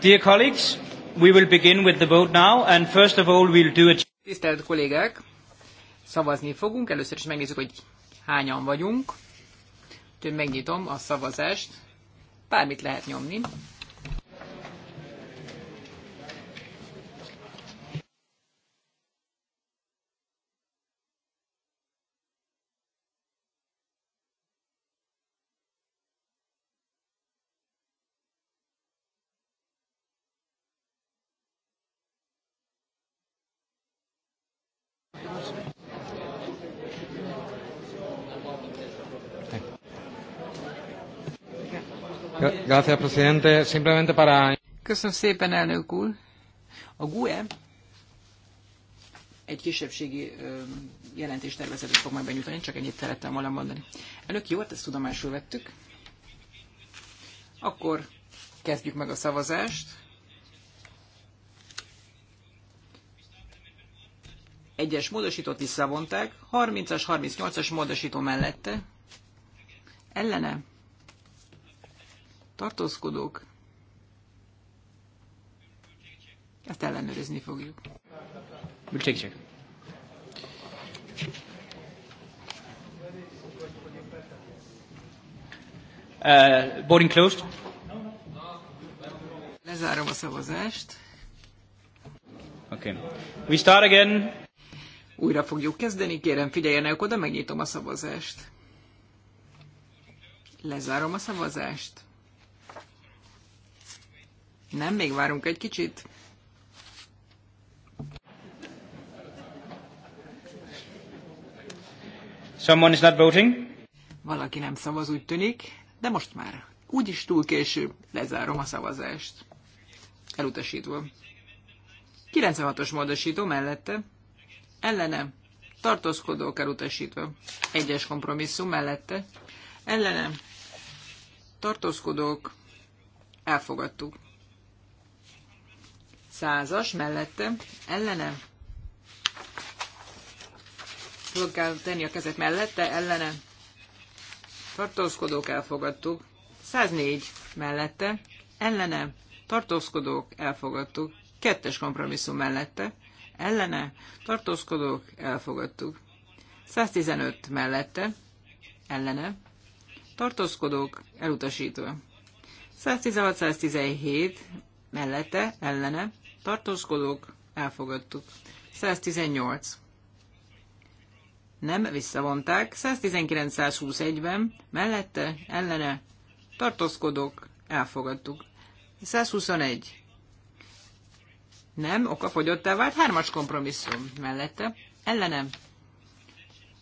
Dear colleagues, we will begin with the vote now, and first of all we'll do a... Tisztelt kollégák, szavazni fogunk. Először is megnézzük, hogy hányan vagyunk. Úgyhogy megnyitom a szavazást. Bármit lehet nyomni. Gracias, presidente. Simplemente para... Köszönöm szépen, elnök úr. A GUE egy kisebbségi jelentéstervezetet fog majd benyújtani, csak ennyit szerettem volna mondani. Elnök, jó, hát ezt tudomásul vettük. Akkor kezdjük meg a szavazást. Egyes módosítót visszavonták, 30-as, 38-as módosító mellette. Ellene tartózkodók. Ezt ellenőrizni fogjuk. We'll Uh, e, boarding closed. Lezárom a szavazást. Okay. We start again. Újra fogjuk kezdeni, kérem figyeljenek oda, megnyitom a szavazást. Lezárom a szavazást. Nem, még várunk egy kicsit. Someone is not voting? Valaki nem szavaz, úgy tűnik, de most már úgy is túl késő, lezárom a szavazást. Elutasítva. 96-os módosító mellette, ellenem, tartózkodók elutasítva, egyes kompromisszum mellette, ellenem, tartózkodók, elfogadtuk százas mellette ellene föl kell tenni a kezet mellette, ellene tartózkodók elfogadtuk. 104 mellette, ellene tartózkodók elfogadtuk. Kettes kompromisszum mellette, ellene tartózkodók elfogadtuk. 115 mellette, ellene tartózkodók elutasítva. 116-117 mellette, ellene tartózkodók, elfogadtuk. 118. Nem, visszavonták. 119-121-ben, mellette, ellene, tartózkodók, elfogadtuk. 121. Nem, fogyottá vált, hármas kompromisszum mellette, ellenem,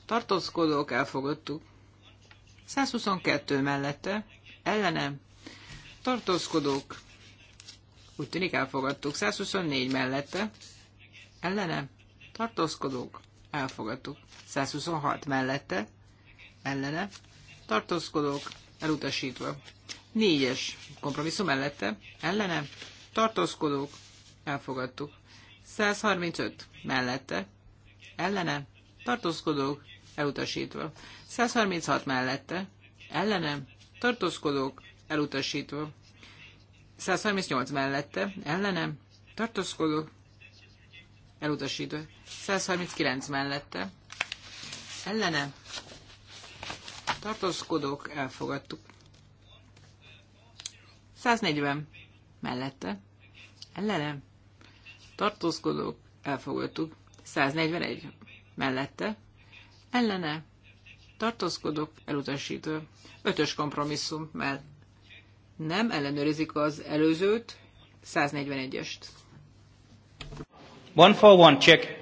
tartózkodók, elfogadtuk. 122 mellette, ellenem, tartózkodók, úgy tűnik elfogadtuk. 124 mellette. Ellene. Tartózkodók. Elfogadtuk. 126 mellette. Ellene. Tartózkodók. Elutasítva. 4-es kompromisszum mellette. Ellene. Tartózkodók. Elfogadtuk. 135 mellette. Ellene. Tartózkodók. Elutasítva. 136 mellette. Ellene. Tartózkodók. Elutasítva. 138 mellette, ellenem. tartózkodó, elutasító. 139 mellette, ellenem. tartózkodók, elfogadtuk. 140 mellette, ellenem. tartózkodók, elfogadtuk. 141 mellette, ellene, tartózkodók, elutasító. Ötös kompromisszum mellett nem, ellenőrizik az előzőt, 141-est. One for one, check.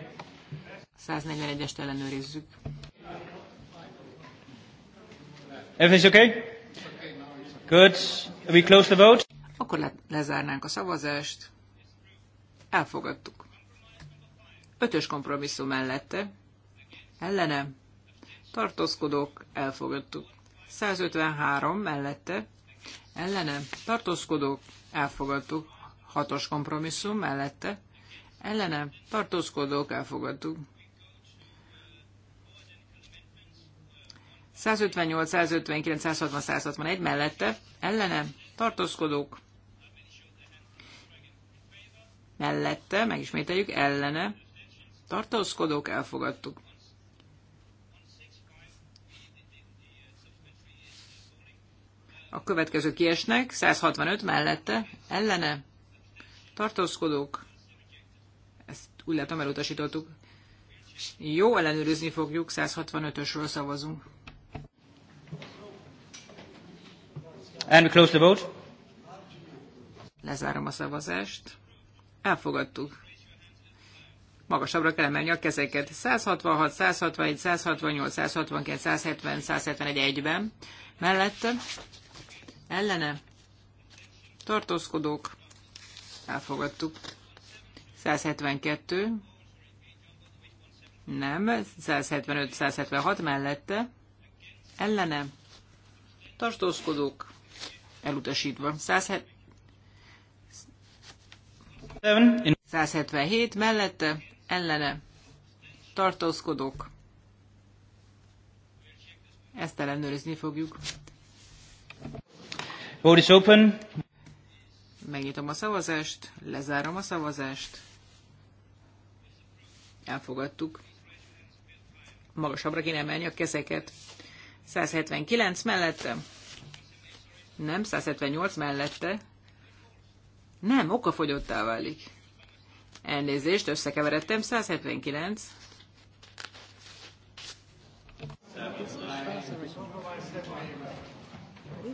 141-est ellenőrizzük. Everything's okay? Good. We close the vote? Akkor le- lezárnánk a szavazást. Elfogadtuk. Ötös kompromisszum mellette. Ellene. Tartózkodók. Elfogadtuk. 153 mellette ellene tartózkodók elfogadtuk. Hatos kompromisszum mellette ellene tartózkodók elfogadtuk. 158, 159, 160, 161 mellette ellene tartózkodók mellette, megismételjük, ellene tartózkodók elfogadtuk. A következő kiesnek, 165 mellette, ellene, tartózkodók, ezt úgy látom elutasítottuk. Jó, ellenőrizni fogjuk, 165-ösről szavazunk. And we close the vote. Lezárom a szavazást. Elfogadtuk. Magasabbra kell emelni a kezeket. 166, 161, 168, 169, 170, 171 egyben. Mellette ellene, tartózkodók, elfogadtuk. 172, nem, 175-176 mellette, ellene, tartózkodók, elutasítva. 177 mellette, ellene, tartózkodók, ezt ellenőrizni fogjuk. Vote is open. Megnyitom a szavazást, lezárom a szavazást. Elfogadtuk. Magasabbra kéne emelni a kezeket. 179 mellette. Nem, 178 mellette. Nem, okafogyottá válik. Elnézést, összekeveredtem. 179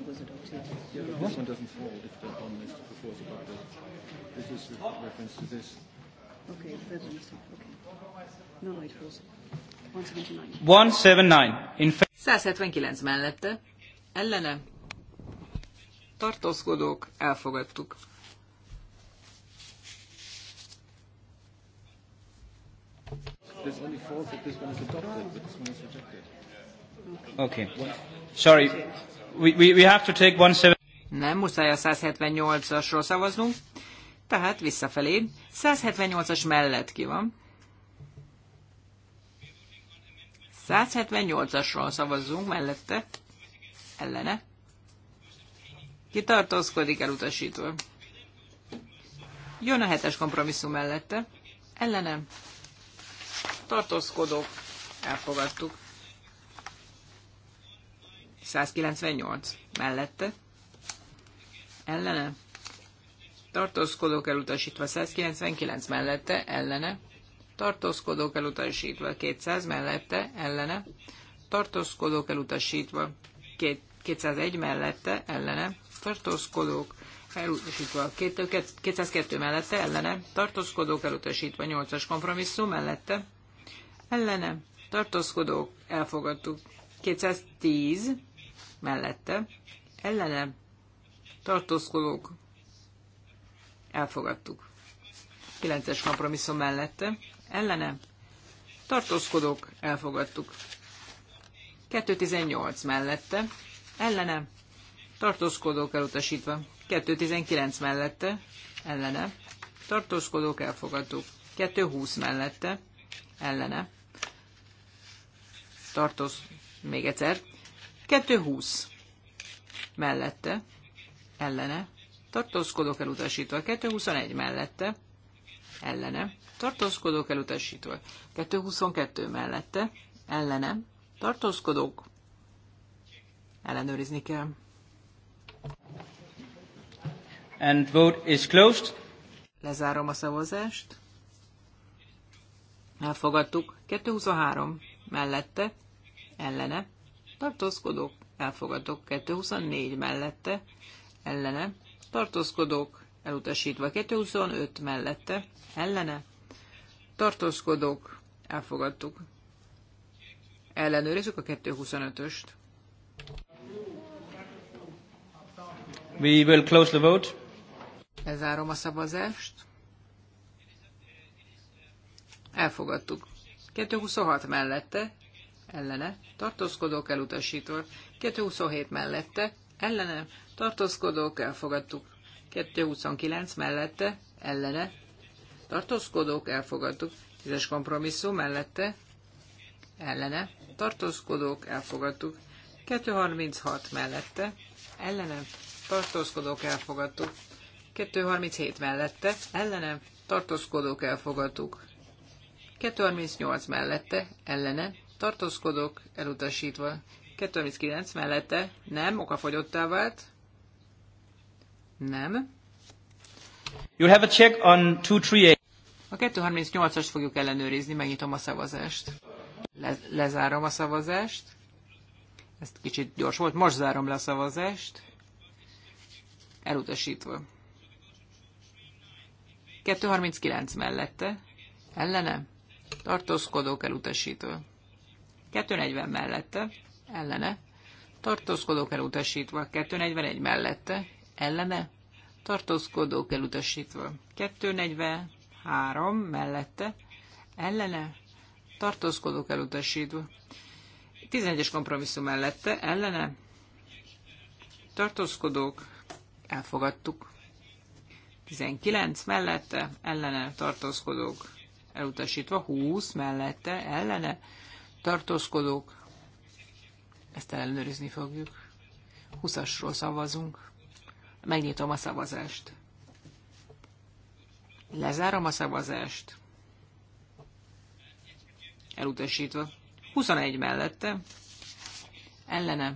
this one doesn't fall if the bond is before the This is reference to this. Okay, Okay. No, it falls. 179. mellette. Ellene. Tartózkodók. Elfogadtuk. Okay. Sorry. Nem, muszáj a 178-asról szavaznunk, tehát visszafelé. 178-as mellett ki van. 178-asról szavazzunk mellette, ellene. Ki tartózkodik elutasítva. Jön a hetes kompromisszum mellette, ellenem. Tartózkodók, elfogadtuk. 198 mellette, ellene, tartózkodók elutasítva 199 mellette, ellene, tartózkodók elutasítva 200 mellette, ellene, tartózkodók elutasítva 201 mellette, ellene, tartózkodók elutasítva 202 mellette, ellene, tartózkodók elutasítva 8-as kompromisszum mellette, ellene, tartózkodók elfogadtuk 210 mellette ellene tartózkodók elfogadtuk. 9-es kompromisszum mellette ellene tartózkodók elfogadtuk. 218 mellette ellene tartózkodók elutasítva. 219 mellette ellene tartózkodók elfogadtuk. 220 mellette ellene tartózkodók. még egyszer 220 mellette, ellene, tartózkodok elutasítva. 221 mellette, ellene, tartózkodok elutasítva. 222 mellette, ellene, tartózkodok, ellenőrizni kell. And vote is closed. Lezárom a szavazást. Elfogadtuk. 223 mellette, ellene, tartózkodók, elfogadok 224 mellette, ellene, tartózkodók, elutasítva 225 mellette, ellene, tartózkodók, elfogadtuk. Ellenőrizzük a 225-öst. We will close the vote. Lezárom a szavazást. Elfogadtuk. 226 mellette, ellene, tartózkodók elutasítva, 227 mellette, ellene, tartózkodók elfogadtuk, 229 mellette, ellene, tartózkodók elfogadtuk, 10-es kompromisszum mellette, ellene, tartózkodók elfogadtuk, 236 mellette, ellene, tartózkodók elfogadtuk, 237 mellette, ellene, tartózkodók elfogadtuk, 238 mellette, ellene, tartózkodok, elutasítva. 239 mellette nem, okafogyottá vált. Nem. You have a check on 238. A 238-as fogjuk ellenőrizni, megnyitom a szavazást. Le, lezárom a szavazást. Ezt kicsit gyors volt, most zárom le a szavazást. Elutasítva. 239 mellette. Ellene? Tartózkodók elutasítva. 240 mellette, ellene, tartózkodók elutasítva. 241 mellette, ellene, tartózkodók elutasítva. 243 mellette, ellene, tartózkodók elutasítva. 11-es kompromisszum mellette, ellene, tartózkodók, elfogadtuk. 19 mellette, ellene tartózkodók, elutasítva. 20 mellette, ellene tartózkodók, ezt ellenőrizni fogjuk. 20-asról szavazunk. Megnyitom a szavazást. Lezárom a szavazást. Elutasítva. 21 mellette. Ellene.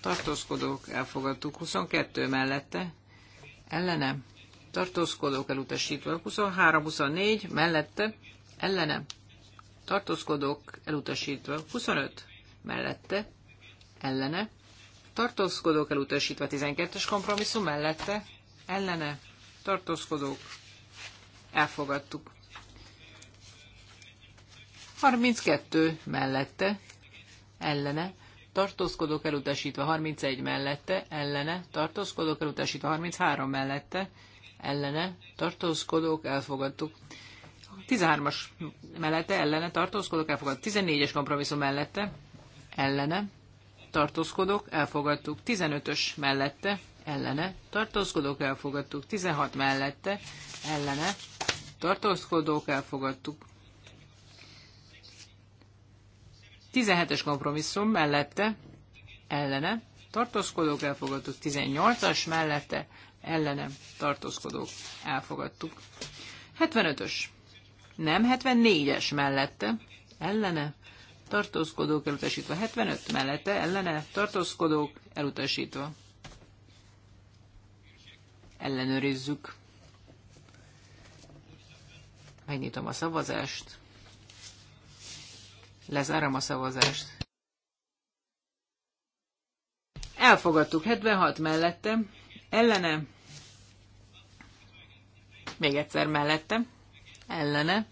Tartózkodók elfogadtuk. 22 mellette. Ellene. Tartózkodók elutasítva. 23-24 mellette. Ellene tartózkodók elutasítva 25 mellette, ellene, tartózkodók elutasítva 12-es kompromisszum mellette, ellene, tartózkodók elfogadtuk. 32 mellette, ellene, tartózkodók elutasítva 31 mellette, ellene, tartózkodók elutasítva 33 mellette, ellene, tartózkodók elfogadtuk. 13-as mellette ellene tartózkodok, elfogad. 14-es kompromisszum mellette ellene tartózkodok, elfogadtuk. 15-ös mellette ellene tartózkodok, elfogadtuk. 16 mellette ellene tartózkodok, elfogadtuk. 17-es kompromisszum mellette ellene tartózkodók, elfogadtuk. 18-as mellette ellenem tartózkodók, elfogadtuk. 75-ös nem, 74-es mellette, ellene, tartózkodók elutasítva. 75 mellette, ellene, tartózkodók elutasítva. Ellenőrizzük. Megnyitom a szavazást. Lezárom a szavazást. Elfogadtuk 76 mellette, ellene, még egyszer mellette, ellene,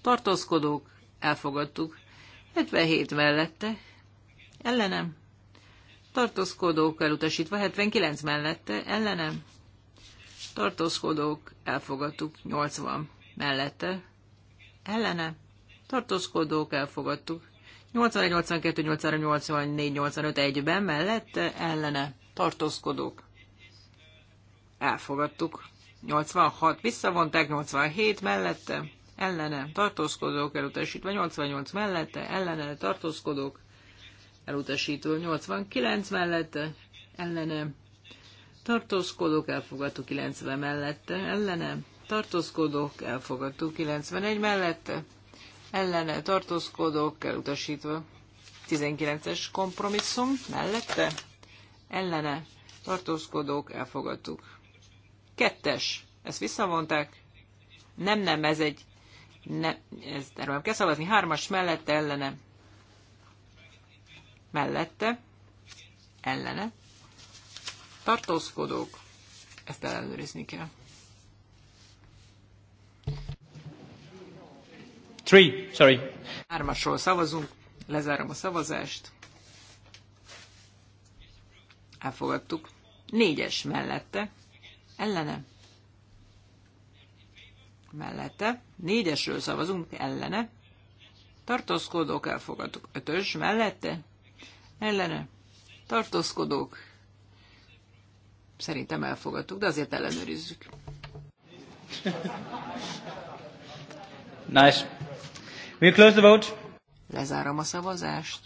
tartózkodók, elfogadtuk. 77 mellette, ellenem, tartózkodók elutasítva, 79 mellette, ellenem, tartózkodók, elfogadtuk, 80 mellette, ellene, tartózkodók, elfogadtuk, 81, 82, 83, 84, 85 egyben, mellette, ellene, tartózkodók, elfogadtuk. 86 visszavonták, 87 mellette, ellene tartózkodók elutasítva, 88 mellette, ellene tartózkodók elutasítva, 89 mellette, ellene tartózkodók elfogadó 90 mellette, ellene tartózkodók elfogadó 91 mellette, ellene tartózkodók elutasítva, 19-es kompromisszum mellette, ellene tartózkodók elfogadtuk. Kettes. Ezt visszavonták. Nem, nem, ez egy... Ne, ez, erről nem kell szavazni. Hármas mellette, ellene. Mellette. Ellene. Tartózkodók. Ezt ellenőrizni kell. Three, sorry. Hármasról szavazunk. Lezárom a szavazást. Elfogadtuk. Négyes mellette ellene, mellette, négyesről szavazunk, ellene, tartózkodók elfogadtuk, ötös, mellette, ellene, tartózkodók, szerintem elfogadtuk, de azért ellenőrizzük. Nice. We close the vote. Lezárom a szavazást.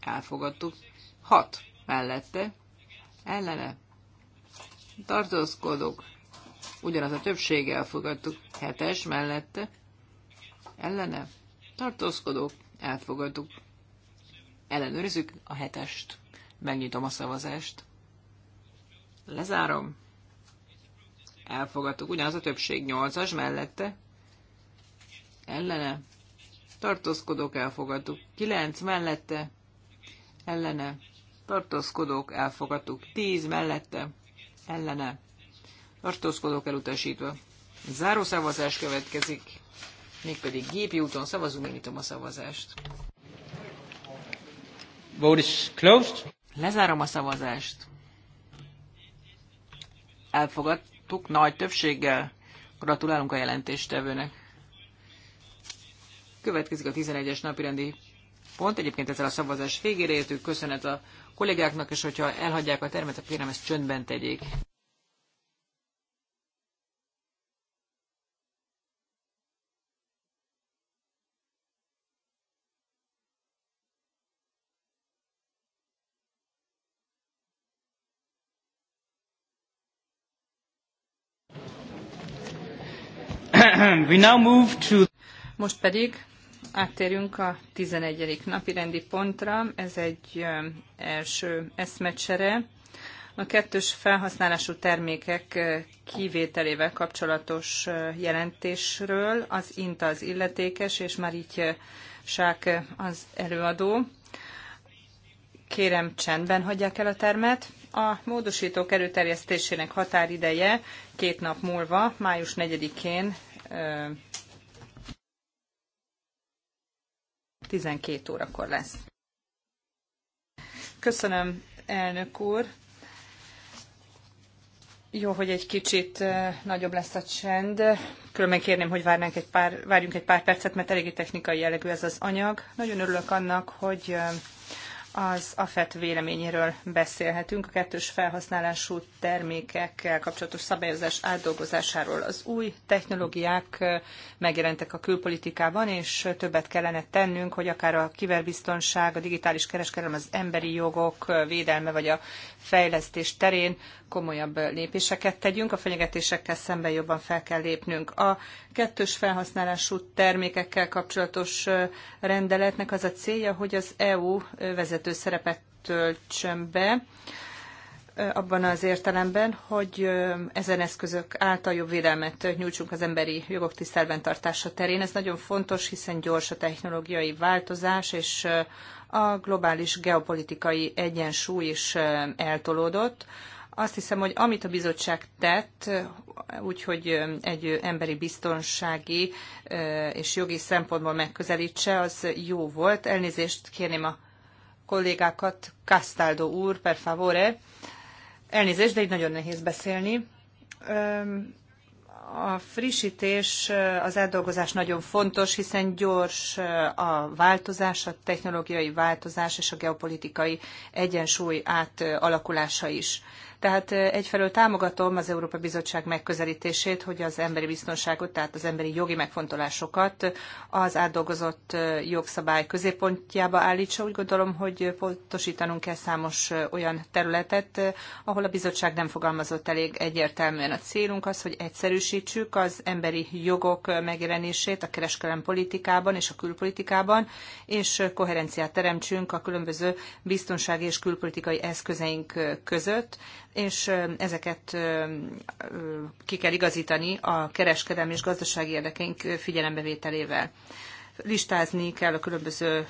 Elfogadtuk. Hat. Mellette. Ellene tartózkodók, ugyanaz a többség elfogadtuk, hetes mellette, ellene, tartózkodók, elfogadtuk. Ellenőrizzük a hetest. Megnyitom a szavazást. Lezárom. Elfogadtuk. Ugyanaz a többség nyolcas mellette. Ellene. Tartózkodók elfogadtuk. kilenc mellette. Ellene. Tartózkodók elfogadtuk. tíz mellette ellene tartózkodók elutasítva. Záró szavazás következik, mégpedig gépi úton szavazunk, nyitom a szavazást. Vote is closed. Lezárom a szavazást. Elfogadtuk nagy többséggel. Gratulálunk a jelentéstevőnek. Következik a 11-es napirendi pont. Egyébként ezzel a szavazás végére értük. Köszönet a kollégáknak, és hogyha elhagyják a termet, akkor kérem ezt csöndben tegyék. Most pedig Áttérünk a 11. napi rendi pontra. Ez egy első eszmecsere. A kettős felhasználású termékek kivételével kapcsolatos jelentésről az INTA az illetékes, és már így Sák az előadó. Kérem csendben hagyják el a termet. A módosítók előterjesztésének határideje két nap múlva, május 4-én 12 órakor lesz. Köszönöm, elnök úr. Jó, hogy egy kicsit nagyobb lesz a csend. Különben kérném, hogy várnánk egy pár, várjunk egy pár percet, mert eléggé technikai jellegű ez az anyag. Nagyon örülök annak, hogy az AFET véleményéről beszélhetünk, a kettős felhasználású termékekkel kapcsolatos szabályozás átdolgozásáról. Az új technológiák megjelentek a külpolitikában, és többet kellene tennünk, hogy akár a kiberbiztonság, a digitális kereskedelem, az emberi jogok védelme vagy a fejlesztés terén komolyabb lépéseket tegyünk, a fenyegetésekkel szemben jobban fel kell lépnünk. A kettős felhasználású termékekkel kapcsolatos rendeletnek az a célja, hogy az EU vezető szerepet töltsön be, abban az értelemben, hogy ezen eszközök által jobb védelmet nyújtsunk az emberi jogok tisztelben tartása terén. Ez nagyon fontos, hiszen gyors a technológiai változás, és a globális geopolitikai egyensúly is eltolódott. Azt hiszem, hogy amit a bizottság tett, úgyhogy egy emberi biztonsági és jogi szempontból megközelítse, az jó volt. Elnézést kérném a kollégákat, Castaldo úr, per favore. Elnézést, de így nagyon nehéz beszélni. A frissítés, az eldolgozás nagyon fontos, hiszen gyors a változás, a technológiai változás és a geopolitikai egyensúly átalakulása is. Tehát egyfelől támogatom az Európa Bizottság megközelítését, hogy az emberi biztonságot, tehát az emberi jogi megfontolásokat az átdolgozott jogszabály középpontjába állítsa. Úgy gondolom, hogy pontosítanunk kell számos olyan területet, ahol a bizottság nem fogalmazott elég egyértelműen. A célunk az, hogy egyszerűsítsük az emberi jogok megjelenését a kereskedelem politikában és a külpolitikában, és koherenciát teremtsünk a különböző biztonsági és külpolitikai eszközeink között, és ezeket ki kell igazítani a kereskedelmi és gazdasági érdekeink figyelembevételével. Listázni kell a különböző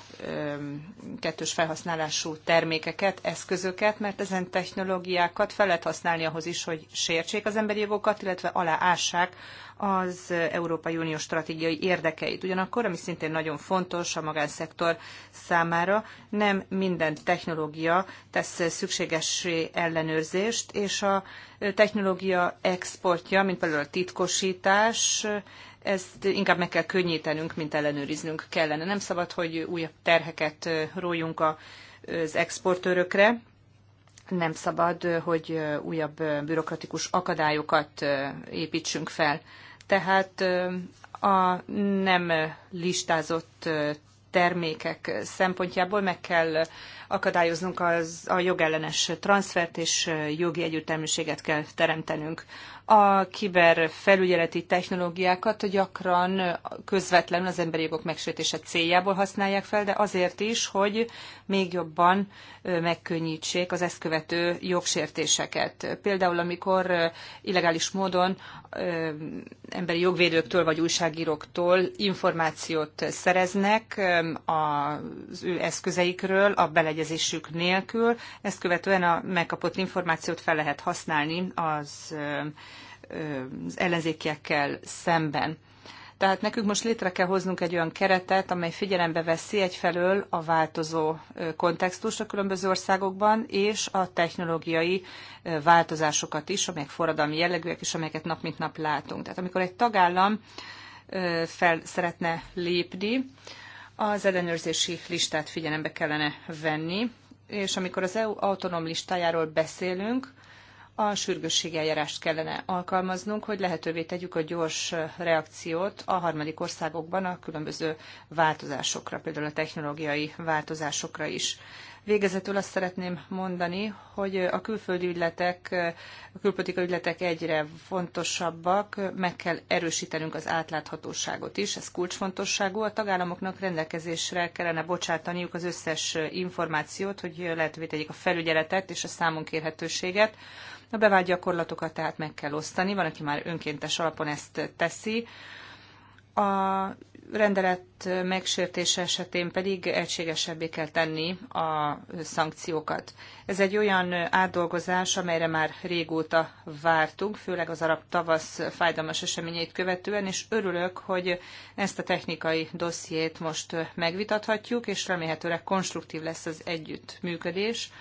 kettős felhasználású termékeket, eszközöket, mert ezen technológiákat fel lehet használni ahhoz is, hogy sértsék az emberi jogokat, illetve aláássák az Európai Unió stratégiai érdekeit. Ugyanakkor, ami szintén nagyon fontos a magánszektor számára, nem minden technológia tesz szükségessé ellenőrzést, és a technológia exportja, mint például a titkosítás, ezt inkább meg kell könnyítenünk, mint ellenőriznünk kellene. Nem szabad, hogy újabb terheket rójunk az exportőrökre, nem szabad, hogy újabb bürokratikus akadályokat építsünk fel tehát a nem listázott termékek szempontjából meg kell akadályoznunk az, a jogellenes transfert, és jogi együttelműséget kell teremtenünk a kiberfelügyeleti technológiákat gyakran közvetlenül az emberi jogok megsértése céljából használják fel, de azért is, hogy még jobban megkönnyítsék az ezt követő jogsértéseket. Például, amikor illegális módon emberi jogvédőktől vagy újságíróktól információt szereznek az ő eszközeikről a beleegyezésük nélkül, ezt követően a megkapott információt fel lehet használni az az ellenzékiekkel szemben. Tehát nekünk most létre kell hoznunk egy olyan keretet, amely figyelembe veszi egyfelől a változó kontextust a különböző országokban, és a technológiai változásokat is, amelyek forradalmi jellegűek, és amelyeket nap mint nap látunk. Tehát amikor egy tagállam fel szeretne lépni, az ellenőrzési listát figyelembe kellene venni, és amikor az EU autonóm listájáról beszélünk, a sürgősségi eljárást kellene alkalmaznunk, hogy lehetővé tegyük a gyors reakciót a harmadik országokban a különböző változásokra, például a technológiai változásokra is. Végezetül azt szeretném mondani, hogy a külföldi ügyletek, a külpolitikai ügyletek egyre fontosabbak, meg kell erősítenünk az átláthatóságot is, ez kulcsfontosságú. A tagállamoknak rendelkezésre kellene bocsátaniuk az összes információt, hogy lehetővé tegyék a felügyeletet és a számunk kérhetőséget. A bevált gyakorlatokat tehát meg kell osztani, van, aki már önkéntes alapon ezt teszi. A rendelet megsértése esetén pedig egységesebbé kell tenni a szankciókat. Ez egy olyan átdolgozás, amelyre már régóta vártunk, főleg az arab tavasz fájdalmas eseményeit követően, és örülök, hogy ezt a technikai dossziét most megvitathatjuk, és remélhetőleg konstruktív lesz az együttműködés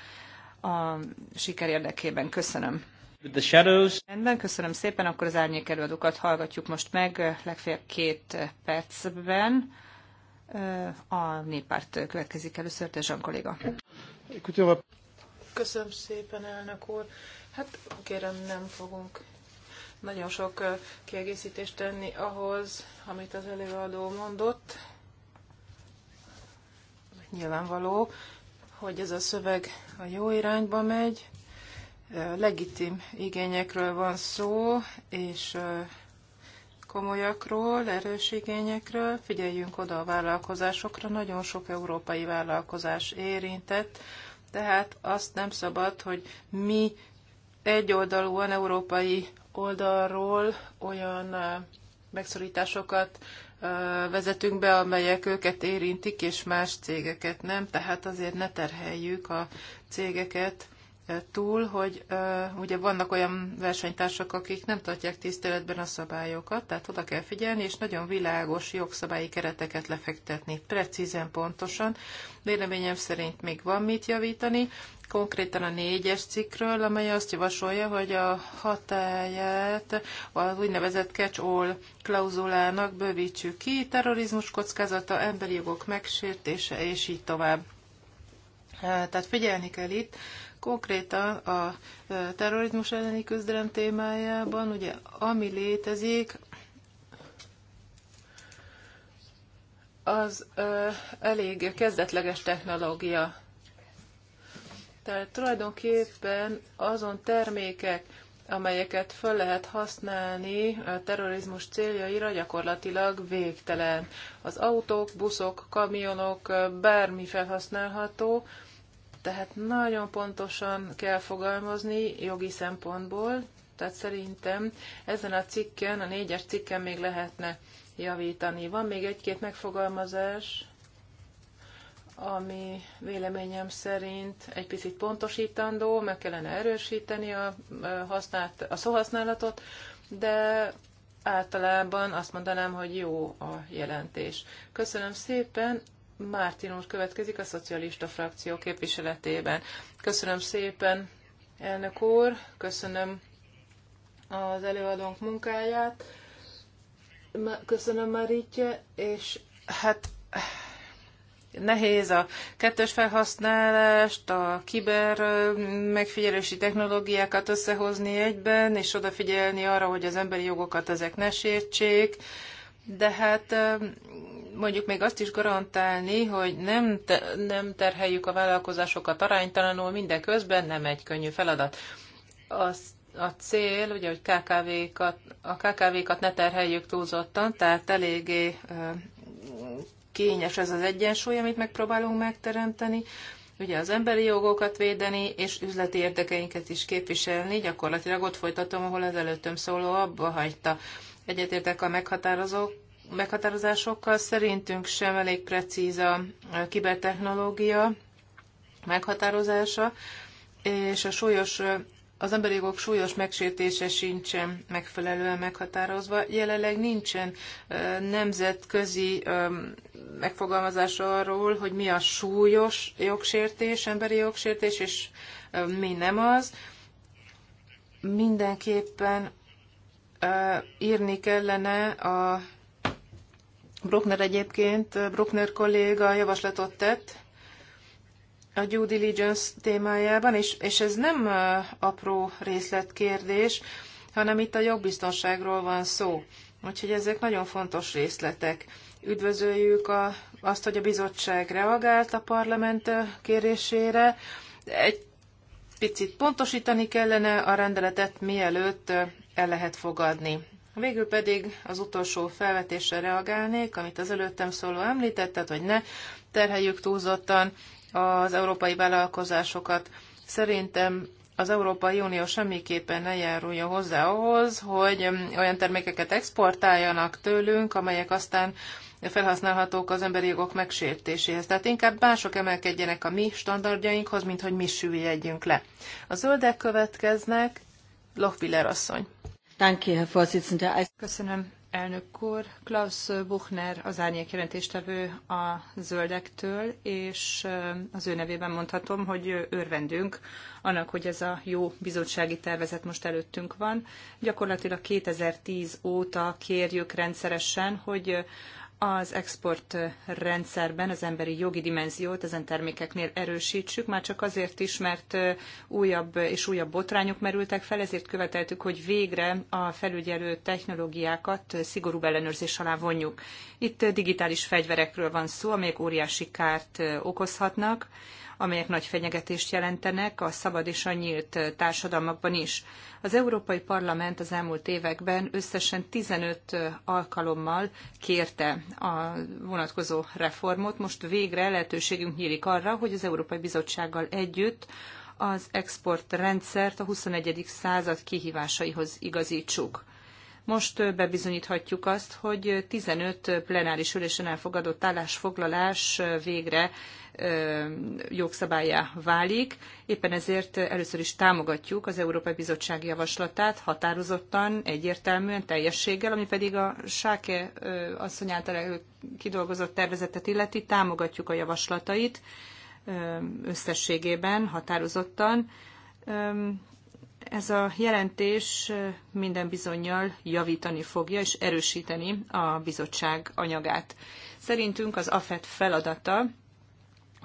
a siker érdekében. Köszönöm with the shadows. Rendben, köszönöm szépen, akkor az árnyék előadókat hallgatjuk most meg eh, legfeljebb két eh, percben. Eh, a néppárt következik először, Tezsan kolléga. Köszönöm szépen, elnök úr. Hát kérem, nem fogunk nagyon sok kiegészítést tenni ahhoz, amit az előadó mondott. Nyilvánvaló, hogy ez a szöveg a jó irányba megy, legitim igényekről van szó, és komolyakról, erős igényekről. Figyeljünk oda a vállalkozásokra, nagyon sok európai vállalkozás érintett, tehát azt nem szabad, hogy mi egyoldalúan európai oldalról olyan megszorításokat vezetünk be, amelyek őket érintik, és más cégeket nem, tehát azért ne terheljük a cégeket túl, hogy ugye vannak olyan versenytársak, akik nem tartják tiszteletben a szabályokat, tehát oda kell figyelni, és nagyon világos jogszabályi kereteket lefektetni, precízen, pontosan. Véleményem szerint még van mit javítani, konkrétan a négyes cikkről, amely azt javasolja, hogy a hatáját az úgynevezett catch-all klauzulának bővítsük ki, terrorizmus kockázata, emberi jogok megsértése, és így tovább. Tehát figyelni kell itt, Konkrétan a e, terrorizmus elleni küzdelem témájában, ugye ami létezik, az ö, e, elég kezdetleges technológia. Tehát tulajdonképpen azon termékek, amelyeket föl lehet használni a terrorizmus céljaira, gyakorlatilag végtelen. Az autók, buszok, kamionok, e, bármi felhasználható, tehát nagyon pontosan kell fogalmazni jogi szempontból, tehát szerintem ezen a cikken, a négyes cikken még lehetne javítani. Van még egy-két megfogalmazás, ami véleményem szerint egy picit pontosítandó, meg kellene erősíteni a, használt, a szóhasználatot, de általában azt mondanám, hogy jó a jelentés. Köszönöm szépen, Mártin úr következik a szocialista frakció képviseletében. Köszönöm szépen, elnök úr, köszönöm az előadónk munkáját. Köszönöm, Marítje, és hát nehéz a kettős felhasználást, a kiber megfigyelési technológiákat összehozni egyben, és odafigyelni arra, hogy az emberi jogokat ezek ne sértsék, de hát mondjuk még azt is garantálni, hogy nem, te, nem terheljük a vállalkozásokat aránytalanul, mindeközben nem egy könnyű feladat. Az a cél, ugye, hogy KKV-kat, a KKV-kat ne terheljük túlzottan, tehát eléggé kényes ez az egyensúly, amit megpróbálunk megteremteni. Ugye az emberi jogokat védeni, és üzleti érdekeinket is képviselni, gyakorlatilag ott folytatom, ahol az előttem szóló abba hagyta. Egyetértek a meghatározók, meghatározásokkal szerintünk sem elég precíz a kibertechnológia meghatározása, és a súlyos, az emberi jogok súlyos megsértése sincsen megfelelően meghatározva. Jelenleg nincsen nemzetközi megfogalmazása arról, hogy mi a súlyos jogsértés, emberi jogsértés, és mi nem az. Mindenképpen írni kellene a Bruckner egyébként, Bruckner kolléga javaslatot tett a due diligence témájában, és, és ez nem apró részletkérdés, hanem itt a jogbiztonságról van szó. Úgyhogy ezek nagyon fontos részletek. Üdvözöljük a, azt, hogy a bizottság reagált a parlament kérésére. Egy picit pontosítani kellene a rendeletet, mielőtt el lehet fogadni. Végül pedig az utolsó felvetésre reagálnék, amit az előttem szóló említett, tehát hogy ne terheljük túlzottan az európai vállalkozásokat. Szerintem az Európai Unió semmiképpen ne járulja hozzá ahhoz, hogy um, olyan termékeket exportáljanak tőlünk, amelyek aztán felhasználhatók az emberi jogok megsértéséhez. Tehát inkább mások emelkedjenek a mi standardjainkhoz, mint hogy mi süllyedjünk le. A zöldek következnek, Lochbiller asszony. Köszönöm, elnök úr. Klaus Buchner az árnyék jelentéstevő a zöldektől, és az ő nevében mondhatom, hogy örvendünk annak, hogy ez a jó bizottsági tervezet most előttünk van. Gyakorlatilag 2010 óta kérjük rendszeresen, hogy az export rendszerben az emberi jogi dimenziót ezen termékeknél erősítsük, már csak azért is, mert újabb és újabb botrányok merültek fel, ezért követeltük, hogy végre a felügyelő technológiákat szigorú ellenőrzés alá vonjuk. Itt digitális fegyverekről van szó, amelyek óriási kárt okozhatnak, amelyek nagy fenyegetést jelentenek a szabad és a nyílt társadalmakban is. Az Európai Parlament az elmúlt években összesen 15 alkalommal kérte a vonatkozó reformot. Most végre lehetőségünk nyílik arra, hogy az Európai Bizottsággal együtt az exportrendszert a 21. század kihívásaihoz igazítsuk. Most bebizonyíthatjuk azt, hogy 15 plenáris ülésen elfogadott állásfoglalás végre jogszabályá válik. Éppen ezért először is támogatjuk az Európai Bizottság javaslatát határozottan, egyértelműen, teljességgel, ami pedig a Sáke asszony által kidolgozott tervezetet illeti, támogatjuk a javaslatait összességében, határozottan. Ez a jelentés minden bizonyal javítani fogja és erősíteni a bizottság anyagát. Szerintünk az AFET feladata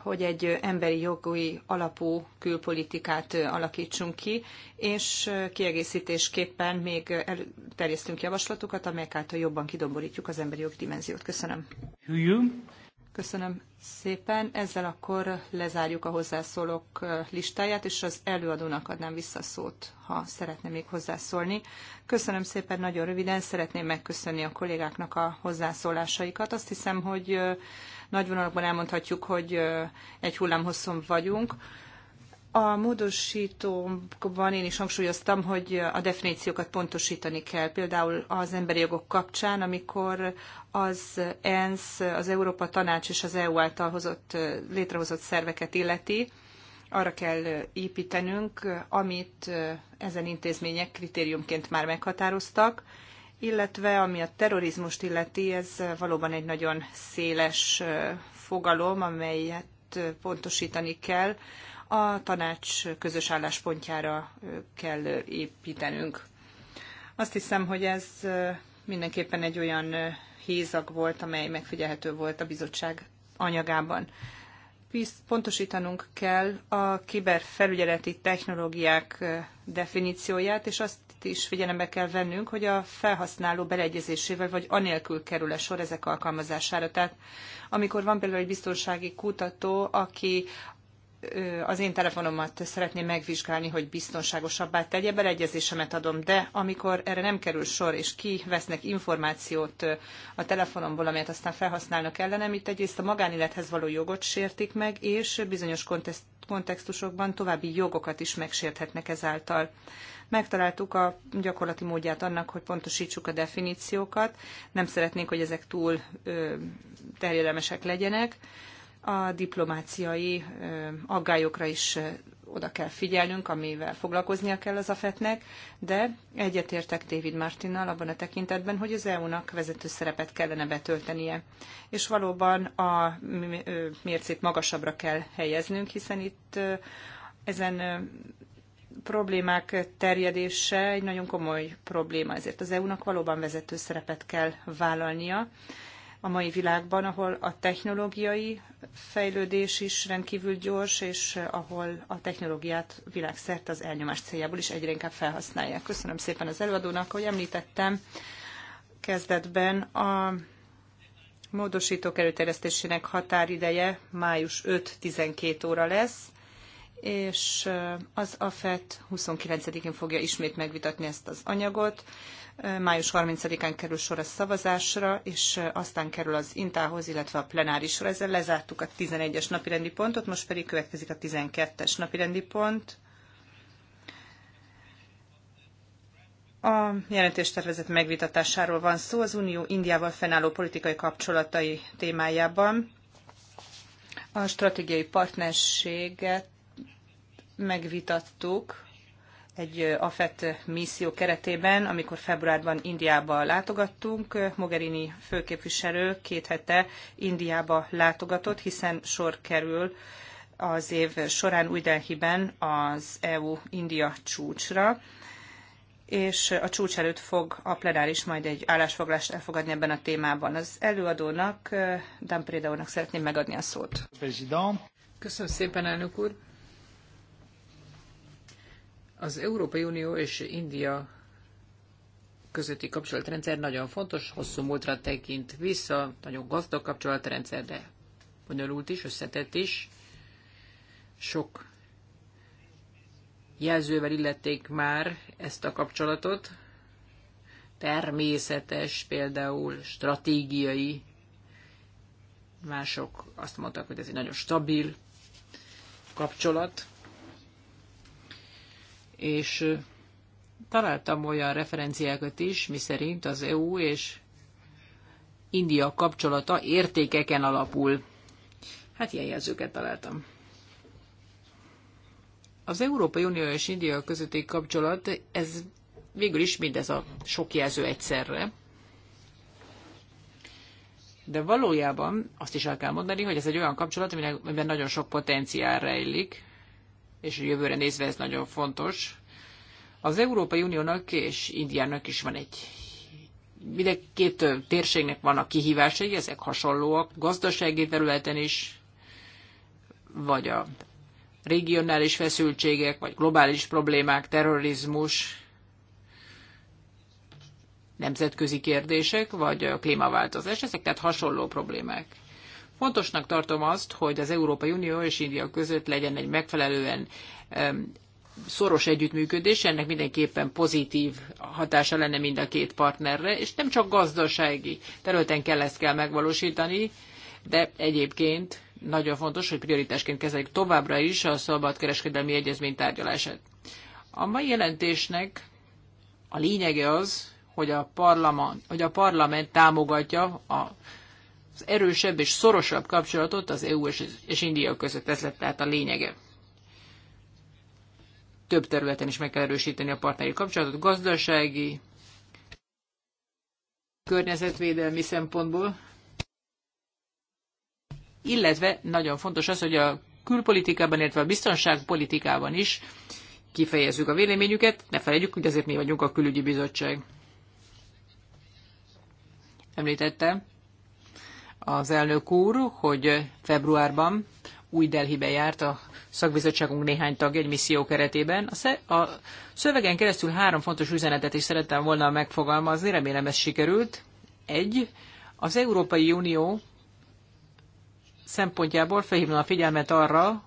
hogy egy emberi jogi alapú külpolitikát alakítsunk ki, és kiegészítésképpen még terjesztünk javaslatokat, amelyek által jobban kidomborítjuk az emberi jogi dimenziót. Köszönöm. Köszönöm szépen. Ezzel akkor lezárjuk a hozzászólók listáját, és az előadónak adnám vissza szót, ha szeretne még hozzászólni. Köszönöm szépen, nagyon röviden szeretném megköszönni a kollégáknak a hozzászólásaikat. Azt hiszem, hogy nagy vonalakban elmondhatjuk, hogy egy hullámhosszon vagyunk. A módosítókban én is hangsúlyoztam, hogy a definíciókat pontosítani kell. Például az emberi jogok kapcsán, amikor az ENSZ, az Európa Tanács és az EU által hozott, létrehozott szerveket illeti, arra kell építenünk, amit ezen intézmények kritériumként már meghatároztak, illetve ami a terrorizmust illeti, ez valóban egy nagyon széles fogalom, amelyet pontosítani kell. A tanács közös álláspontjára kell építenünk. Azt hiszem, hogy ez mindenképpen egy olyan hézag volt, amely megfigyelhető volt a bizottság anyagában. Pontosítanunk kell a kiberfelügyeleti technológiák definícióját, és azt is figyelembe kell vennünk, hogy a felhasználó beleegyezésével vagy anélkül kerül -e sor ezek alkalmazására. Tehát amikor van például egy biztonsági kutató, aki az én telefonomat szeretné megvizsgálni, hogy biztonságosabbá tegye, beleegyezésemet adom, de amikor erre nem kerül sor, és kivesznek információt a telefonomból, amelyet aztán felhasználnak ellenem, itt egyrészt a magánélethez való jogot sértik meg, és bizonyos kontextusokban további jogokat is megsérthetnek ezáltal. Megtaláltuk a gyakorlati módját annak, hogy pontosítsuk a definíciókat, nem szeretnénk, hogy ezek túl terjedelmesek legyenek, a diplomáciai aggályokra is oda kell figyelnünk, amivel foglalkoznia kell az AFET-nek, de egyetértek David Martinnal abban a tekintetben, hogy az EU-nak vezető szerepet kellene betöltenie. És valóban a mércét magasabbra kell helyeznünk, hiszen itt ezen problémák terjedése egy nagyon komoly probléma, ezért az EU-nak valóban vezető szerepet kell vállalnia, a mai világban, ahol a technológiai fejlődés is rendkívül gyors, és ahol a technológiát világszerte az elnyomás céljából is egyre inkább felhasználják. Köszönöm szépen az előadónak, hogy említettem kezdetben a módosítók előterjesztésének határideje május 5-12 óra lesz, és az AFET 29-én fogja ismét megvitatni ezt az anyagot. Május 30-án kerül sor a szavazásra, és aztán kerül az intához, illetve a plenárisra. Ezzel lezártuk a 11-es napirendi pontot, most pedig következik a 12-es napirendi pont. A jelentéstervezet megvitatásáról van szó az Unió Indiával fennálló politikai kapcsolatai témájában. A stratégiai partnerséget megvitattuk egy AFET misszió keretében, amikor februárban Indiába látogattunk, Mogherini főképviselő két hete Indiába látogatott, hiszen sor kerül az év során új Delhi-ben az EU-India csúcsra, és a csúcs előtt fog a plenáris majd egy állásfoglalást elfogadni ebben a témában. Az előadónak, Dan Préda szeretném megadni a szót. Köszönöm szépen, elnök úr! Az Európai Unió és India közötti kapcsolatrendszer nagyon fontos, hosszú múltra tekint vissza, nagyon gazdag kapcsolatrendszer, de bonyolult is, összetett is. Sok jelzővel illették már ezt a kapcsolatot. Természetes, például stratégiai, mások azt mondták, hogy ez egy nagyon stabil kapcsolat és találtam olyan referenciákat is, miszerint az EU és India kapcsolata értékeken alapul. Hát ilyen jelzőket találtam. Az Európai Unió és India közötti kapcsolat, ez végül is mindez a sok jelző egyszerre. De valójában azt is el kell mondani, hogy ez egy olyan kapcsolat, amiben nagyon sok potenciál rejlik és a jövőre nézve ez nagyon fontos. Az Európai Uniónak és Indiának is van egy minden két térségnek a kihívásai, ezek hasonlóak, gazdasági területen is, vagy a regionális feszültségek, vagy globális problémák, terrorizmus, nemzetközi kérdések, vagy a klímaváltozás, ezek tehát hasonló problémák. Fontosnak tartom azt, hogy az Európai Unió és India között legyen egy megfelelően szoros együttműködés, ennek mindenképpen pozitív hatása lenne mind a két partnerre, és nem csak gazdasági területen kell ezt kell megvalósítani, de egyébként nagyon fontos, hogy prioritásként kezeljük továbbra is a szabadkereskedelmi egyezmény tárgyalását. A mai jelentésnek a lényege az, hogy a parlament, hogy a parlament támogatja a az erősebb és szorosabb kapcsolatot az EU és India között. Ez lett tehát a lényege. Több területen is meg kell erősíteni a partneri kapcsolatot, gazdasági, környezetvédelmi szempontból, illetve nagyon fontos az, hogy a külpolitikában, illetve a biztonságpolitikában is kifejezzük a véleményüket, ne felejtjük, hogy azért mi vagyunk a külügyi bizottság. Említettem, az elnök úr, hogy februárban új Delhibe járt a szakbizottságunk néhány tagja egy misszió keretében. A szövegen keresztül három fontos üzenetet is szerettem volna megfogalmazni, remélem ez sikerült. Egy, az Európai Unió szempontjából felhívna a figyelmet arra,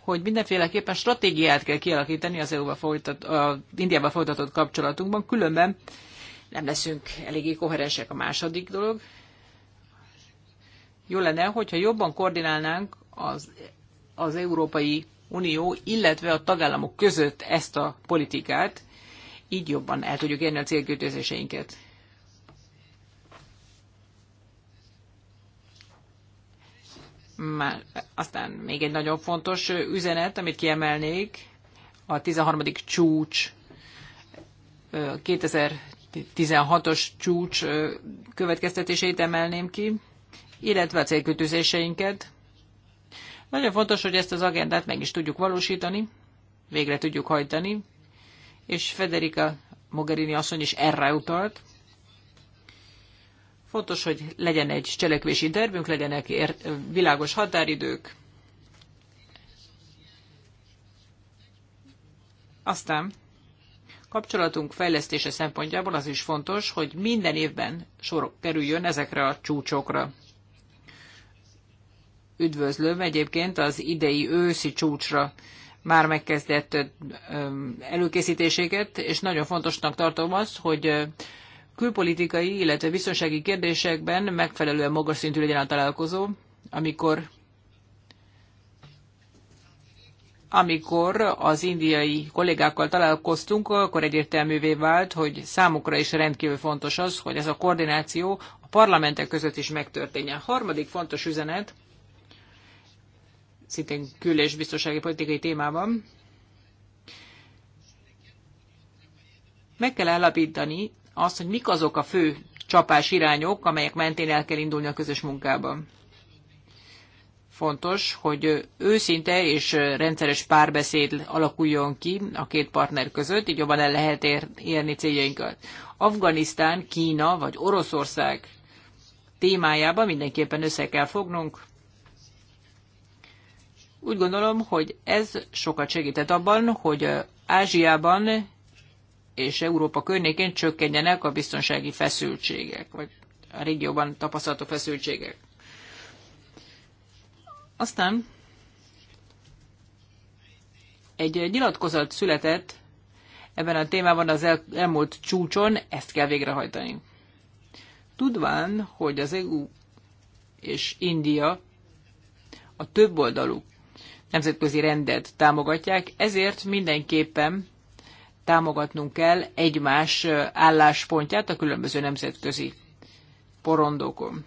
hogy mindenféleképpen stratégiát kell kialakítani az EU-ba folytat, a Indiába folytatott kapcsolatunkban, különben nem leszünk eléggé koherensek a második dolog jó lenne, hogyha jobban koordinálnánk az, az Európai Unió, illetve a tagállamok között ezt a politikát, így jobban el tudjuk érni a célkötőzéseinket. Már, aztán még egy nagyon fontos üzenet, amit kiemelnék, a 13. csúcs, 2016-os csúcs következtetéseit emelném ki illetve a célkütőzéseinket. Nagyon fontos, hogy ezt az agendát meg is tudjuk valósítani, végre tudjuk hajtani, és Federica Mogherini asszony is erre utalt. Fontos, hogy legyen egy cselekvési tervünk, legyenek ér- világos határidők. Aztán kapcsolatunk fejlesztése szempontjából az is fontos, hogy minden évben sor kerüljön ezekre a csúcsokra üdvözlöm. Egyébként az idei őszi csúcsra már megkezdett előkészítéséket, és nagyon fontosnak tartom azt, hogy külpolitikai, illetve biztonsági kérdésekben megfelelően magas szintű legyen a találkozó, amikor amikor az indiai kollégákkal találkoztunk, akkor egyértelművé vált, hogy számukra is rendkívül fontos az, hogy ez a koordináció a parlamentek között is megtörténjen. Harmadik fontos üzenet, szintén kül- és biztonsági politikai témában. Meg kell állapítani azt, hogy mik azok a fő csapás irányok, amelyek mentén el kell indulni a közös munkában. Fontos, hogy őszinte és rendszeres párbeszéd alakuljon ki a két partner között, így jobban el lehet érni céljainkat. Afganisztán, Kína vagy Oroszország témájában mindenképpen össze kell fognunk, úgy gondolom, hogy ez sokat segített abban, hogy Ázsiában és Európa környékén csökkenjenek a biztonsági feszültségek, vagy a régióban tapasztalható feszültségek. Aztán egy nyilatkozat született ebben a témában az el, elmúlt csúcson, ezt kell végrehajtani. Tudván, hogy az EU és India a többoldalú nemzetközi rendet támogatják, ezért mindenképpen támogatnunk kell egymás álláspontját a különböző nemzetközi porondokon.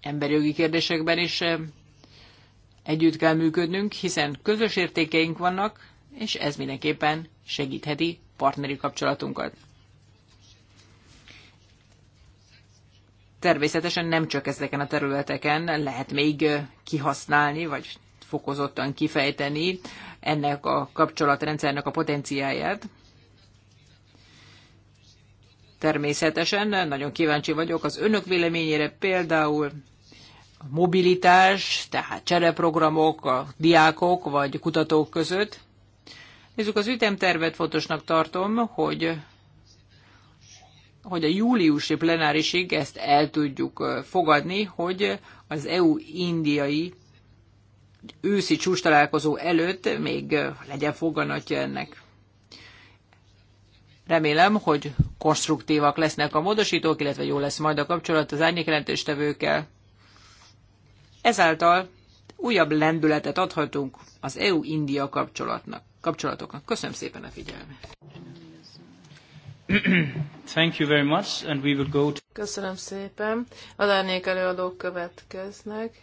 Emberjogi kérdésekben is együtt kell működnünk, hiszen közös értékeink vannak, és ez mindenképpen segítheti partneri kapcsolatunkat. természetesen nem csak ezeken a területeken lehet még kihasználni, vagy fokozottan kifejteni ennek a kapcsolatrendszernek a potenciáját. Természetesen nagyon kíváncsi vagyok az önök véleményére például a mobilitás, tehát csereprogramok a diákok vagy kutatók között. Nézzük az ütemtervet, fontosnak tartom, hogy hogy a júliusi plenárisig ezt el tudjuk fogadni, hogy az EU-indiai őszi csúcs találkozó előtt még legyen foganatja ennek. Remélem, hogy konstruktívak lesznek a módosítók, illetve jó lesz majd a kapcsolat az árnyékjelentéstevőkkel. Ezáltal újabb lendületet adhatunk az EU-India kapcsolatnak. kapcsolatoknak. Köszönöm szépen a figyelmet! Thank you very much, and we will go to... Köszönöm szépen. Az árnyék előadók következnek.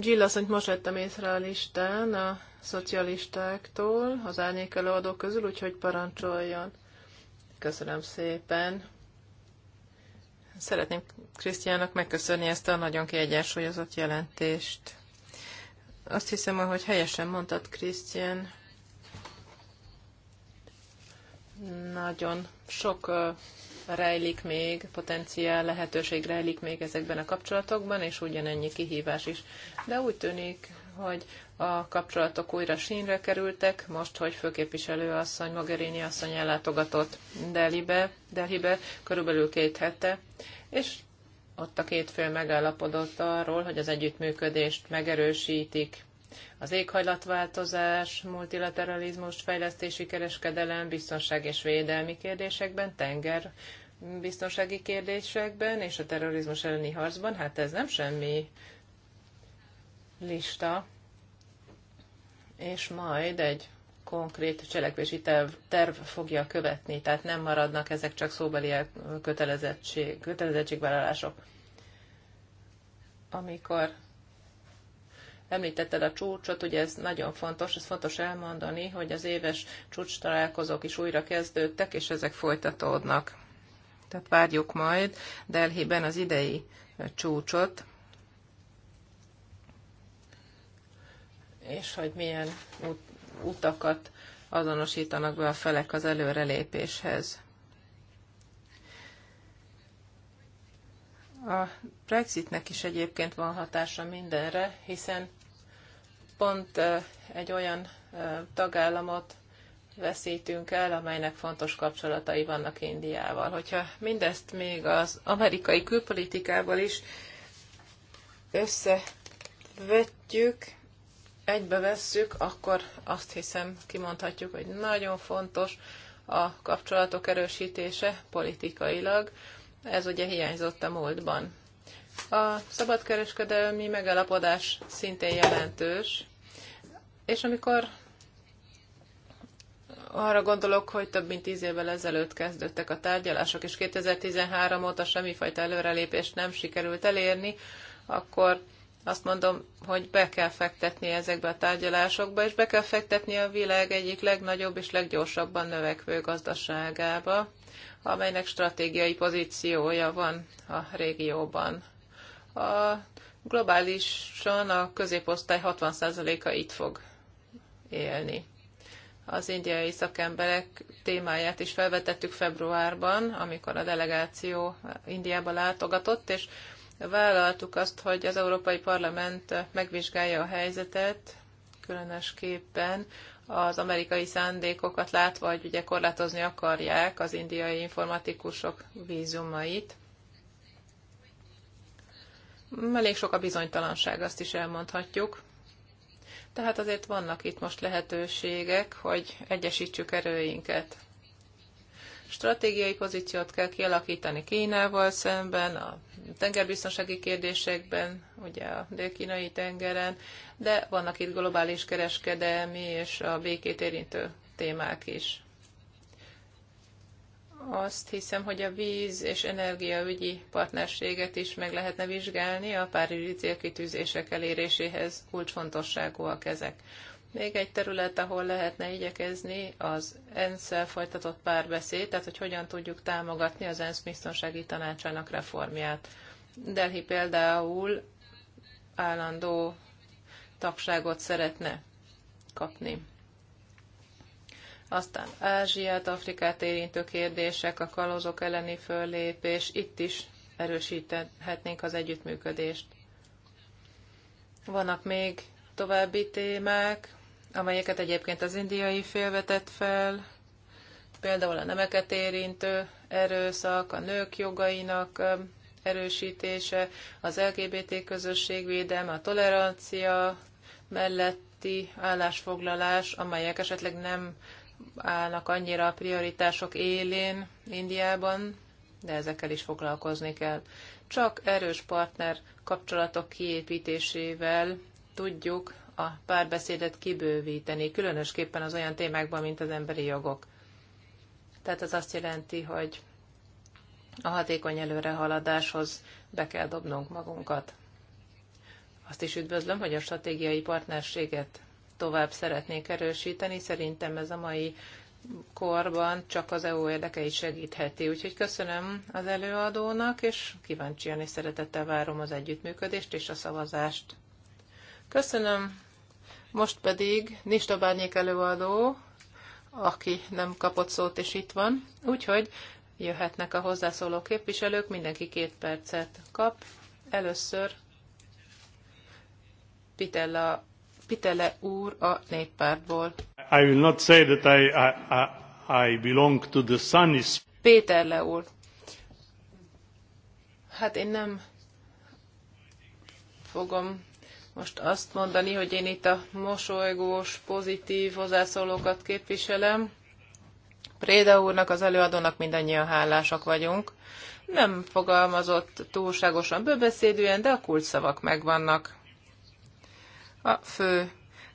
Jill asszonyt most vettem észre a listán a szocialistáktól, az árnyék előadók közül, úgyhogy parancsoljon. Köszönöm szépen. Szeretném Krisztiának megköszönni ezt a nagyon kiegyensúlyozott jelentést. Azt hiszem, hogy helyesen mondtad, Krisztián, nagyon sok rejlik még, potenciál, lehetőség rejlik még ezekben a kapcsolatokban, és ugyanennyi kihívás is. De úgy tűnik, hogy a kapcsolatok újra sínre kerültek, most, hogy főképviselő asszony, Mogherini asszony ellátogatott Delhibe, Delhibe körülbelül két hete, és ott a két fél megállapodott arról, hogy az együttműködést megerősítik az éghajlatváltozás, multilateralizmus, fejlesztési kereskedelem, biztonság és védelmi kérdésekben, tenger biztonsági kérdésekben és a terrorizmus elleni harcban, hát ez nem semmi lista, és majd egy konkrét cselekvési terv, terv fogja követni, tehát nem maradnak ezek csak szóbeli kötelezettség, kötelezettségvállalások. Amikor Említetted a csúcsot, ugye ez nagyon fontos, ez fontos elmondani, hogy az éves csúcs találkozók is újra kezdődtek, és ezek folytatódnak. Tehát várjuk majd Delhiben az idei csúcsot, és hogy milyen út, utakat azonosítanak be a felek az előrelépéshez. A Brexitnek is egyébként van hatása mindenre, hiszen pont egy olyan tagállamot veszítünk el, amelynek fontos kapcsolatai vannak Indiával. Hogyha mindezt még az amerikai külpolitikával is összevetjük, egybe vesszük, akkor azt hiszem kimondhatjuk, hogy nagyon fontos a kapcsolatok erősítése politikailag. Ez ugye hiányzott a múltban. A szabadkereskedelmi megállapodás szintén jelentős, és amikor arra gondolok, hogy több mint tíz évvel ezelőtt kezdődtek a tárgyalások, és 2013 óta semmifajta előrelépést nem sikerült elérni, akkor azt mondom, hogy be kell fektetni ezekbe a tárgyalásokba, és be kell fektetni a világ egyik legnagyobb és leggyorsabban növekvő gazdaságába, amelynek stratégiai pozíciója van a régióban. A globálisan a középosztály 60%-a itt fog élni. Az indiai szakemberek témáját is felvetettük februárban, amikor a delegáció Indiába látogatott, és vállaltuk azt, hogy az Európai Parlament megvizsgálja a helyzetet, különösképpen az amerikai szándékokat látva, hogy ugye korlátozni akarják az indiai informatikusok vízumait. Elég sok a bizonytalanság, azt is elmondhatjuk. Tehát azért vannak itt most lehetőségek, hogy egyesítsük erőinket. Stratégiai pozíciót kell kialakítani Kínával szemben, a tengerbiztonsági kérdésekben, ugye a dél-kínai tengeren, de vannak itt globális kereskedelmi és a békét érintő témák is azt hiszem, hogy a víz és energiaügyi partnerséget is meg lehetne vizsgálni, a párizsi célkitűzések eléréséhez kulcsfontosságúak ezek. Még egy terület, ahol lehetne igyekezni, az ENSZ-szel folytatott párbeszéd, tehát hogy hogyan tudjuk támogatni az ENSZ biztonsági tanácsának reformját. Delhi például állandó tagságot szeretne kapni. Aztán Ázsiát, Afrikát érintő kérdések, a kalózok elleni föllépés, itt is erősíthetnénk az együttműködést. Vannak még további témák, amelyeket egyébként az indiai fél vetett fel, például a nemeket érintő erőszak, a nők jogainak erősítése, az LGBT közösség védelme, a tolerancia melletti állásfoglalás, amelyek esetleg nem állnak annyira a prioritások élén Indiában, de ezekkel is foglalkozni kell. Csak erős partner kapcsolatok kiépítésével tudjuk a párbeszédet kibővíteni, különösképpen az olyan témákban, mint az emberi jogok. Tehát ez azt jelenti, hogy a hatékony előrehaladáshoz be kell dobnunk magunkat. Azt is üdvözlöm, hogy a stratégiai partnerséget tovább szeretnék erősíteni. Szerintem ez a mai korban csak az EU érdekeit segítheti. Úgyhogy köszönöm az előadónak, és kíváncsian és szeretettel várom az együttműködést és a szavazást. Köszönöm. Most pedig Nista Bárnyék előadó, aki nem kapott szót, és itt van. Úgyhogy jöhetnek a hozzászóló képviselők, mindenki két percet kap. Először Pitella Pitele úr a néppártból. I will not say that I, I, I belong to the sunnis. Péterle úr. Hát én nem fogom most azt mondani, hogy én itt a mosolygós, pozitív hozzászólókat képviselem. Préda úrnak, az előadónak mindannyian hálásak vagyunk. Nem fogalmazott túlságosan bőbeszédűen, de a kulcsszavak megvannak. A fő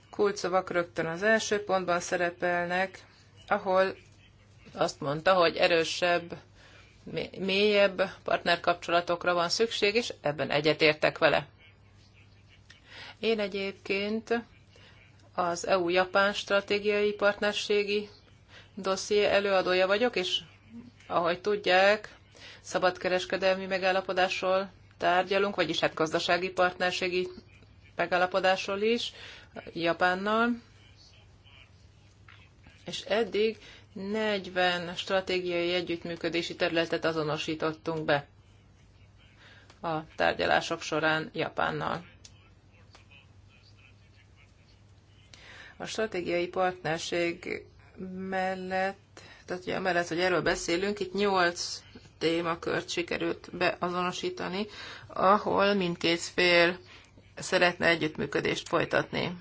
kulcsszavak rögtön az első pontban szerepelnek, ahol azt mondta, hogy erősebb, mélyebb partnerkapcsolatokra van szükség, és ebben egyetértek vele. Én egyébként az EU-Japán stratégiai partnerségi dosszié előadója vagyok, és ahogy tudják, szabadkereskedelmi megállapodásról tárgyalunk, vagyis hát gazdasági partnerségi megállapodásról is Japánnal, és eddig 40 stratégiai együttműködési területet azonosítottunk be a tárgyalások során Japánnal. A stratégiai partnerség mellett, tehát ugye mellett, hogy erről beszélünk, itt 8 témakört sikerült beazonosítani, ahol mindkét fél szeretne együttműködést folytatni.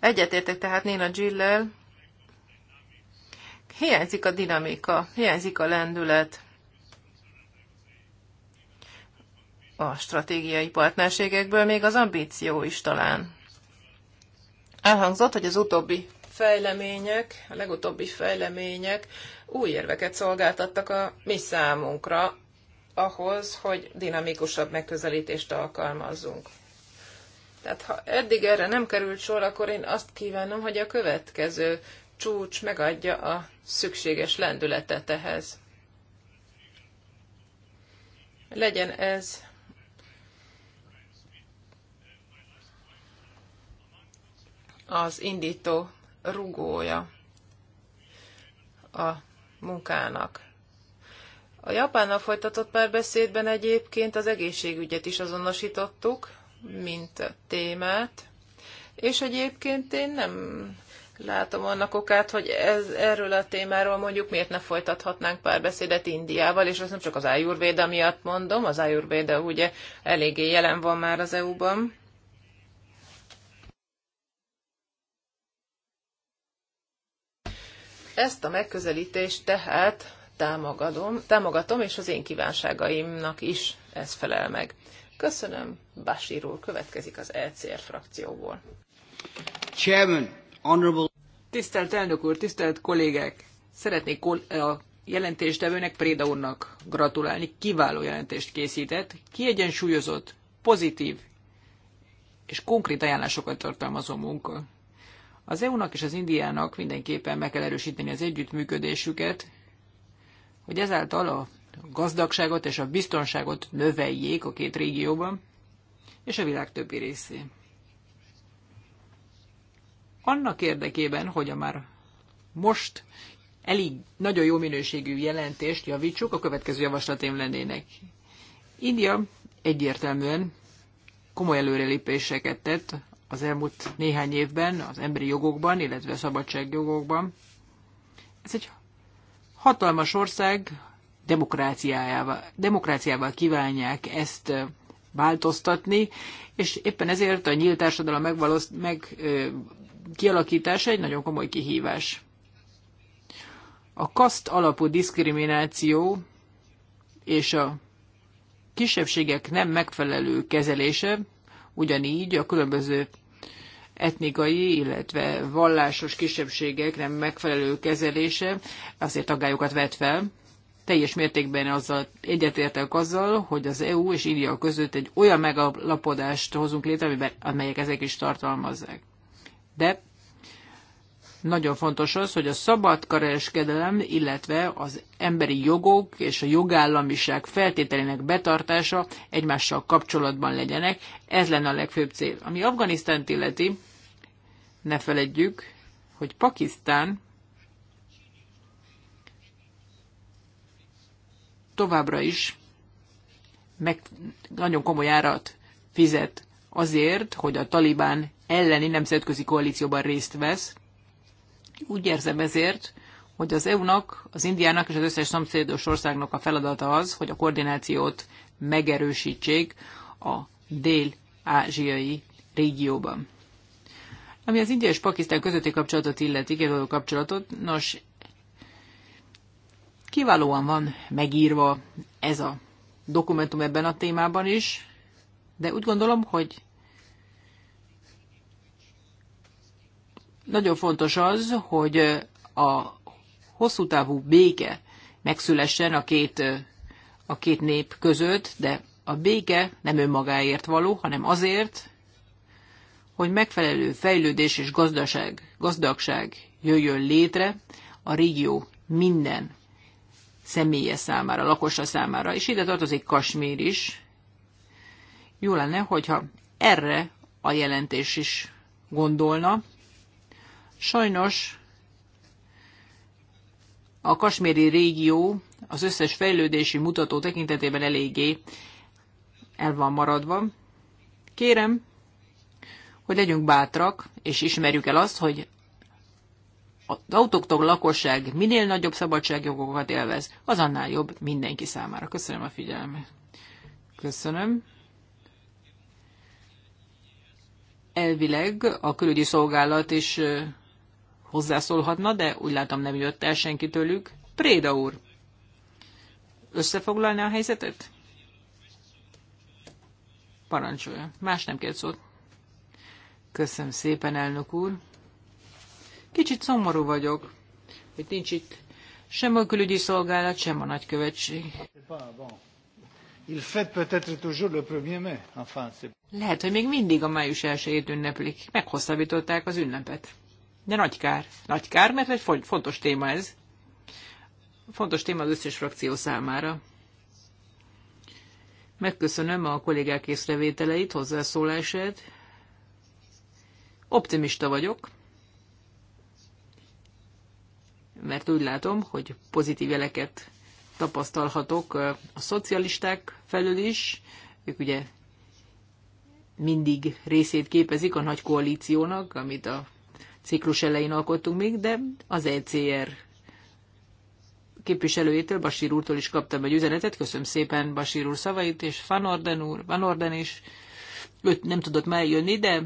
Egyetértek tehát Nina Gillel, hiányzik a dinamika, hiányzik a lendület a stratégiai partnerségekből, még az ambíció is talán. Elhangzott, hogy az utóbbi fejlemények, a legutóbbi fejlemények új érveket szolgáltattak a mi számunkra ahhoz, hogy dinamikusabb megközelítést alkalmazzunk. Tehát ha eddig erre nem került sor, akkor én azt kívánom, hogy a következő csúcs megadja a szükséges lendületet ehhez. Legyen ez az indító rugója a munkának. A Japánnal folytatott párbeszédben egyébként az egészségügyet is azonosítottuk, mint témát, és egyébként én nem látom annak okát, hogy ez, erről a témáról mondjuk miért ne folytathatnánk párbeszédet Indiával, és ezt nem csak az Ayurvéda miatt mondom, az Ayurvéda ugye eléggé jelen van már az EU-ban. Ezt a megközelítést tehát támogatom, támogatom, és az én kívánságaimnak is ez felel meg. Köszönöm, Basir úr, következik az ECR frakcióból. Chairman, honorable... Tisztelt elnök úr, tisztelt kollégák! Szeretnék kol- a jelentéstevőnek, Préda úrnak gratulálni. Kiváló jelentést készített, kiegyensúlyozott, pozitív és konkrét ajánlásokat tartalmazó munka. Az EU-nak és az Indiának mindenképpen meg kell erősíteni az együttműködésüket, hogy ezáltal a gazdagságot és a biztonságot növeljék a két régióban és a világ többi részén. Annak érdekében, hogy a már most elég nagyon jó minőségű jelentést javítsuk, a következő javaslatém lennének. India egyértelműen komoly előrelépéseket tett az elmúlt néhány évben az emberi jogokban, illetve a szabadságjogokban. Ez egy hatalmas ország demokráciájával, demokráciával kívánják ezt változtatni, és éppen ezért a nyílt társadalom megvalósz, meg, ö, kialakítása egy nagyon komoly kihívás. A kaszt alapú diszkrimináció és a kisebbségek nem megfelelő kezelése, ugyanígy a különböző etnikai, illetve vallásos kisebbségek nem megfelelő kezelése azért aggályokat vet fel. Teljes mértékben azzal, egyetértek azzal, hogy az EU és India között egy olyan megalapodást hozunk létre, amiben, amelyek ezek is tartalmazzák. De nagyon fontos az, hogy a szabad kereskedelem, illetve az emberi jogok és a jogállamiság feltételének betartása egymással kapcsolatban legyenek. Ez lenne a legfőbb cél. Ami Afganisztánt illeti, ne feledjük, hogy Pakisztán továbbra is meg nagyon komoly árat fizet azért, hogy a Talibán elleni nemzetközi koalícióban részt vesz. Úgy érzem ezért, hogy az EU-nak, az Indiának és az összes szomszédos országnak a feladata az, hogy a koordinációt megerősítsék a dél-ázsiai régióban. Ami az India és Pakisztán közötti kapcsolatot illeti, kiváló kapcsolatot, nos, kiválóan van megírva ez a dokumentum ebben a témában is, de úgy gondolom, hogy nagyon fontos az, hogy a hosszú távú béke megszülessen a két, a két nép között, de a béke nem önmagáért való, hanem azért, hogy megfelelő fejlődés és gazdaság, gazdagság jöjjön létre a régió minden személye számára, lakosa számára, és ide tartozik Kasmír is. Jó lenne, hogyha erre a jelentés is gondolna. Sajnos a kasméri régió az összes fejlődési mutató tekintetében eléggé el van maradva. Kérem, hogy legyünk bátrak, és ismerjük el azt, hogy az autóktól lakosság minél nagyobb szabadságjogokat élvez, az annál jobb mindenki számára. Köszönöm a figyelmet. Köszönöm. Elvileg a külügyi szolgálat is hozzászólhatna, de úgy látom nem jött el senki tőlük. Préda úr, összefoglalná a helyzetet? Parancsolja. Más nem kért szót. Köszönöm szépen, elnök úr. Kicsit szomorú vagyok, hogy nincs itt sem a külügyi szolgálat, sem a nagykövetség. Lehet, hogy még mindig a május 1 ünneplik. Meghosszabbították az ünnepet. De nagy kár. Nagy kár, mert egy fontos téma ez. Fontos téma az összes frakció számára. Megköszönöm a kollégák észrevételeit, hozzászólását. Optimista vagyok, mert úgy látom, hogy pozitív jeleket tapasztalhatok a szocialisták felől is. Ők ugye mindig részét képezik a nagy koalíciónak, amit a ciklus elején alkottunk még, de az ECR képviselőjétől, Basír úrtól is kaptam egy üzenetet. Köszönöm szépen Basír úr szavait, és Van Orden úr, Van Orden is. Őt nem tudott már jönni, de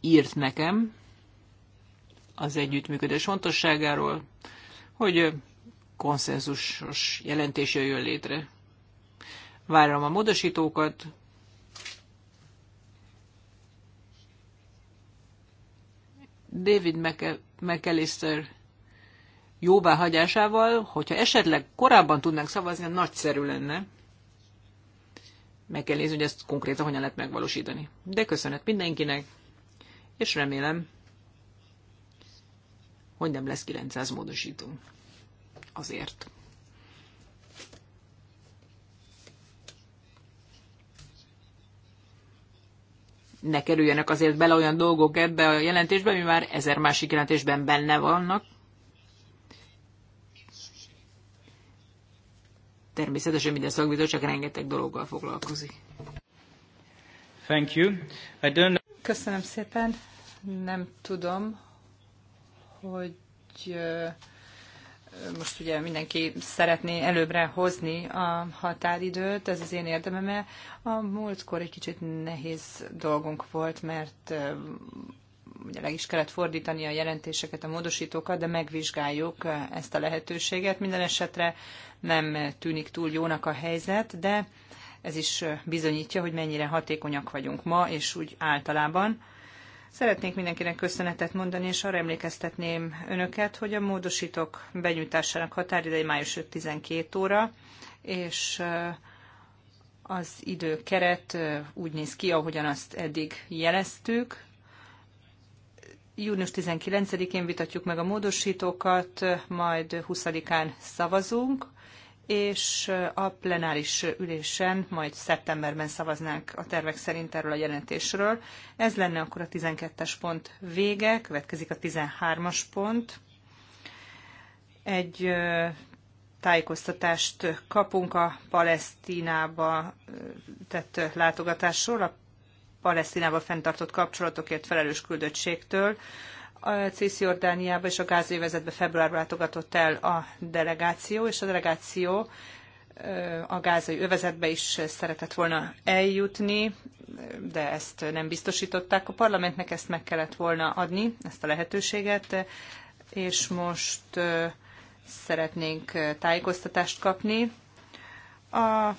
írt nekem az együttműködés fontosságáról, hogy konszenzusos jelentés jöjjön létre. Várom a módosítókat, David McAllister jóváhagyásával, hogyha esetleg korábban tudnánk szavazni, nagyszerű lenne. Meg kell nézni, hogy ezt konkrétan hogyan lehet megvalósítani. De köszönet mindenkinek! és remélem, hogy nem lesz 900 módosító. Azért. Ne kerüljenek azért bele olyan dolgok ebbe a jelentésbe, mi már ezer másik jelentésben benne vannak. Természetesen minden csak rengeteg dologgal foglalkozik. Thank you. I don't Köszönöm szépen. Nem tudom, hogy most ugye mindenki szeretné előbbre hozni a határidőt, ez az én érdemem, mert a múltkor egy kicsit nehéz dolgunk volt, mert ugye le is kellett fordítani a jelentéseket, a módosítókat, de megvizsgáljuk ezt a lehetőséget. Minden esetre nem tűnik túl jónak a helyzet, de ez is bizonyítja, hogy mennyire hatékonyak vagyunk ma, és úgy általában. Szeretnék mindenkinek köszönetet mondani, és arra emlékeztetném önöket, hogy a módosítók benyújtásának határideje május 5-12 óra, és az időkeret úgy néz ki, ahogyan azt eddig jeleztük. Június 19-én vitatjuk meg a módosítókat, majd 20-án szavazunk, és a plenáris ülésen majd szeptemberben szavaznánk a tervek szerint erről a jelentésről. Ez lenne akkor a 12-es pont vége, következik a 13-as pont. Egy tájékoztatást kapunk a Palesztinába tett látogatásról, a Palesztinába fenntartott kapcsolatokért felelős küldöttségtől. Cisjordániába és a gázévezetbe februárban látogatott el a delegáció, és a delegáció a gázai övezetbe is szeretett volna eljutni, de ezt nem biztosították. A parlamentnek ezt meg kellett volna adni, ezt a lehetőséget, és most szeretnénk tájékoztatást kapni. A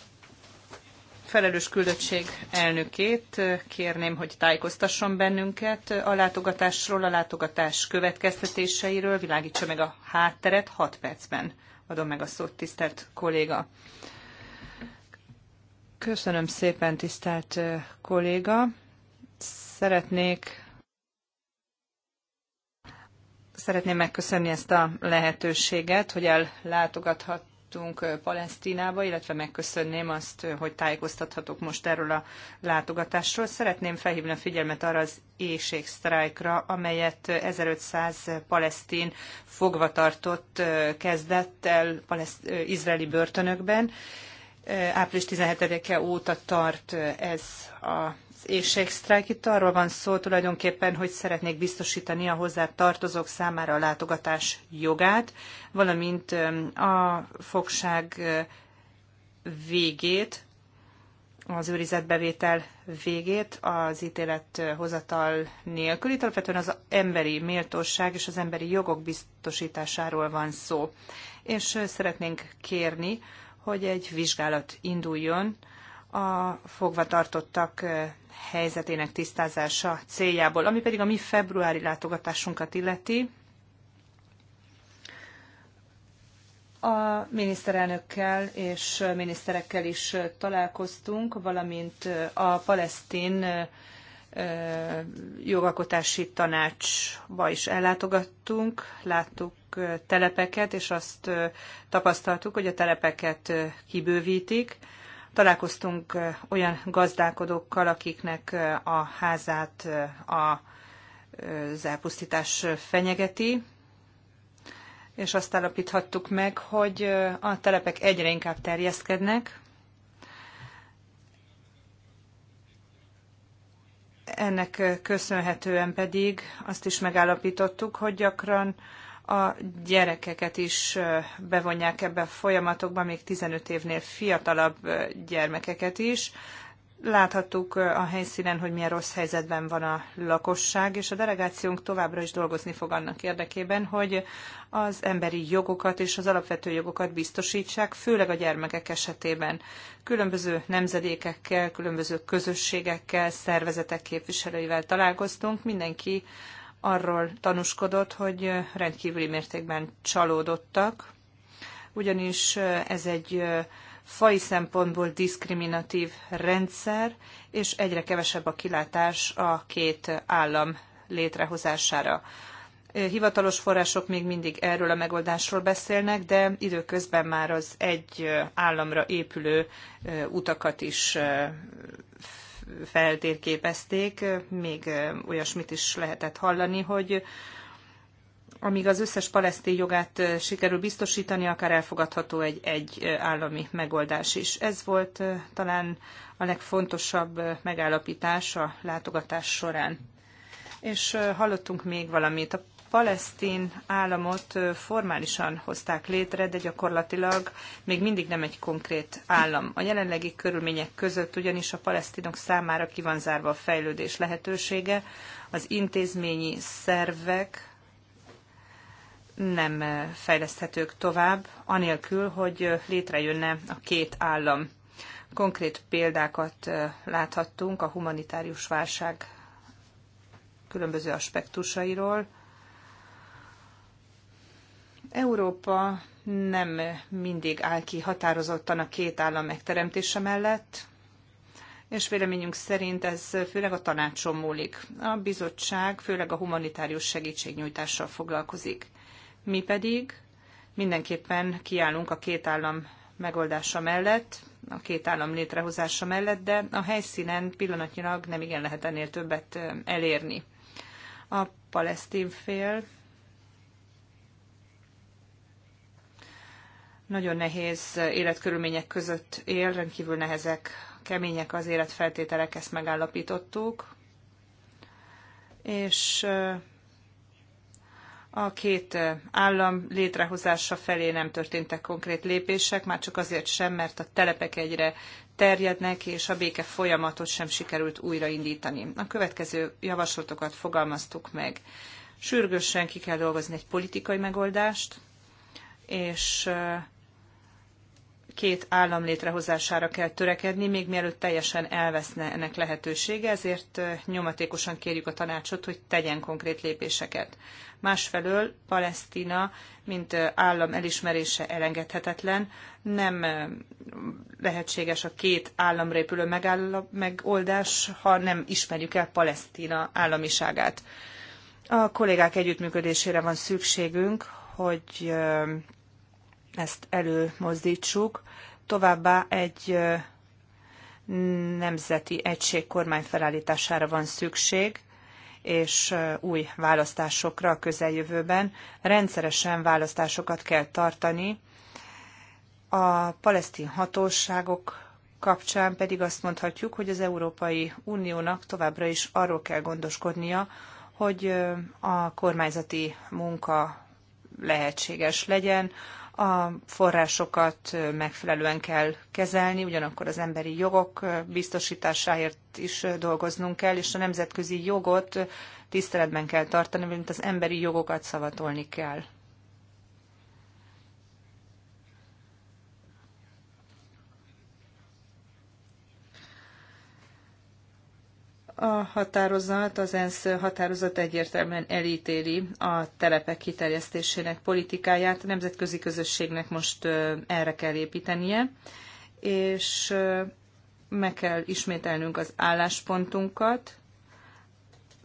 felelős küldöttség elnökét kérném, hogy tájékoztasson bennünket a látogatásról, a látogatás következtetéseiről, világítsa meg a hátteret hat percben. Adom meg a szót, tisztelt kolléga. Köszönöm szépen, tisztelt kolléga. Szeretnék Szeretném megköszönni ezt a lehetőséget, hogy ellátogathat látogattunk Palesztinába, illetve megköszönném azt, hogy tájékoztathatok most erről a látogatásról. Szeretném felhívni a figyelmet arra az éjségsztrájkra, amelyet 1500 palesztin fogvatartott kezdett el paleszt, izraeli börtönökben. Április 17-e óta tart ez a sztrájk Itt arról van szó tulajdonképpen, hogy szeretnék biztosítani a hozzá tartozók számára a látogatás jogát, valamint a fogság végét, az őrizetbevétel végét az ítélet hozatal nélkül. Itt alapvetően az emberi méltóság és az emberi jogok biztosításáról van szó. És szeretnénk kérni, hogy egy vizsgálat induljon a fogvatartottak helyzetének tisztázása céljából. Ami pedig a mi februári látogatásunkat illeti, A miniszterelnökkel és miniszterekkel is találkoztunk, valamint a palesztin jogalkotási tanácsba is ellátogattunk, láttuk telepeket, és azt tapasztaltuk, hogy a telepeket kibővítik. Találkoztunk olyan gazdálkodókkal, akiknek a házát a az elpusztítás fenyegeti, és azt állapíthattuk meg, hogy a telepek egyre inkább terjeszkednek. Ennek köszönhetően pedig azt is megállapítottuk, hogy gyakran a gyerekeket is bevonják ebbe a folyamatokba, még 15 évnél fiatalabb gyermekeket is. Láthattuk a helyszínen, hogy milyen rossz helyzetben van a lakosság, és a delegációnk továbbra is dolgozni fog annak érdekében, hogy az emberi jogokat és az alapvető jogokat biztosítsák, főleg a gyermekek esetében. Különböző nemzedékekkel, különböző közösségekkel, szervezetek képviselőivel találkoztunk, mindenki arról tanúskodott, hogy rendkívüli mértékben csalódottak, ugyanis ez egy fai szempontból diszkriminatív rendszer, és egyre kevesebb a kilátás a két állam létrehozására. Hivatalos források még mindig erről a megoldásról beszélnek, de időközben már az egy államra épülő utakat is feltérképezték, még olyasmit is lehetett hallani, hogy amíg az összes palesztin jogát sikerül biztosítani, akár elfogadható egy, egy állami megoldás is. Ez volt talán a legfontosabb megállapítás a látogatás során. És hallottunk még valamit. A palesztin államot formálisan hozták létre, de gyakorlatilag még mindig nem egy konkrét állam. A jelenlegi körülmények között ugyanis a palesztinok számára ki van zárva a fejlődés lehetősége, az intézményi szervek nem fejleszthetők tovább, anélkül, hogy létrejönne a két állam. Konkrét példákat láthattunk a humanitárius válság különböző aspektusairól, Európa nem mindig áll ki határozottan a két állam megteremtése mellett, és véleményünk szerint ez főleg a tanácson múlik. A bizottság főleg a humanitárius segítségnyújtással foglalkozik. Mi pedig mindenképpen kiállunk a két állam megoldása mellett, a két állam létrehozása mellett, de a helyszínen pillanatnyilag nem igen lehet ennél többet elérni. A palesztin fél Nagyon nehéz életkörülmények között él, rendkívül nehezek, kemények az életfeltételek, ezt megállapítottuk. És a két állam létrehozása felé nem történtek konkrét lépések, már csak azért sem, mert a telepek egyre terjednek, és a béke folyamatot sem sikerült újraindítani. A következő javaslatokat fogalmaztuk meg. Sürgősen ki kell dolgozni egy politikai megoldást, és két állam létrehozására kell törekedni, még mielőtt teljesen elveszne ennek lehetősége, ezért nyomatékosan kérjük a tanácsot, hogy tegyen konkrét lépéseket. Másfelől Palesztina, mint állam elismerése elengedhetetlen, nem lehetséges a két államra épülő megoldás, ha nem ismerjük el Palesztina államiságát. A kollégák együttműködésére van szükségünk, hogy ezt előmozdítsuk. Továbbá egy nemzeti egység kormány felállítására van szükség, és új választásokra a közeljövőben. Rendszeresen választásokat kell tartani. A palesztin hatóságok kapcsán pedig azt mondhatjuk, hogy az Európai Uniónak továbbra is arról kell gondoskodnia, hogy a kormányzati munka lehetséges legyen, a forrásokat megfelelően kell kezelni, ugyanakkor az emberi jogok biztosításáért is dolgoznunk kell, és a nemzetközi jogot tiszteletben kell tartani, mint az emberi jogokat szavatolni kell. A határozat, az ENSZ határozat egyértelműen elítéli a telepek kiterjesztésének politikáját. A nemzetközi közösségnek most erre kell építenie, és meg kell ismételnünk az álláspontunkat.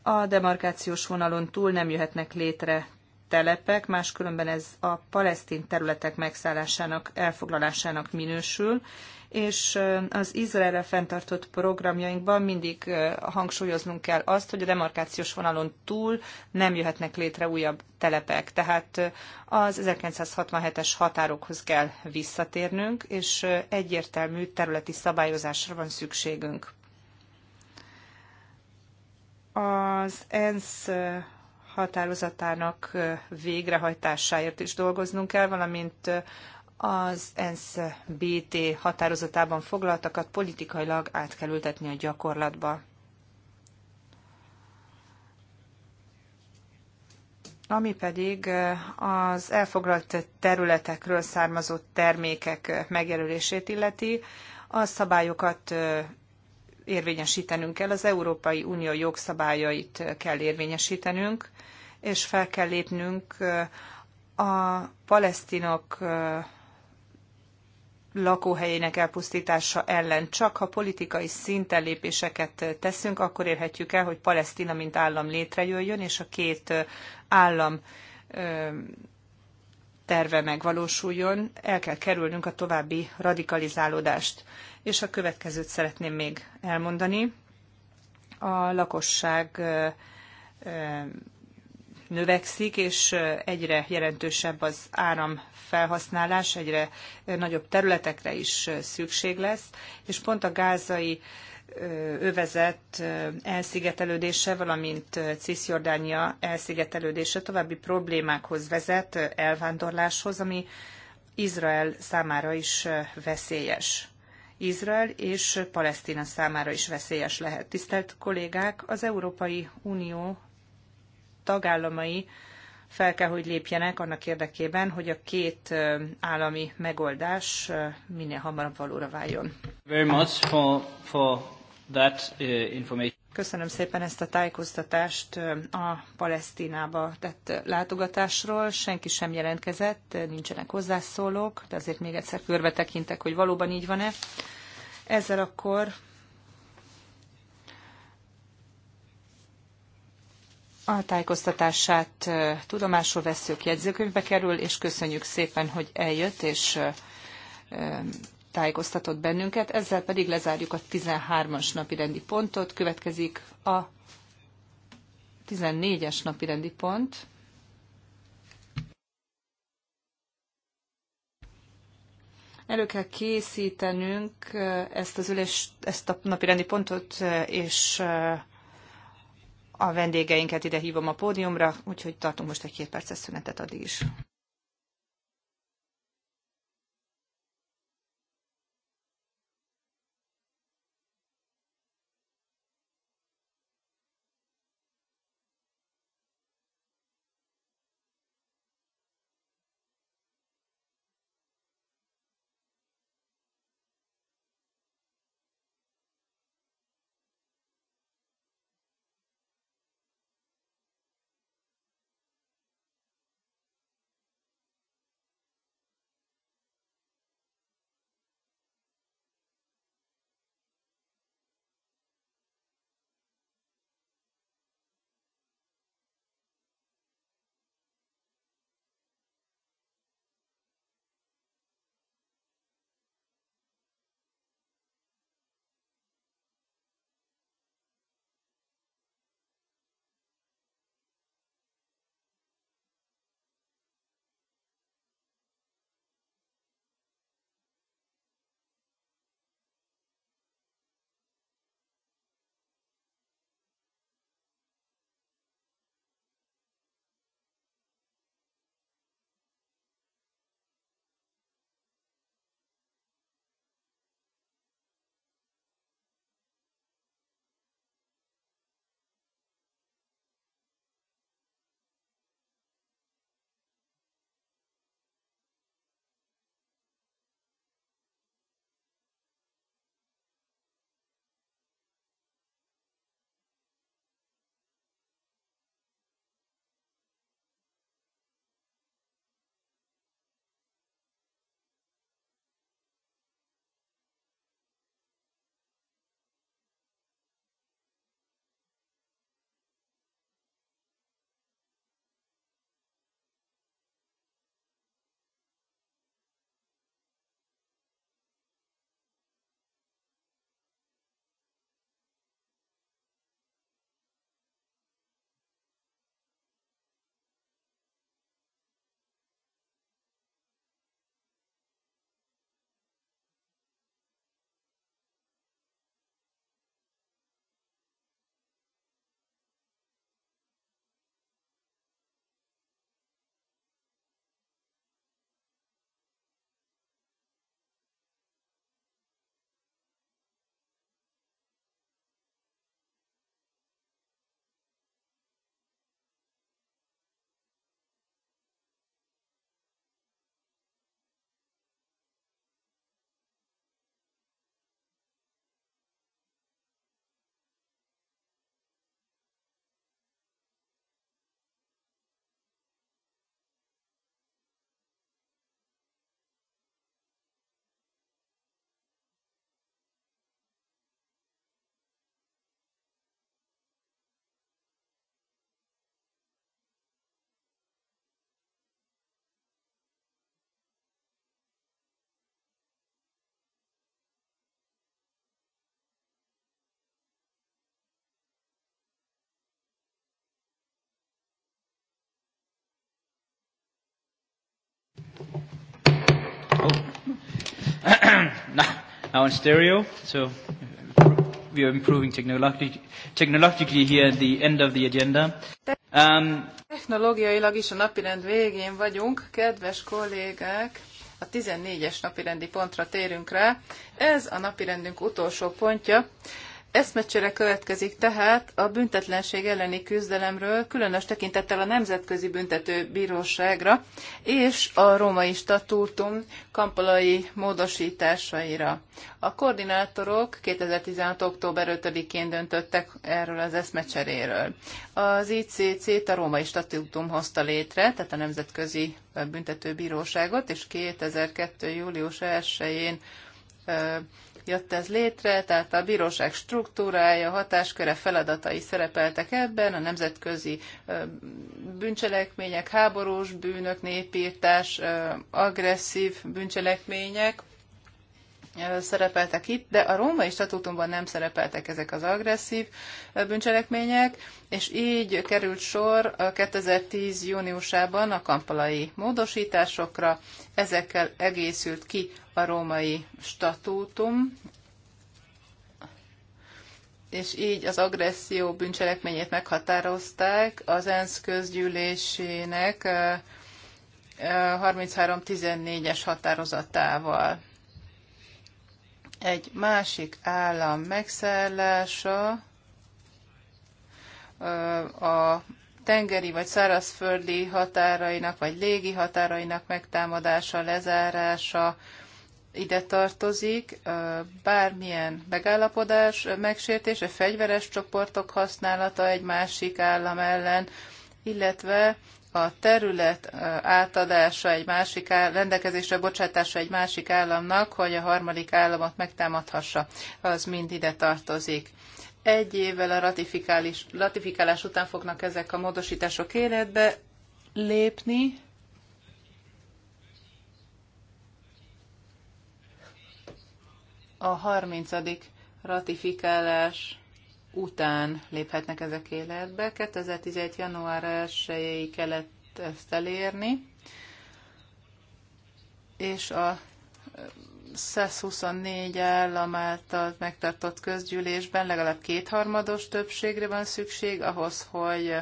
A demarkációs vonalon túl nem jöhetnek létre telepek, máskülönben ez a palesztin területek megszállásának, elfoglalásának minősül, és az Izraelre fenntartott programjainkban mindig hangsúlyoznunk kell azt, hogy a demarkációs vonalon túl nem jöhetnek létre újabb telepek. Tehát az 1967-es határokhoz kell visszatérnünk, és egyértelmű területi szabályozásra van szükségünk. Az ENSZ határozatának végrehajtásáért is dolgoznunk kell, valamint az ENSZ BT határozatában foglaltakat politikailag át kell ültetni a gyakorlatba. Ami pedig az elfoglalt területekről származó termékek megjelölését illeti, a szabályokat érvényesítenünk kell, az Európai Unió jogszabályait kell érvényesítenünk, és fel kell lépnünk a palesztinok lakóhelyének elpusztítása ellen. Csak ha politikai szinten lépéseket teszünk, akkor érhetjük el, hogy Palesztina mint állam létrejöjjön, és a két állam terve megvalósuljon. El kell kerülnünk a további radikalizálódást. És a következőt szeretném még elmondani. A lakosság növekszik, és egyre jelentősebb az áram felhasználás, egyre nagyobb területekre is szükség lesz, és pont a gázai övezet elszigetelődése, valamint Cisjordánia elszigetelődése további problémákhoz vezet, elvándorláshoz, ami Izrael számára is veszélyes. Izrael és Palesztina számára is veszélyes lehet. Tisztelt kollégák, az Európai Unió tagállamai fel kell, hogy lépjenek annak érdekében, hogy a két állami megoldás minél hamarabb valóra váljon. Very much for, for that uh, information. Köszönöm szépen ezt a tájékoztatást a Palesztinába tett látogatásról. Senki sem jelentkezett, nincsenek hozzászólók, de azért még egyszer körbe tekintek, hogy valóban így van-e. Ezzel akkor A tájékoztatását tudomásul veszük, jegyzőkönyvbe kerül, és köszönjük szépen, hogy eljött, és tájékoztatott bennünket. Ezzel pedig lezárjuk a 13-as napirendi pontot. Következik a 14-es napirendi pont. elő kell készítenünk ezt az ülést, ezt a napirendi pontot, és a vendégeinket ide hívom a pódiumra, úgyhogy tartunk most egy két perces szünetet addig is. now in stereo, so we are improving technologi- technologically here at the end of the agenda. Um, Technológiailag is a napirend végén vagyunk, kedves kollégák. A 14-es napirendi pontra térünk rá. Ez a napirendünk utolsó pontja eszmecsere következik tehát a büntetlenség elleni küzdelemről, különös tekintettel a Nemzetközi Büntető Bíróságra és a Római Statútum kampalai módosításaira. A koordinátorok 2016. október 5-én döntöttek erről az eszmecseréről. Az ICC-t a Római Statútum hozta létre, tehát a Nemzetközi Büntető Bíróságot, és 2002. július 1-én jött ez létre, tehát a bíróság struktúrája, hatásköre, feladatai szerepeltek ebben, a nemzetközi bűncselekmények, háborús bűnök, népírtás, agresszív bűncselekmények, szerepeltek itt, de a római statútumban nem szerepeltek ezek az agresszív bűncselekmények, és így került sor 2010. júniusában a kampalai módosításokra, ezekkel egészült ki a római statútum, és így az agresszió bűncselekményét meghatározták az ENSZ közgyűlésének 3314-es határozatával egy másik állam megszállása a tengeri vagy szárazföldi határainak, vagy légi határainak megtámadása, lezárása ide tartozik, bármilyen megállapodás megsértése, fegyveres csoportok használata egy másik állam ellen, illetve a terület átadása egy másik áll, rendelkezésre bocsátása egy másik államnak, hogy a harmadik államot megtámadhassa, az mind ide tartozik. Egy évvel a ratifikálás után fognak ezek a módosítások életbe lépni. A 30. ratifikálás után léphetnek ezek életbe. 2011. január 1 kellett ezt elérni, és a 124 állam által megtartott közgyűlésben legalább kétharmados többségre van szükség ahhoz, hogy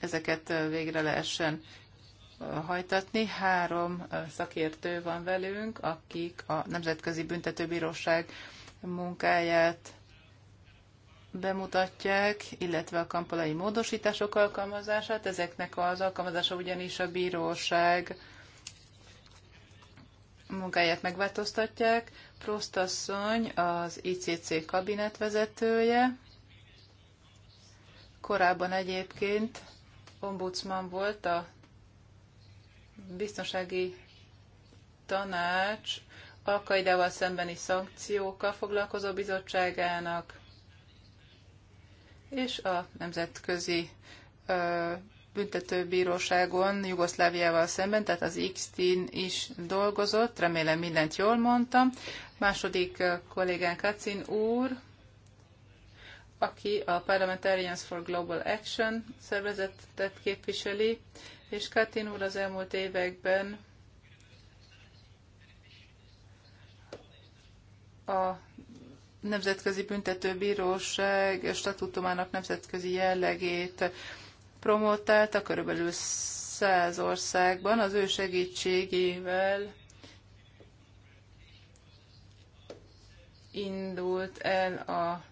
ezeket végre lehessen hajtatni. Három szakértő van velünk, akik a Nemzetközi Büntetőbíróság munkáját bemutatják, illetve a kampalai módosítások alkalmazását. Ezeknek az alkalmazása ugyanis a bíróság munkáját megváltoztatják. Prostasszony az ICC kabinetvezetője, korábban egyébként ombudsman volt a biztonsági tanács Alkaidával szembeni szankciókkal foglalkozó bizottságának és a nemzetközi büntetőbíróságon Jugoszláviával szemben, tehát az x is dolgozott, remélem mindent jól mondtam. Második kollégán Kacin úr, aki a Parliamentarians for Global Action szervezetet képviseli, és Katin úr az elmúlt években a Nemzetközi Büntetőbíróság statutumának nemzetközi jellegét promotálta körülbelül száz országban az ő segítségével indult el a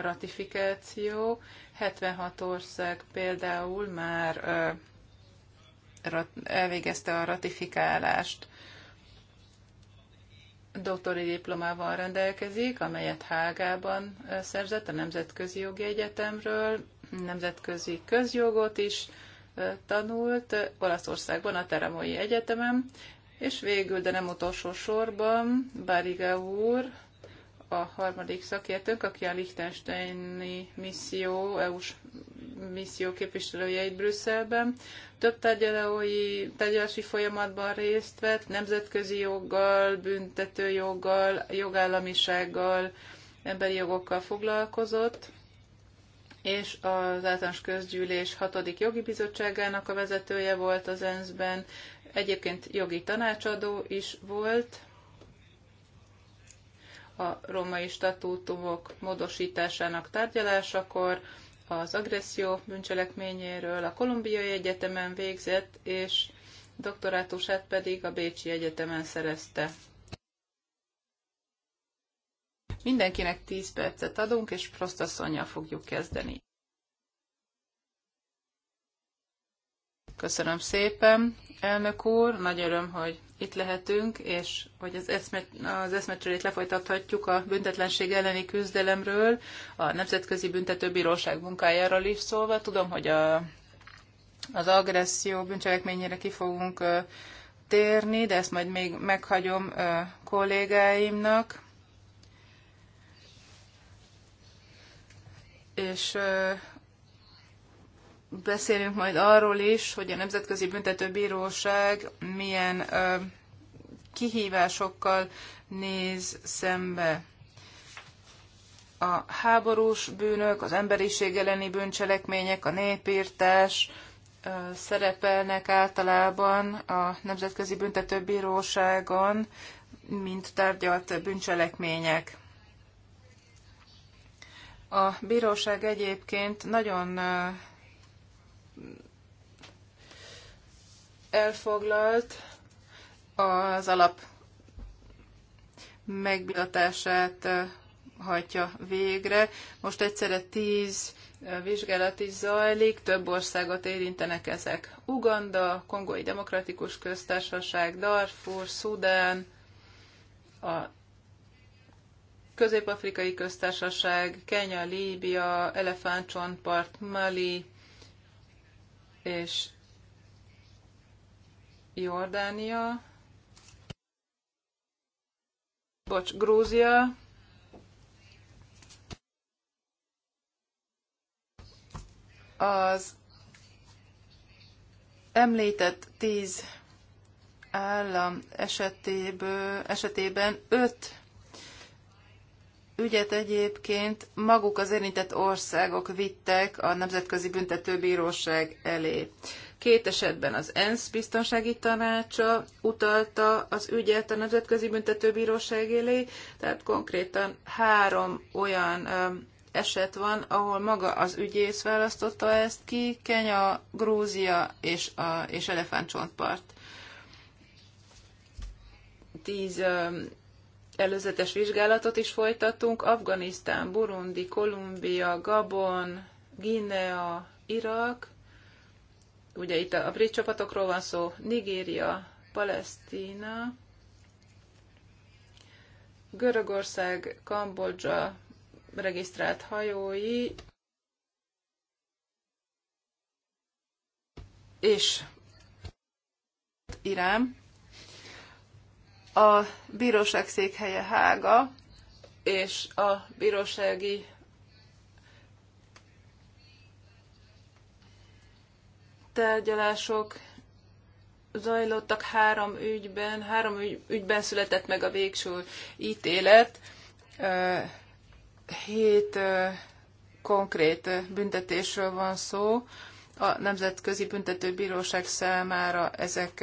ratifikáció. 76 ország például már elvégezte a ratifikálást doktori diplomával rendelkezik, amelyet Hágában szerzett a Nemzetközi Jogi Egyetemről, nemzetközi közjogot is tanult Olaszországban a Teremói Egyetemen, és végül, de nem utolsó sorban, Bariga úr a harmadik szakértőnk, aki a Liechtensteini misszió, EU-s misszió képviselője itt Brüsszelben. Több tárgyalói, tárgyalási folyamatban részt vett, nemzetközi joggal, büntetőjoggal, jogállamisággal, emberi jogokkal foglalkozott és az általános közgyűlés hatodik jogi bizottságának a vezetője volt az ENSZ-ben, egyébként jogi tanácsadó is volt, a római statútumok módosításának tárgyalásakor, az agresszió bűncselekményéről a Kolumbiai Egyetemen végzett, és doktorátusát pedig a Bécsi Egyetemen szerezte. Mindenkinek 10 percet adunk, és prostaszonyjal fogjuk kezdeni. Köszönöm szépen, elnök úr, nagy öröm, hogy itt lehetünk, és hogy az, eszme, az eszmecserét lefolytathatjuk a büntetlenség elleni küzdelemről, a Nemzetközi Büntetőbíróság munkájáról is szólva. Tudom, hogy a, az agresszió bűncselekményére ki fogunk térni, de ezt majd még meghagyom ö, kollégáimnak. És ö, beszélünk majd arról is, hogy a Nemzetközi Büntetőbíróság milyen ö, kihívásokkal néz szembe. A háborús bűnök, az emberiség elleni bűncselekmények, a népírtás ö, szerepelnek általában a Nemzetközi Büntetőbíróságon, mint tárgyalt bűncselekmények. A bíróság egyébként nagyon ö, elfoglalt az alap megbillatását hajtja végre. Most egyszerre tíz vizsgálat is zajlik, több országot érintenek ezek. Uganda, Kongói Demokratikus Köztársaság, Darfur, Szudán, a Közép-Afrikai Köztársaság, Kenya, Líbia, Elefántcsontpart, Mali, és Jordánia, bocs, Grúzia, az említett tíz állam esetéből, esetében öt ügyet egyébként maguk az érintett országok vittek a Nemzetközi Büntetőbíróság elé. Két esetben az ENSZ biztonsági tanácsa utalta az ügyet a Nemzetközi Büntetőbíróság elé, tehát konkrétan három olyan eset van, ahol maga az ügyész választotta ezt ki, Kenya, Grúzia és, a, és Elefántcsontpart. Tíz előzetes vizsgálatot is folytattunk. Afganisztán, Burundi, Kolumbia, Gabon, Guinea, Irak, ugye itt a brit csapatokról van szó, Nigéria, Palesztina, Görögország, Kambodzsa regisztrált hajói, és Irán a bíróság székhelye Hága, és a bírósági tárgyalások zajlottak három ügyben, három ügy, ügyben született meg a végső ítélet, hét konkrét büntetésről van szó, a Nemzetközi Büntetőbíróság számára ezek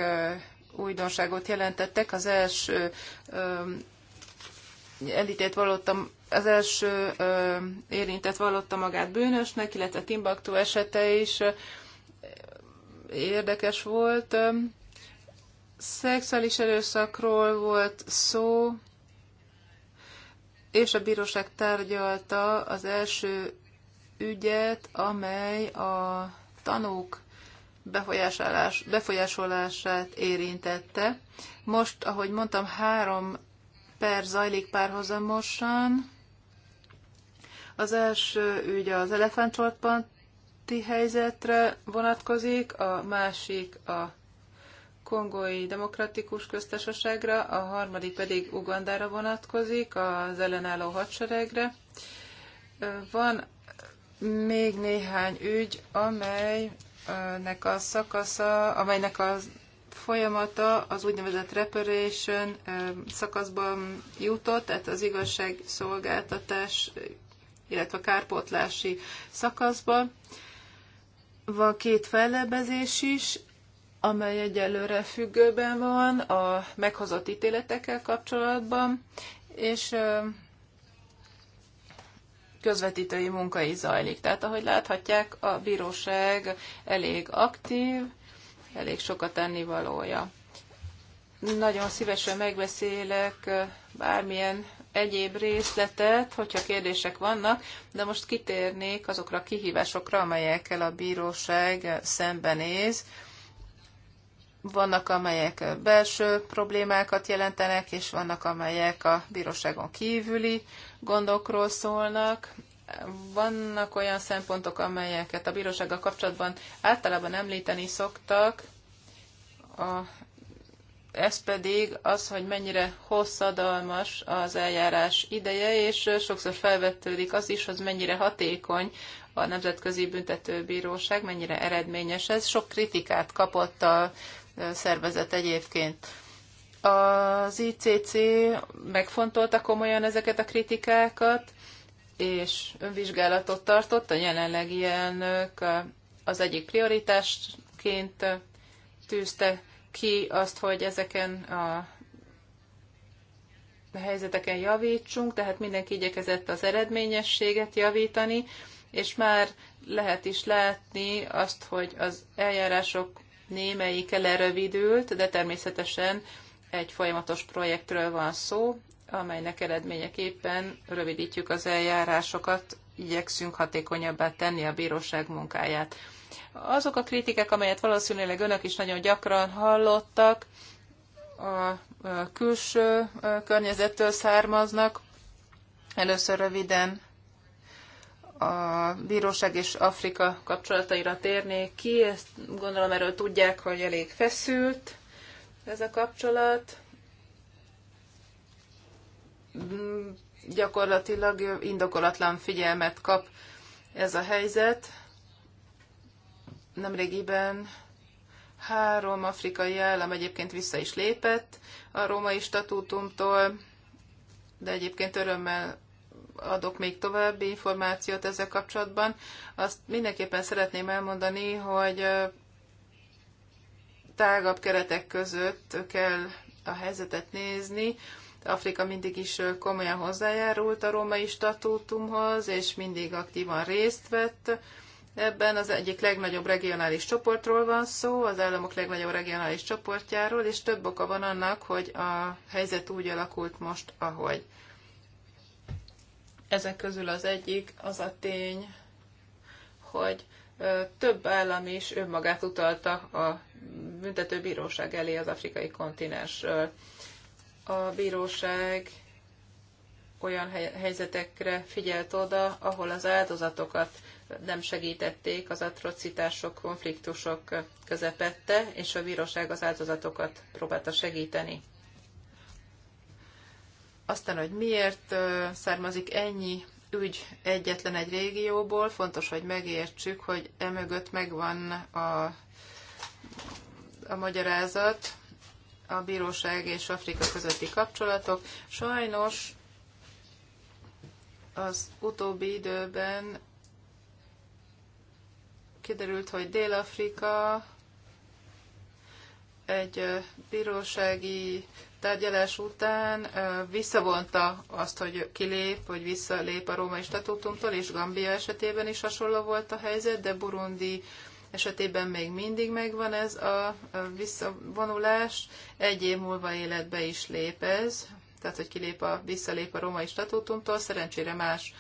újdonságot jelentettek. Az első elítélt valóta, az első érintett vallotta magát bűnösnek, illetve Timbuktu esete is érdekes volt. Szexuális erőszakról volt szó, és a bíróság tárgyalta az első ügyet, amely a tanúk befolyásolását érintette. Most, ahogy mondtam, három per zajlik párhuzamosan. Az első ügy az elefántcsortpanti helyzetre vonatkozik, a másik a Kongói Demokratikus Köztársaságra, a harmadik pedig Ugandára vonatkozik, az ellenálló hadseregre. Van még néhány ügy, amely nek a szakasza, amelynek a folyamata az úgynevezett reparation szakaszban jutott, tehát az igazságszolgáltatás, illetve kárpótlási szakaszban. Van két fellebezés is, amely egyelőre függőben van a meghozott ítéletekkel kapcsolatban, és közvetítői munka is zajlik. Tehát ahogy láthatják, a bíróság elég aktív, elég sokat tennivalója. Nagyon szívesen megbeszélek bármilyen egyéb részletet, hogyha kérdések vannak, de most kitérnék azokra a kihívásokra, amelyekkel a bíróság szembenéz vannak, amelyek belső problémákat jelentenek, és vannak, amelyek a bíróságon kívüli gondokról szólnak. Vannak olyan szempontok, amelyeket a bírósággal kapcsolatban általában említeni szoktak, a, ez pedig az, hogy mennyire hosszadalmas az eljárás ideje, és sokszor felvetődik az is, hogy mennyire hatékony a Nemzetközi Büntetőbíróság, mennyire eredményes ez. Sok kritikát kapott a szervezet egyébként. Az ICC megfontolta komolyan ezeket a kritikákat, és önvizsgálatot tartott a jelenlegi elnök az egyik prioritásként tűzte ki azt, hogy ezeken a helyzeteken javítsunk, tehát mindenki igyekezett az eredményességet javítani, és már lehet is látni azt, hogy az eljárások némelyik lerövidült, de természetesen egy folyamatos projektről van szó, amelynek eredményeképpen rövidítjük az eljárásokat, igyekszünk hatékonyabbá tenni a bíróság munkáját. Azok a kritikák, amelyet valószínűleg önök is nagyon gyakran hallottak, a külső környezettől származnak. Először röviden a bíróság és Afrika kapcsolataira térnék ki. Ezt gondolom erről tudják, hogy elég feszült ez a kapcsolat. Gyakorlatilag indokolatlan figyelmet kap ez a helyzet. Nemrégiben három afrikai állam egyébként vissza is lépett a római statútumtól, de egyébként örömmel adok még további információt ezzel kapcsolatban. Azt mindenképpen szeretném elmondani, hogy tágabb keretek között kell a helyzetet nézni. Afrika mindig is komolyan hozzájárult a római statútumhoz, és mindig aktívan részt vett Ebben az egyik legnagyobb regionális csoportról van szó, az államok legnagyobb regionális csoportjáról, és több oka van annak, hogy a helyzet úgy alakult most, ahogy. Ezek közül az egyik az a tény, hogy több állam is önmagát utalta a büntetőbíróság elé az afrikai kontinensről. A bíróság olyan helyzetekre figyelt oda, ahol az áldozatokat nem segítették az atrocitások, konfliktusok közepette, és a bíróság az áldozatokat próbálta segíteni. Aztán, hogy miért származik ennyi ügy egyetlen egy régióból, fontos, hogy megértsük, hogy emögött megvan a, a magyarázat, a bíróság és Afrika közötti kapcsolatok. Sajnos az utóbbi időben kiderült, hogy Dél-Afrika egy bírósági tárgyalás után visszavonta azt, hogy kilép, vagy visszalép a római statútumtól, és Gambia esetében is hasonló volt a helyzet, de Burundi esetében még mindig megvan ez a visszavonulás. Egy év múlva életbe is lép ez, tehát hogy kilép a, visszalép a római statútumtól, szerencsére más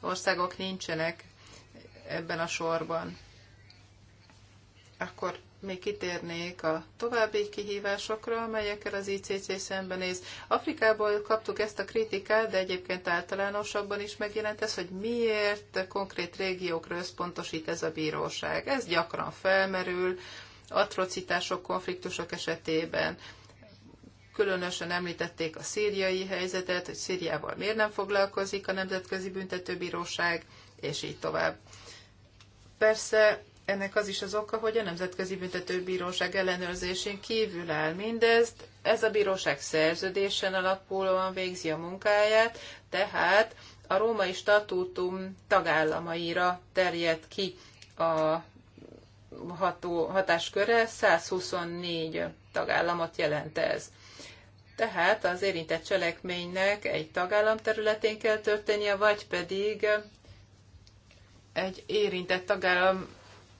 országok nincsenek ebben a sorban. Akkor még kitérnék a további kihívásokra, amelyekkel az ICC szembenéz. Afrikából kaptuk ezt a kritikát, de egyébként általánosabban is megjelent ez, hogy miért konkrét régiókra összpontosít ez a bíróság. Ez gyakran felmerül atrocitások, konfliktusok esetében. Különösen említették a szíriai helyzetet, hogy Szíriával miért nem foglalkozik a Nemzetközi Büntetőbíróság, és így tovább. Persze ennek az is az oka, hogy a Nemzetközi Büntetőbíróság ellenőrzésén kívül áll mindezt, ez a bíróság szerződésen alapulóan végzi a munkáját, tehát a római statútum tagállamaira terjed ki a ható, hatásköre, 124 tagállamot jelent ez. Tehát az érintett cselekménynek egy tagállam területén kell történnie, vagy pedig egy érintett tagállam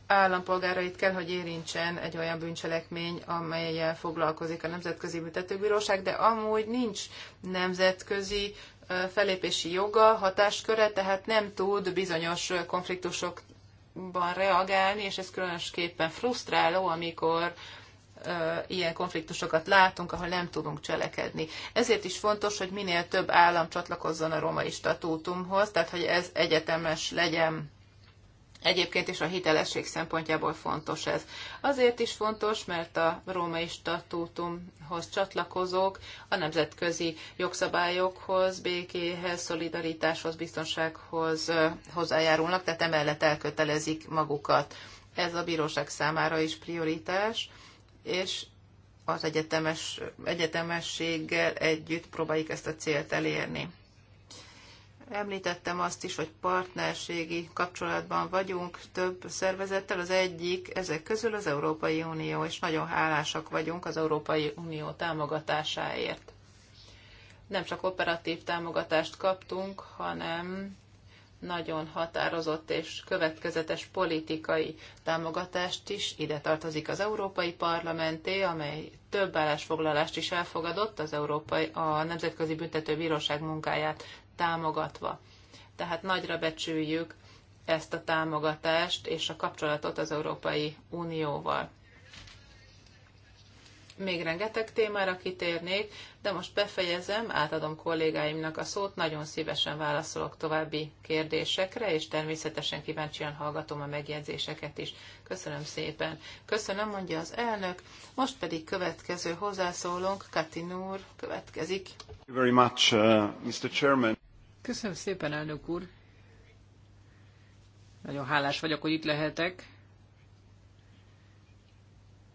állampolgárait kell, hogy érintsen egy olyan bűncselekmény, amelyel foglalkozik a Nemzetközi Büntetőbíróság, de amúgy nincs nemzetközi felépési joga, hatásköre, tehát nem tud bizonyos konfliktusokban reagálni, és ez különösképpen frusztráló, amikor ilyen konfliktusokat látunk, ahol nem tudunk cselekedni. Ezért is fontos, hogy minél több állam csatlakozzon a romai statútumhoz, tehát hogy ez egyetemes legyen Egyébként is a hitelesség szempontjából fontos ez. Azért is fontos, mert a római statútumhoz csatlakozók a nemzetközi jogszabályokhoz, békéhez, szolidaritáshoz, biztonsághoz hozzájárulnak, tehát emellett elkötelezik magukat. Ez a bíróság számára is prioritás, és az egyetemes, egyetemességgel együtt próbáljuk ezt a célt elérni. Említettem azt is, hogy partnerségi kapcsolatban vagyunk több szervezettel. Az egyik ezek közül az Európai Unió, és nagyon hálásak vagyunk az Európai Unió támogatásáért. Nem csak operatív támogatást kaptunk, hanem nagyon határozott és következetes politikai támogatást is. Ide tartozik az Európai Parlamenté, amely több állásfoglalást is elfogadott az Európai, a Nemzetközi Büntetőbíróság munkáját támogatva. Tehát nagyra becsüljük ezt a támogatást és a kapcsolatot az Európai Unióval. Még rengeteg témára kitérnék, de most befejezem, átadom kollégáimnak a szót, nagyon szívesen válaszolok további kérdésekre, és természetesen kíváncsian hallgatom a megjegyzéseket is. Köszönöm szépen. Köszönöm, mondja az elnök. Most pedig következő hozzászólónk, Katin úr, következik. Very much, uh, Mr. Chairman. Köszönöm szépen, elnök úr. Nagyon hálás vagyok, hogy itt lehetek.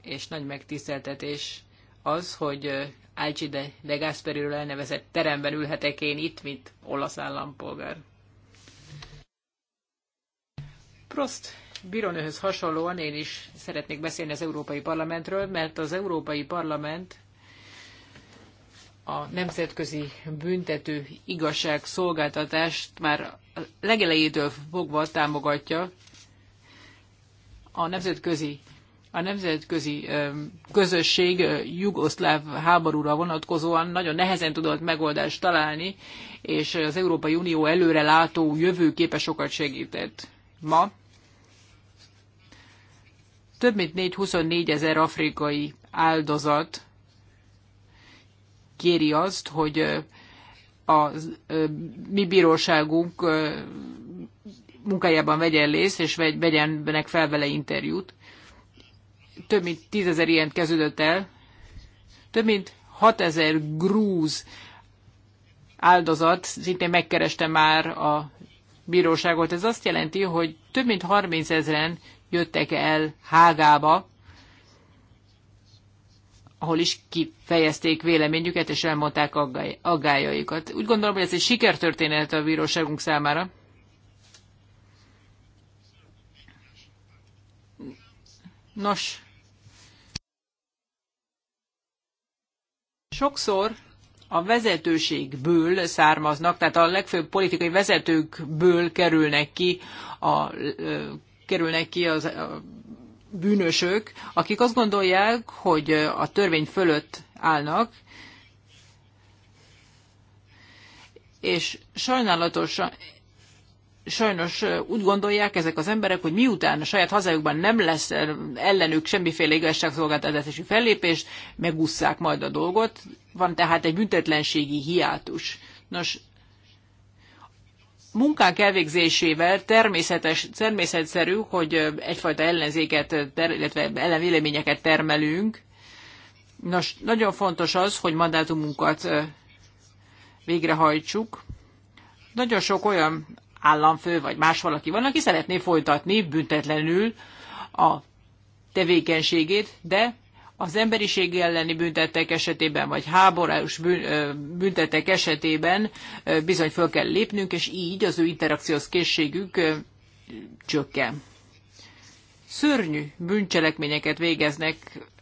És nagy megtiszteltetés az, hogy Alci de, de Gasperiről elnevezett teremben ülhetek én itt, mint olasz állampolgár. Prost Bironőhöz hasonlóan én is szeretnék beszélni az Európai Parlamentről, mert az Európai Parlament a nemzetközi büntető igazság szolgáltatást, már legelejétől fogva támogatja a nemzetközi a nemzetközi közösség jugoszláv háborúra vonatkozóan nagyon nehezen tudott megoldást találni, és az Európai Unió előrelátó jövőképe sokat segített. Ma több mint 4-24 ezer afrikai áldozat kéri azt, hogy a mi bíróságunk munkájában vegyen részt, és vegyenek fel vele interjút. Több mint tízezer ilyen kezdődött el. Több mint 6000 grúz áldozat szintén megkereste már a bíróságot. Ez azt jelenti, hogy több mint 30 ezeren jöttek el Hágába ahol is kifejezték véleményüket és elmondták aggájaikat. Úgy gondolom, hogy ez egy sikertörténet a bíróságunk számára. Nos, sokszor a vezetőségből származnak, tehát a legfőbb politikai vezetőkből kerülnek ki a kerülnek ki az a bűnösök, akik azt gondolják, hogy a törvény fölött állnak, és sajnálatosan, sajnos úgy gondolják ezek az emberek, hogy miután a saját hazájukban nem lesz ellenük semmiféle igazságszolgáltatási fellépés, megusszák majd a dolgot. Van tehát egy büntetlenségi hiátus. Nos, munkánk elvégzésével természetes, természetszerű, hogy egyfajta ellenzéket, ter, illetve ellenvéleményeket termelünk. Nos, nagyon fontos az, hogy mandátumunkat végrehajtsuk. Nagyon sok olyan államfő vagy más valaki van, aki szeretné folytatni büntetlenül a tevékenységét, de az emberiség elleni büntetek esetében, vagy háborús büntetek esetében bizony föl kell lépnünk, és így az ő interakciós készségük csökken. Szörnyű bűncselekményeket végeznek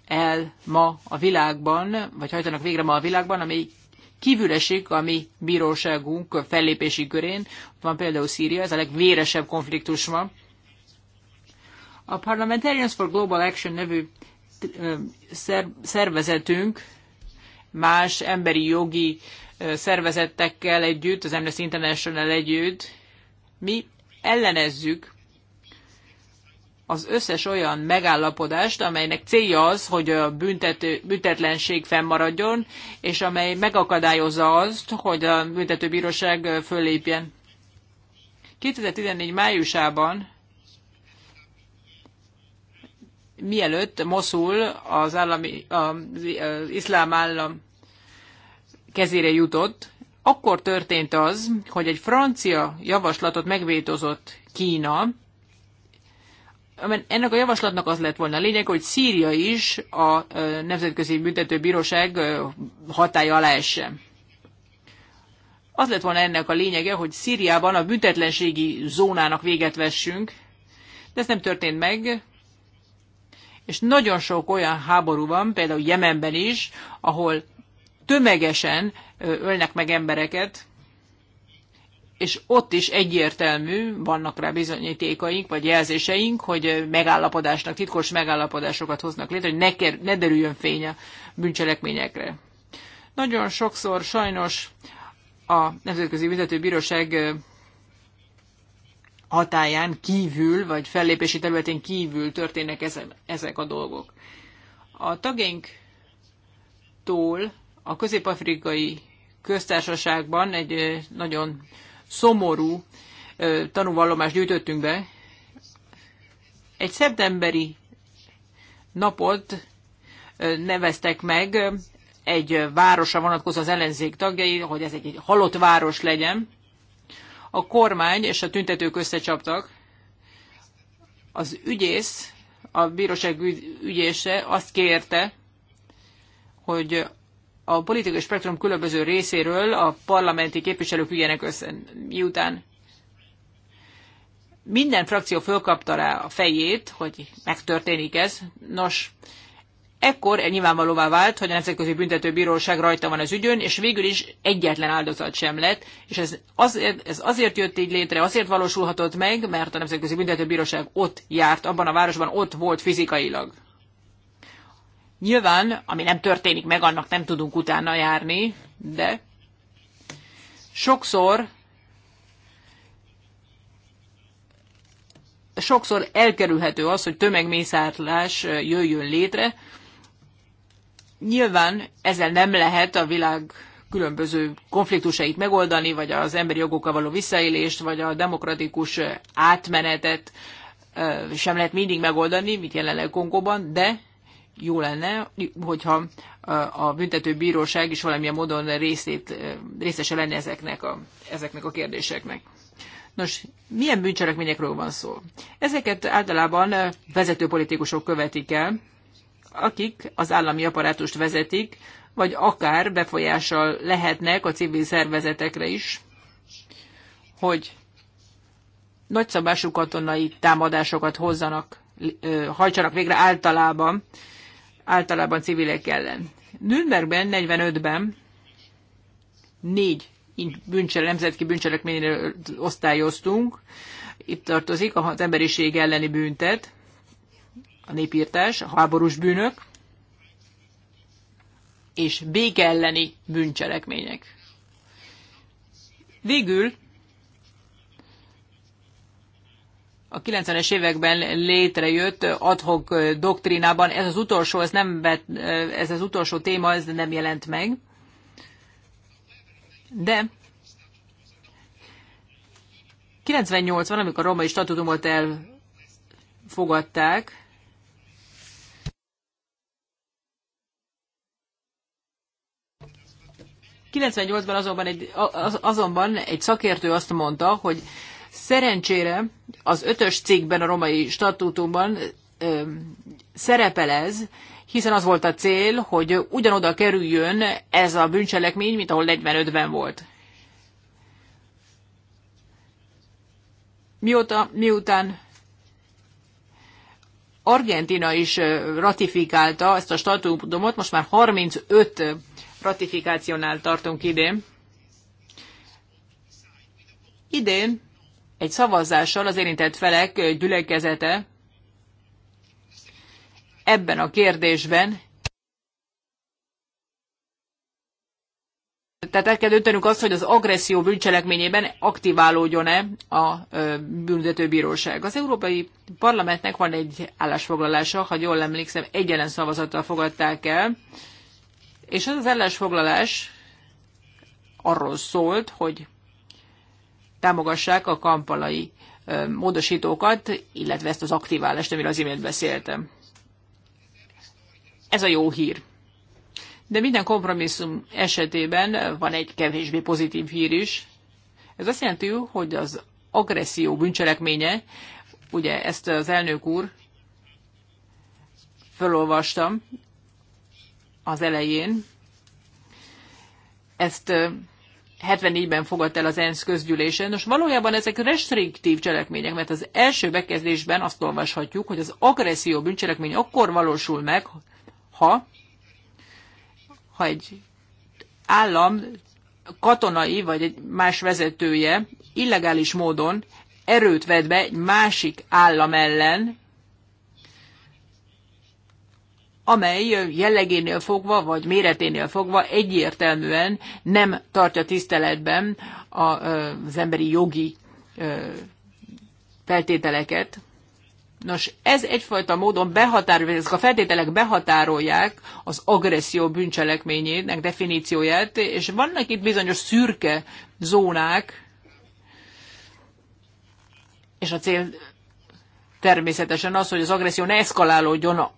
el ma a világban, vagy hajtanak végre ma a világban, ami kívül esik a mi bíróságunk fellépési körén. Ott van például Szíria, ez a legvéresebb konfliktus ma. A Parliamentarians for Global Action nevű szervezetünk más emberi jogi szervezettekkel együtt, az Amnesty International együtt, mi ellenezzük az összes olyan megállapodást, amelynek célja az, hogy a büntető, büntetlenség fennmaradjon, és amely megakadályozza azt, hogy a büntetőbíróság fölépjen. 2014 májusában mielőtt Moszul az, állami, az iszlám állam kezére jutott, akkor történt az, hogy egy francia javaslatot megvétozott Kína, ennek a javaslatnak az lett volna a lényeg, hogy Szíria is a Nemzetközi Büntetőbíróság hatája alá esse. Az lett volna ennek a lényege, hogy Szíriában a büntetlenségi zónának véget vessünk, de ez nem történt meg és nagyon sok olyan háború van, például Jemenben is, ahol tömegesen ölnek meg embereket, és ott is egyértelmű, vannak rá bizonyítékaink, vagy jelzéseink, hogy megállapodásnak, titkos megállapodásokat hoznak létre, hogy ne, ker, ne derüljön fény a bűncselekményekre. Nagyon sokszor sajnos a Nemzetközi Büntetőbíróság hatáján kívül, vagy fellépési területén kívül történnek ezek a dolgok. A tagjainktól a közép-afrikai köztársaságban egy nagyon szomorú tanúvallomást gyűjtöttünk be. Egy szeptemberi napot neveztek meg egy városra vonatkozó az ellenzék tagjai, hogy ez egy halott város legyen a kormány és a tüntetők összecsaptak. Az ügyész, a bíróság ügyése azt kérte, hogy a politikai spektrum különböző részéről a parlamenti képviselők ügyenek össze, miután minden frakció fölkapta rá a fejét, hogy megtörténik ez. Nos, Ekkor nyilvánvalóvá vált, hogy a Nemzetközi Büntetőbíróság rajta van az ügyön, és végül is egyetlen áldozat sem lett, és ez azért, ez azért jött így létre, azért valósulhatott meg, mert a Nemzetközi Büntetőbíróság ott járt, abban a városban ott volt fizikailag. Nyilván, ami nem történik meg, annak nem tudunk utána járni, de sokszor sokszor elkerülhető az, hogy tömegmészárlás jöjjön létre, Nyilván ezzel nem lehet a világ különböző konfliktusait megoldani, vagy az emberi jogokkal való visszaélést, vagy a demokratikus átmenetet sem lehet mindig megoldani, mint jelenleg Kongóban, de jó lenne, hogyha a büntető bíróság is valamilyen módon részét, részese lenne ezeknek a, ezeknek a kérdéseknek. Nos, milyen bűncselekményekről van szó? Ezeket általában vezető politikusok követik el, akik az állami apparátust vezetik, vagy akár befolyással lehetnek a civil szervezetekre is, hogy nagyszabású katonai támadásokat hozzanak, hajtsanak végre általában, általában civilek ellen. Nürnbergben, 45-ben négy bűncsele, nemzetki bűncselekményre osztályoztunk. Itt tartozik az emberiség elleni büntet, a népírtás, a háborús bűnök, és béke elleni bűncselekmények. Végül a 90-es években létrejött adhok doktrínában, ez az utolsó, ez, nem vet, ez az utolsó téma, ez nem jelent meg. De 98-ban, amikor a romai statutumot elfogadták, 98-ban azonban egy, az, azonban egy szakértő azt mondta, hogy szerencsére az ötös cikkben a romai statútumban ö, szerepel ez, hiszen az volt a cél, hogy ugyanoda kerüljön ez a bűncselekmény, mint ahol 45-ben volt. Mióta, miután Argentina is ratifikálta ezt a statutumot, most már 35 ratifikációnál tartunk idén. Idén egy szavazással az érintett felek gyülekezete ebben a kérdésben Tehát el kell döntenünk azt, hogy az agresszió bűncselekményében aktiválódjon-e a büntetőbíróság. Az Európai Parlamentnek van egy állásfoglalása, ha jól emlékszem, egyenlen szavazattal fogadták el. És ez az ellensfoglalás arról szólt, hogy támogassák a kampalai módosítókat, illetve ezt az aktiválást, amiről az imént beszéltem. Ez a jó hír. De minden kompromisszum esetében van egy kevésbé pozitív hír is. Ez azt jelenti, hogy az agresszió bűncselekménye, ugye ezt az elnök úr felolvastam az elején. Ezt 74-ben fogadt el az ENSZ közgyűlésen. Nos, valójában ezek restriktív cselekmények, mert az első bekezdésben azt olvashatjuk, hogy az agresszió bűncselekmény akkor valósul meg, ha, ha egy állam katonai vagy egy más vezetője illegális módon erőt ved egy másik állam ellen, amely jellegénél fogva, vagy méreténél fogva egyértelműen nem tartja tiszteletben az emberi jogi feltételeket. Nos, ez egyfajta módon behatárolja, ezek a feltételek behatárolják az agresszió bűncselekményének definícióját, és vannak itt bizonyos szürke zónák, és a cél természetesen az, hogy az agresszió ne eszkalálódjon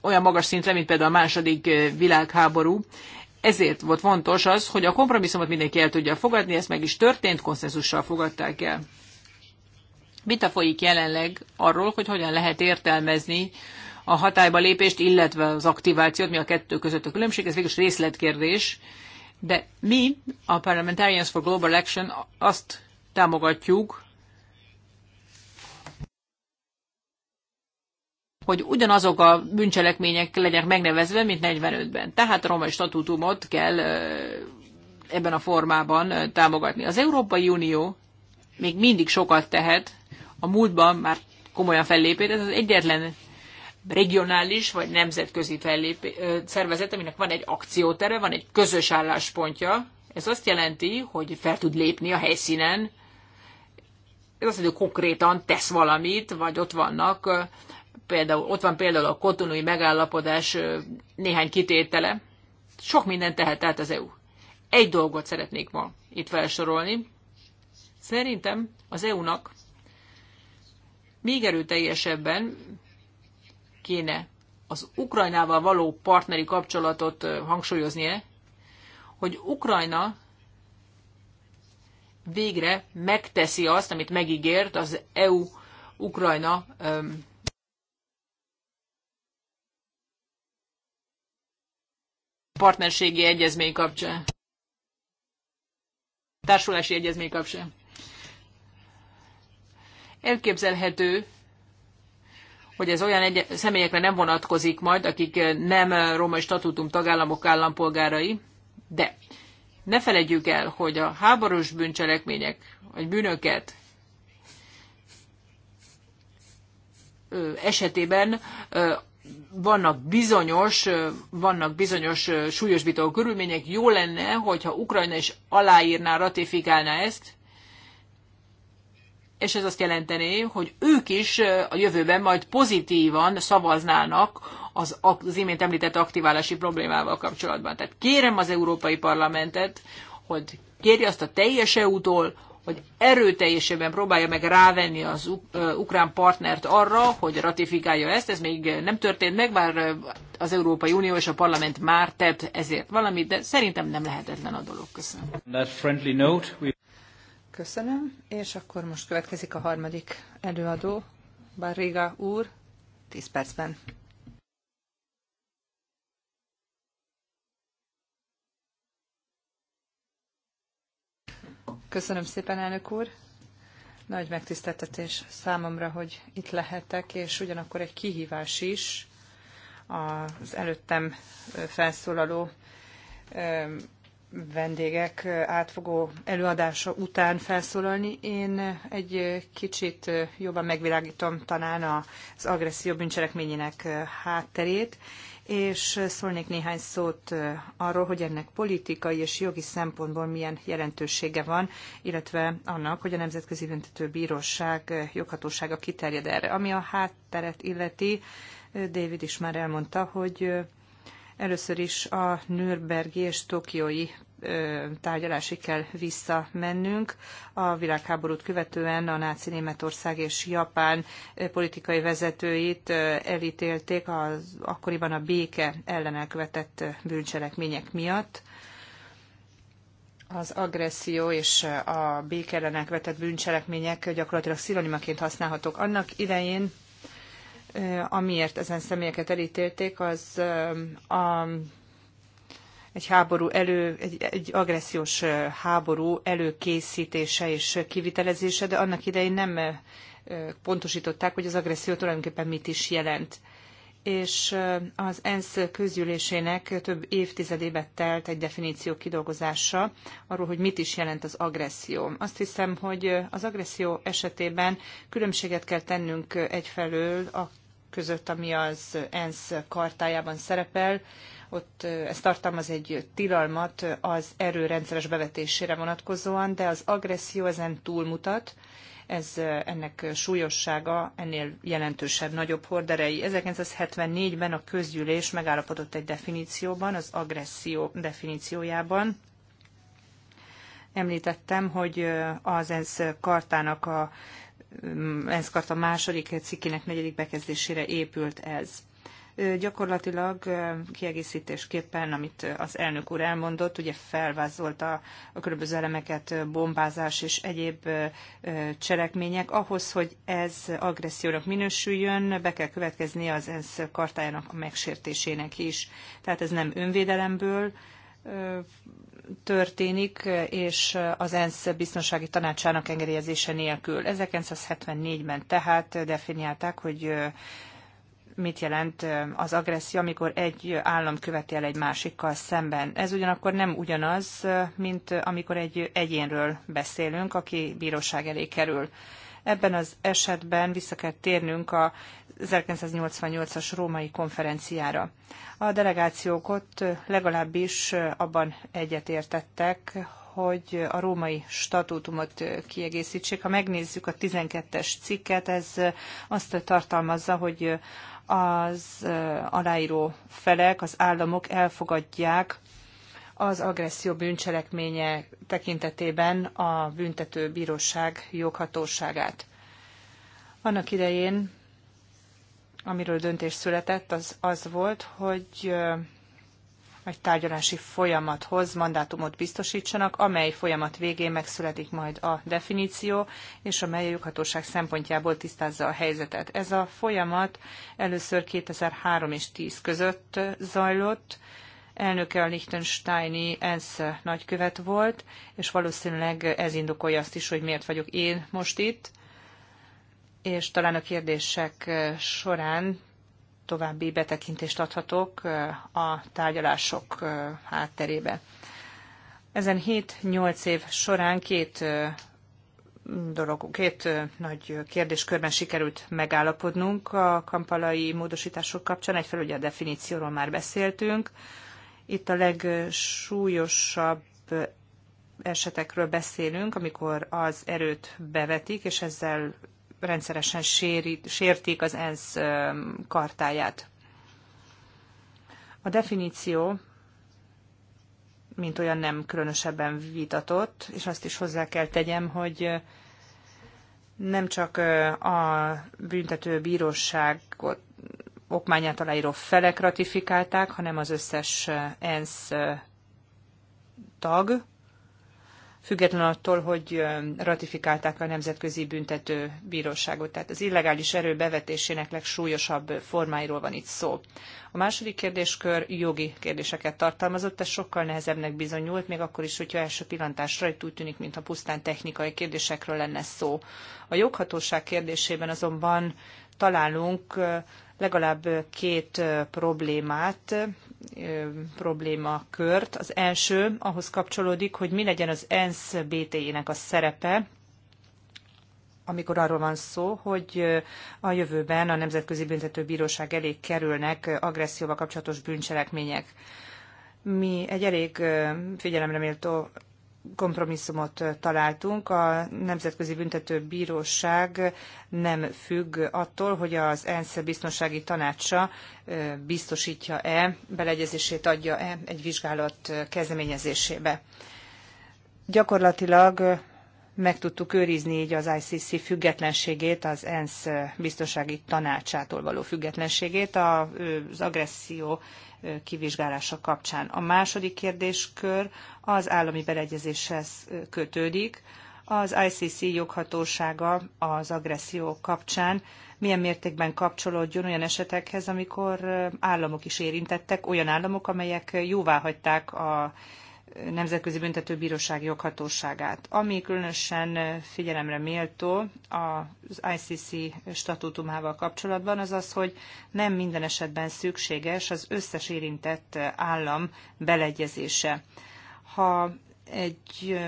olyan magas szintre, mint például a második eh, világháború. Ezért volt fontos az, hogy a kompromisszumot mindenki el tudja fogadni, ez meg is történt, konszenzussal fogadták el. Vita folyik jelenleg arról, hogy hogyan lehet értelmezni a hatályba lépést, illetve az aktivációt, mi a kettő között a különbség, ez végül is részletkérdés. De mi, a Parliamentarians for Global Action azt támogatjuk, hogy ugyanazok a bűncselekmények legyenek megnevezve, mint 45-ben. Tehát a romai statútumot kell ebben a formában támogatni. Az Európai Unió még mindig sokat tehet, a múltban már komolyan fellépett, ez az egyetlen regionális vagy nemzetközi fellépé, szervezet, aminek van egy akcióterve, van egy közös álláspontja. Ez azt jelenti, hogy fel tud lépni a helyszínen. Ez azt jelenti, hogy konkrétan tesz valamit, vagy ott vannak például, ott van például a kotonui megállapodás néhány kitétele. Sok mindent tehet át az EU. Egy dolgot szeretnék ma itt felsorolni. Szerintem az EU-nak még erőteljesebben kéne az Ukrajnával való partneri kapcsolatot hangsúlyoznie, hogy Ukrajna végre megteszi azt, amit megígért az EU-Ukrajna partnerségi egyezmény kapcsán. Társulási egyezmény kapcsán. Elképzelhető, hogy ez olyan egy- személyekre nem vonatkozik majd, akik nem római statútum tagállamok állampolgárai, de ne felejtjük el, hogy a háborús bűncselekmények, vagy bűnöket esetében vannak bizonyos, vannak bizonyos súlyosbító körülmények. Jó lenne, hogyha Ukrajna is aláírná, ratifikálná ezt, és ez azt jelenteni, hogy ők is a jövőben majd pozitívan szavaznának az, az imént említett aktiválási problémával kapcsolatban. Tehát kérem az Európai Parlamentet, hogy kérje azt a teljes EU-tól, hogy erőteljesebben próbálja meg rávenni az ukrán partnert arra, hogy ratifikálja ezt. Ez még nem történt meg, bár az Európai Unió és a parlament már tett ezért valamit, de szerintem nem lehetetlen a dolog. Köszönöm. Köszönöm, és akkor most következik a harmadik előadó, Barriga úr, 10 percben. Köszönöm szépen, elnök úr. Nagy megtiszteltetés számomra, hogy itt lehetek, és ugyanakkor egy kihívás is az előttem felszólaló vendégek átfogó előadása után felszólalni. Én egy kicsit jobban megvilágítom talán az agresszió bűncselekményének hátterét, és szólnék néhány szót arról, hogy ennek politikai és jogi szempontból milyen jelentősége van, illetve annak, hogy a Nemzetközi Büntetőbíróság joghatósága kiterjed erre. Ami a hátteret illeti, David is már elmondta, hogy először is a Nürnbergi és Tokiói tárgyalásig kell visszamennünk. A világháborút követően a náci Németország és Japán politikai vezetőit elítélték az akkoriban a béke ellen elkövetett bűncselekmények miatt az agresszió és a ellen elkövetett bűncselekmények gyakorlatilag szilonimaként használhatók. Annak idején, amiért ezen személyeket elítélték, az a egy háború elő, egy, egy agressziós háború előkészítése és kivitelezése, de annak idején nem pontosították, hogy az agresszió tulajdonképpen mit is jelent. És az ENSZ közgyűlésének több évtizedébe telt egy definíció kidolgozása arról, hogy mit is jelent az agresszió. Azt hiszem, hogy az agresszió esetében különbséget kell tennünk egyfelől a között, ami az ENSZ kartájában szerepel, ott ez tartalmaz egy tilalmat az erő rendszeres bevetésére vonatkozóan, de az agresszió ezen túlmutat, ez ennek súlyossága ennél jelentősebb, nagyobb horderei. 1974-ben a közgyűlés megállapodott egy definícióban, az agresszió definíciójában. Említettem, hogy az ENSZ kartának a ENSZ karta második cikkének negyedik bekezdésére épült ez gyakorlatilag kiegészítésképpen, amit az elnök úr elmondott, ugye felvázolta a különböző elemeket, bombázás és egyéb cselekmények. Ahhoz, hogy ez agressziónak minősüljön, be kell következni az ENSZ kartájának a megsértésének is. Tehát ez nem önvédelemből történik, és az ENSZ biztonsági tanácsának engedélyezése nélkül. 1974-ben tehát definiálták, hogy mit jelent az agresszió, amikor egy állam követi el egy másikkal szemben. Ez ugyanakkor nem ugyanaz, mint amikor egy egyénről beszélünk, aki bíróság elé kerül. Ebben az esetben vissza kell térnünk a 1988-as római konferenciára. A delegációk ott legalábbis abban egyetértettek, hogy a római statútumot kiegészítsék. Ha megnézzük a 12-es cikket, ez azt tartalmazza, hogy az aláíró felek, az államok elfogadják az agresszió bűncselekménye tekintetében a büntető bíróság joghatóságát. Annak idején, amiről döntés született, az az volt, hogy egy tárgyalási folyamathoz mandátumot biztosítsanak, amely folyamat végén megszületik majd a definíció, és amely a joghatóság szempontjából tisztázza a helyzetet. Ez a folyamat először 2003 és 10 között zajlott, elnöke a Liechtensteini ENSZ nagykövet volt, és valószínűleg ez indokolja azt is, hogy miért vagyok én most itt. És talán a kérdések során további betekintést adhatok a tárgyalások hátterébe. Ezen 7-8 év során két dolog, két nagy kérdéskörben sikerült megállapodnunk a kampalai módosítások kapcsán. Egyfelől ugye a definícióról már beszéltünk. Itt a legsúlyosabb esetekről beszélünk, amikor az erőt bevetik, és ezzel rendszeresen sérít, sértik az ENSZ kartáját. A definíció mint olyan nem különösebben vitatott, és azt is hozzá kell tegyem, hogy nem csak a büntető bíróságot okmányát aláíró felek ratifikálták, hanem az összes ENSZ tag, független attól, hogy ratifikálták a Nemzetközi Büntető Bíróságot. Tehát az illegális erő bevetésének legsúlyosabb formáiról van itt szó. A második kérdéskör jogi kérdéseket tartalmazott, ez sokkal nehezebbnek bizonyult, még akkor is, hogyha első pillantásra itt úgy tűnik, mintha pusztán technikai kérdésekről lenne szó. A joghatóság kérdésében azonban találunk legalább két problémát, problémakört. Az első ahhoz kapcsolódik, hogy mi legyen az ENSZ BTI-nek a szerepe, amikor arról van szó, hogy a jövőben a Nemzetközi Büntetőbíróság elé kerülnek agresszióval kapcsolatos bűncselekmények. Mi egy elég figyelemre méltó kompromisszumot találtunk. A Nemzetközi Büntető Bíróság nem függ attól, hogy az ENSZ biztonsági tanácsa biztosítja-e, beleegyezését adja-e egy vizsgálat kezdeményezésébe. Gyakorlatilag meg tudtuk őrizni így az ICC függetlenségét, az ENSZ biztonsági tanácsától való függetlenségét az agresszió kivizsgálása kapcsán. A második kérdéskör az állami beleegyezéshez kötődik. Az ICC joghatósága az agresszió kapcsán milyen mértékben kapcsolódjon olyan esetekhez, amikor államok is érintettek, olyan államok, amelyek jóváhagyták a Nemzetközi Büntetőbíróság joghatóságát. Ami különösen figyelemre méltó az ICC statútumával kapcsolatban, az az, hogy nem minden esetben szükséges az összes érintett állam beleegyezése. Ha egy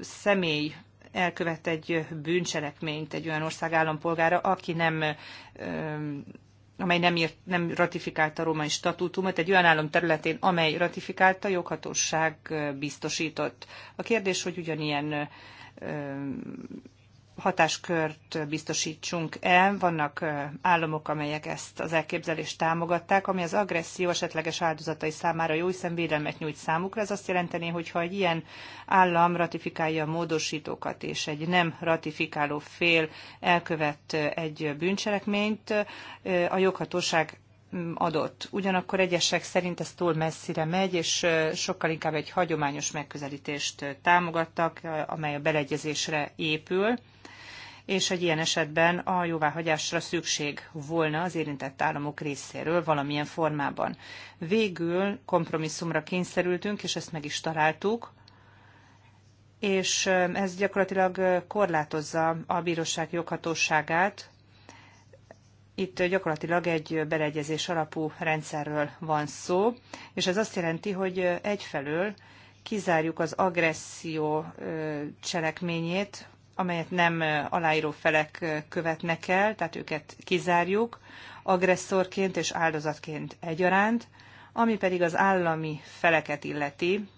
személy elkövet egy bűncselekményt egy olyan ország állampolgára, aki nem amely nem, írt, nem ratifikálta a római statútumot, egy olyan állam területén, amely ratifikálta, joghatóság biztosított. A kérdés, hogy ugyanilyen hatáskört biztosítsunk el. Vannak államok, amelyek ezt az elképzelést támogatták, ami az agresszió esetleges áldozatai számára jó, hiszen védelmet nyújt számukra. Ez azt jelenteni, hogy ha egy ilyen állam ratifikálja a módosítókat, és egy nem ratifikáló fél elkövet egy bűncselekményt, a joghatóság mm, adott. Ugyanakkor egyesek szerint ez túl messzire megy, és sokkal inkább egy hagyományos megközelítést támogattak, amely a beleegyezésre épül és egy ilyen esetben a jóváhagyásra szükség volna az érintett államok részéről valamilyen formában. Végül kompromisszumra kényszerültünk, és ezt meg is találtuk, és eh, ez gyakorlatilag eh, korlátozza a bíróság joghatóságát. Itt eh, gyakorlatilag egy beleegyezés alapú rendszerről van szó, és ez azt jelenti, hogy egyfelől kizárjuk az agresszió cselekményét, amelyet nem aláíró felek követnek el, tehát őket kizárjuk, agresszorként és áldozatként egyaránt, ami pedig az állami feleket illeti,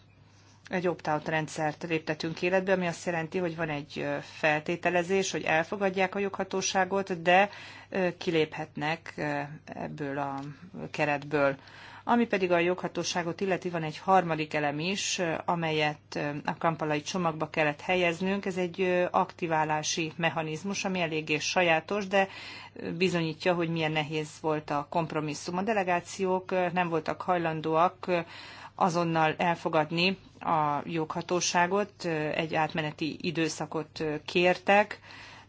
egy opt-out rendszert léptetünk életbe, ami azt jelenti, hogy van egy feltételezés, hogy elfogadják a joghatóságot, de kiléphetnek ebből a keretből. Ami pedig a joghatóságot illeti, van egy harmadik elem is, amelyet a kampalai csomagba kellett helyeznünk. Ez egy aktiválási mechanizmus, ami eléggé sajátos, de bizonyítja, hogy milyen nehéz volt a kompromisszum. A delegációk nem voltak hajlandóak azonnal elfogadni a joghatóságot, egy átmeneti időszakot kértek,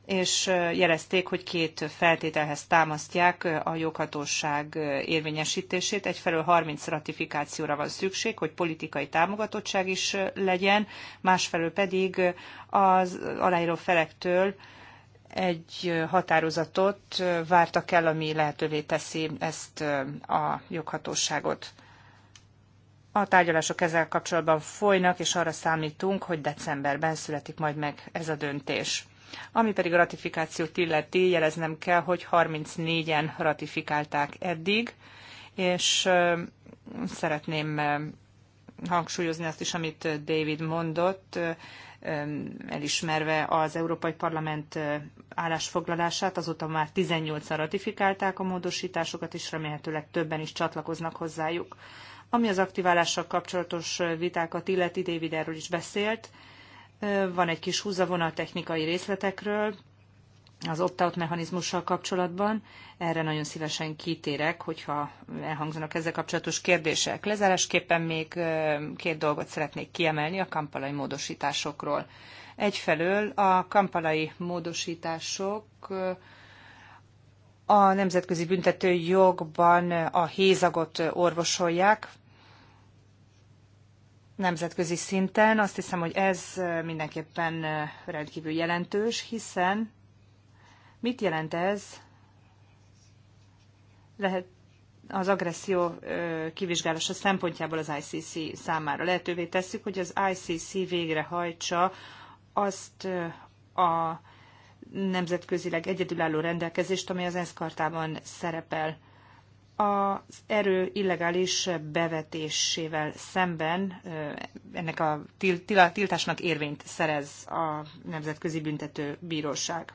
és jelezték, hogy két feltételhez támasztják a joghatóság érvényesítését. Egyfelől 30 ratifikációra van szükség, hogy politikai támogatottság is legyen, másfelől pedig az aláíró felektől egy határozatot vártak el, ami lehetővé teszi ezt a joghatóságot. A tárgyalások ezzel kapcsolatban folynak, és arra számítunk, hogy decemberben születik majd meg ez a döntés. Ami pedig a ratifikációt illeti, jeleznem kell, hogy 34-en ratifikálták eddig, és szeretném hangsúlyozni azt is, amit David mondott, elismerve az Európai Parlament állásfoglalását, azóta már 18-an ratifikálták a módosításokat, és remélhetőleg többen is csatlakoznak hozzájuk. Ami az aktiválással kapcsolatos vitákat illeti, David erről is beszélt, van egy kis húzavona a technikai részletekről, az opt-out mechanizmussal kapcsolatban. Erre nagyon szívesen kitérek, hogyha elhangzanak ezzel kapcsolatos kérdések. Lezárásképpen még két dolgot szeretnék kiemelni a kampalai módosításokról. Egyfelől a kampalai módosítások a nemzetközi büntető jogban a hézagot orvosolják, nemzetközi szinten. Azt hiszem, hogy ez mindenképpen rendkívül jelentős, hiszen mit jelent ez? Lehet az agresszió kivizsgálása szempontjából az ICC számára lehetővé tesszük, hogy az ICC végrehajtsa azt a nemzetközileg egyedülálló rendelkezést, amely az ENSZ kartában szerepel az erő illegális bevetésével szemben ennek a tiltásnak érvényt szerez a Nemzetközi Büntető Bíróság.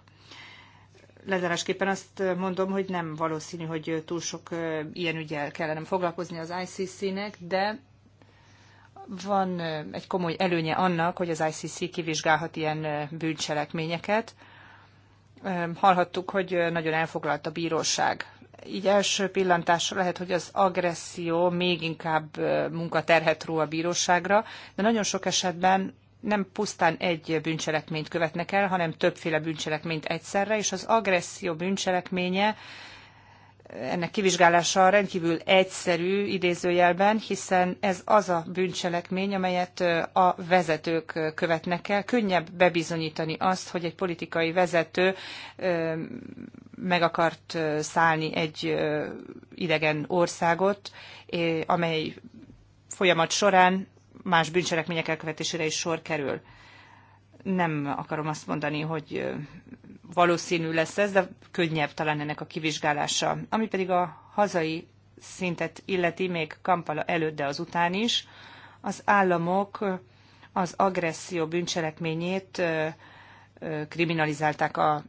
Lezárásképpen azt mondom, hogy nem valószínű, hogy túl sok ilyen ügyel kellene foglalkozni az ICC-nek, de van egy komoly előnye annak, hogy az ICC kivizsgálhat ilyen bűncselekményeket. Hallhattuk, hogy nagyon elfoglalt a bíróság így első pillantásra lehet, hogy az agresszió még inkább munkaterhet ró a bíróságra, de nagyon sok esetben nem pusztán egy bűncselekményt követnek el, hanem többféle bűncselekményt egyszerre, és az agresszió bűncselekménye ennek kivizsgálása rendkívül egyszerű idézőjelben, hiszen ez az a bűncselekmény, amelyet a vezetők követnek el. Könnyebb bebizonyítani azt, hogy egy politikai vezető meg akart szállni egy idegen országot, amely folyamat során más bűncselekmények elkövetésére is sor kerül. Nem akarom azt mondani, hogy valószínű lesz ez, de könnyebb talán ennek a kivizsgálása. Ami pedig a hazai szintet illeti, még Kampala előtt, de azután is, az államok az agresszió bűncselekményét kriminalizálták a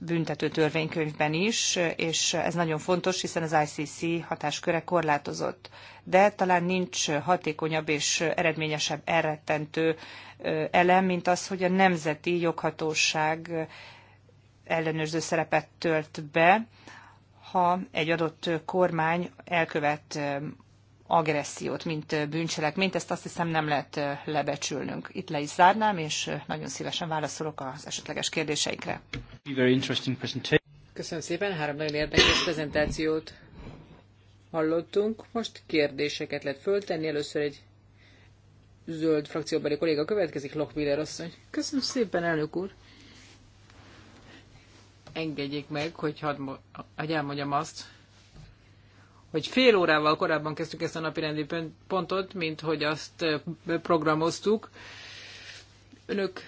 büntető törvénykönyvben is, és ez nagyon fontos, hiszen az ICC hatásköre korlátozott. De talán nincs hatékonyabb és eredményesebb elrettentő elem, mint az, hogy a nemzeti joghatóság ellenőrző szerepet tölt be, ha egy adott kormány elkövet agressziót, mint bűncselekményt, ezt azt hiszem nem lehet lebecsülnünk. Itt le is zárnám, és nagyon szívesen válaszolok az esetleges kérdéseikre. Köszönöm szépen, három nagyon érdekes prezentációt hallottunk. Most kérdéseket lehet föltenni. Először egy zöld frakcióbeli kolléga következik, Lokmiller asszony. Köszönöm szépen, elnök úr engedjék meg, hogy, hadd, hogy elmondjam azt, hogy fél órával korábban kezdtük ezt a napirendi pontot, mint hogy azt programoztuk. Önök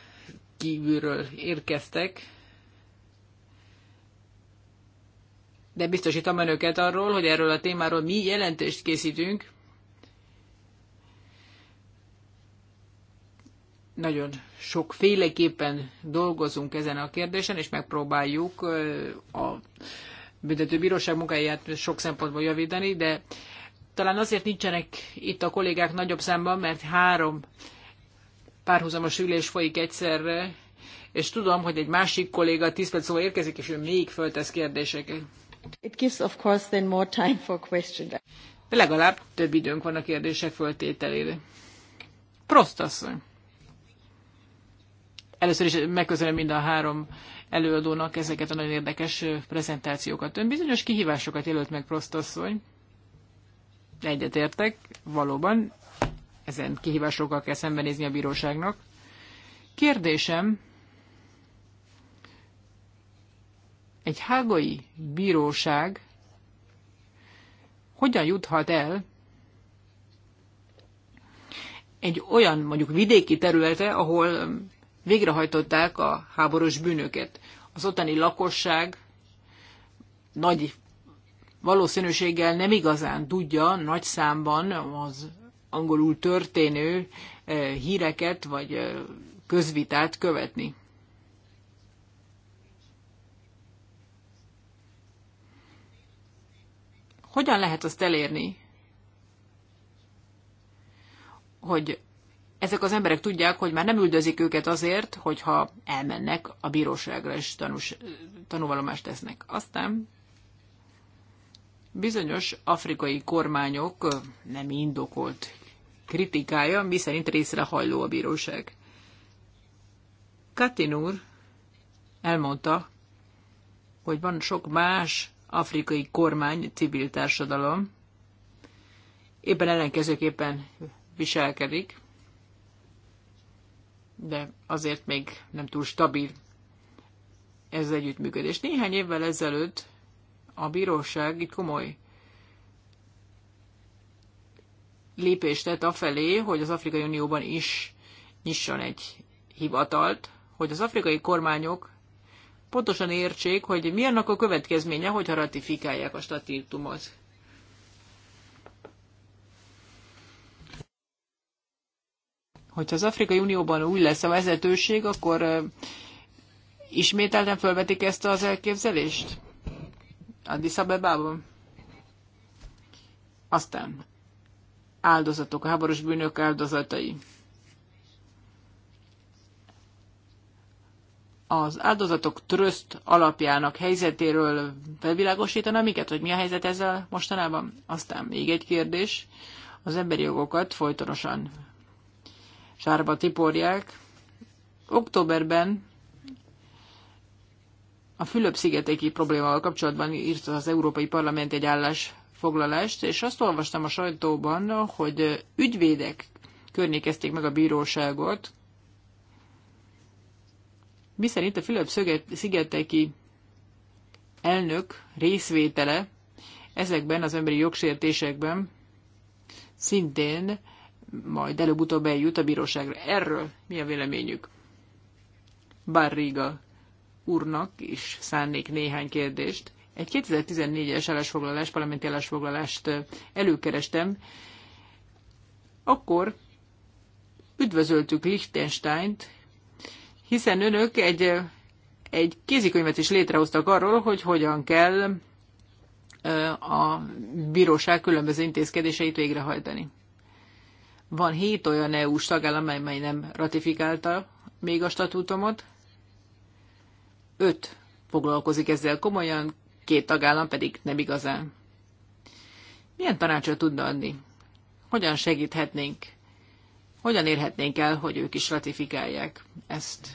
kívülről érkeztek, de biztosítom önöket arról, hogy erről a témáról mi jelentést készítünk, Nagyon sokféleképpen dolgozunk ezen a kérdésen, és megpróbáljuk a büntetőbíróság munkáját sok szempontból javítani, de talán azért nincsenek itt a kollégák nagyobb számban, mert három párhuzamos ülés folyik egyszerre, és tudom, hogy egy másik kolléga tíz perc szóval érkezik, és ő még föltesz kérdéseket. It gives of course then more time for questions. De legalább több időnk van a kérdések föltételére. Prost asszony. Először is megköszönöm mind a három előadónak ezeket a nagyon érdekes prezentációkat. Ön bizonyos kihívásokat jelölt meg, Prostasszony. Egyetértek, valóban. Ezen kihívásokkal kell szembenézni a bíróságnak. Kérdésem, egy hágai bíróság hogyan juthat el egy olyan mondjuk vidéki területe, ahol végrehajtották a háborús bűnöket. Az ottani lakosság nagy valószínűséggel nem igazán tudja nagy számban az angolul történő eh, híreket vagy eh, közvitát követni. Hogyan lehet azt elérni, hogy ezek az emberek tudják, hogy már nem üldözik őket azért, hogyha elmennek a bíróságra és tanús, tanúvalomást tesznek. Aztán bizonyos afrikai kormányok nem indokolt kritikája, miszerint részre hajló a bíróság. Katin úr elmondta, hogy van sok más afrikai kormány, civil társadalom, éppen ellenkezőképpen viselkedik de azért még nem túl stabil ez az együttműködés. Néhány évvel ezelőtt a bíróság itt komoly lépést tett afelé, hogy az Afrikai Unióban is nyisson egy hivatalt, hogy az afrikai kormányok pontosan értsék, hogy mi annak a következménye, hogyha ratifikálják a statutumot. hogyha az Afrikai Unióban úgy lesz a vezetőség, akkor ismételten felvetik ezt az elképzelést? Addis Abebában. Aztán áldozatok, a háborús bűnök áldozatai. Az áldozatok tröszt alapjának helyzetéről felvilágosítana miket, hogy mi a helyzet ezzel mostanában? Aztán még egy kérdés. Az emberi jogokat folytonosan sárba tiporják. Októberben a Fülöp-szigeteki problémával kapcsolatban írt az Európai Parlament egy állásfoglalást, és azt olvastam a sajtóban, hogy ügyvédek környékezték meg a bíróságot, miszerint a Fülöp-szigeteki elnök részvétele ezekben az emberi jogsértésekben szintén majd előbb-utóbb eljut a bíróságra. Erről mi a véleményük? Barriga úrnak is szánnék néhány kérdést. Egy 2014-es állásfoglalás, parlamenti állásfoglalást előkerestem. Akkor üdvözöltük Liechtensteint, hiszen önök egy, egy kézikönyvet is létrehoztak arról, hogy hogyan kell a bíróság különböző intézkedéseit végrehajtani. Van hét olyan EU-s tagállam, amely nem ratifikálta még a statútomot. Öt foglalkozik ezzel komolyan, két tagállam pedig nem igazán. Milyen tanácsot tudna adni? Hogyan segíthetnénk? Hogyan érhetnénk el, hogy ők is ratifikálják ezt?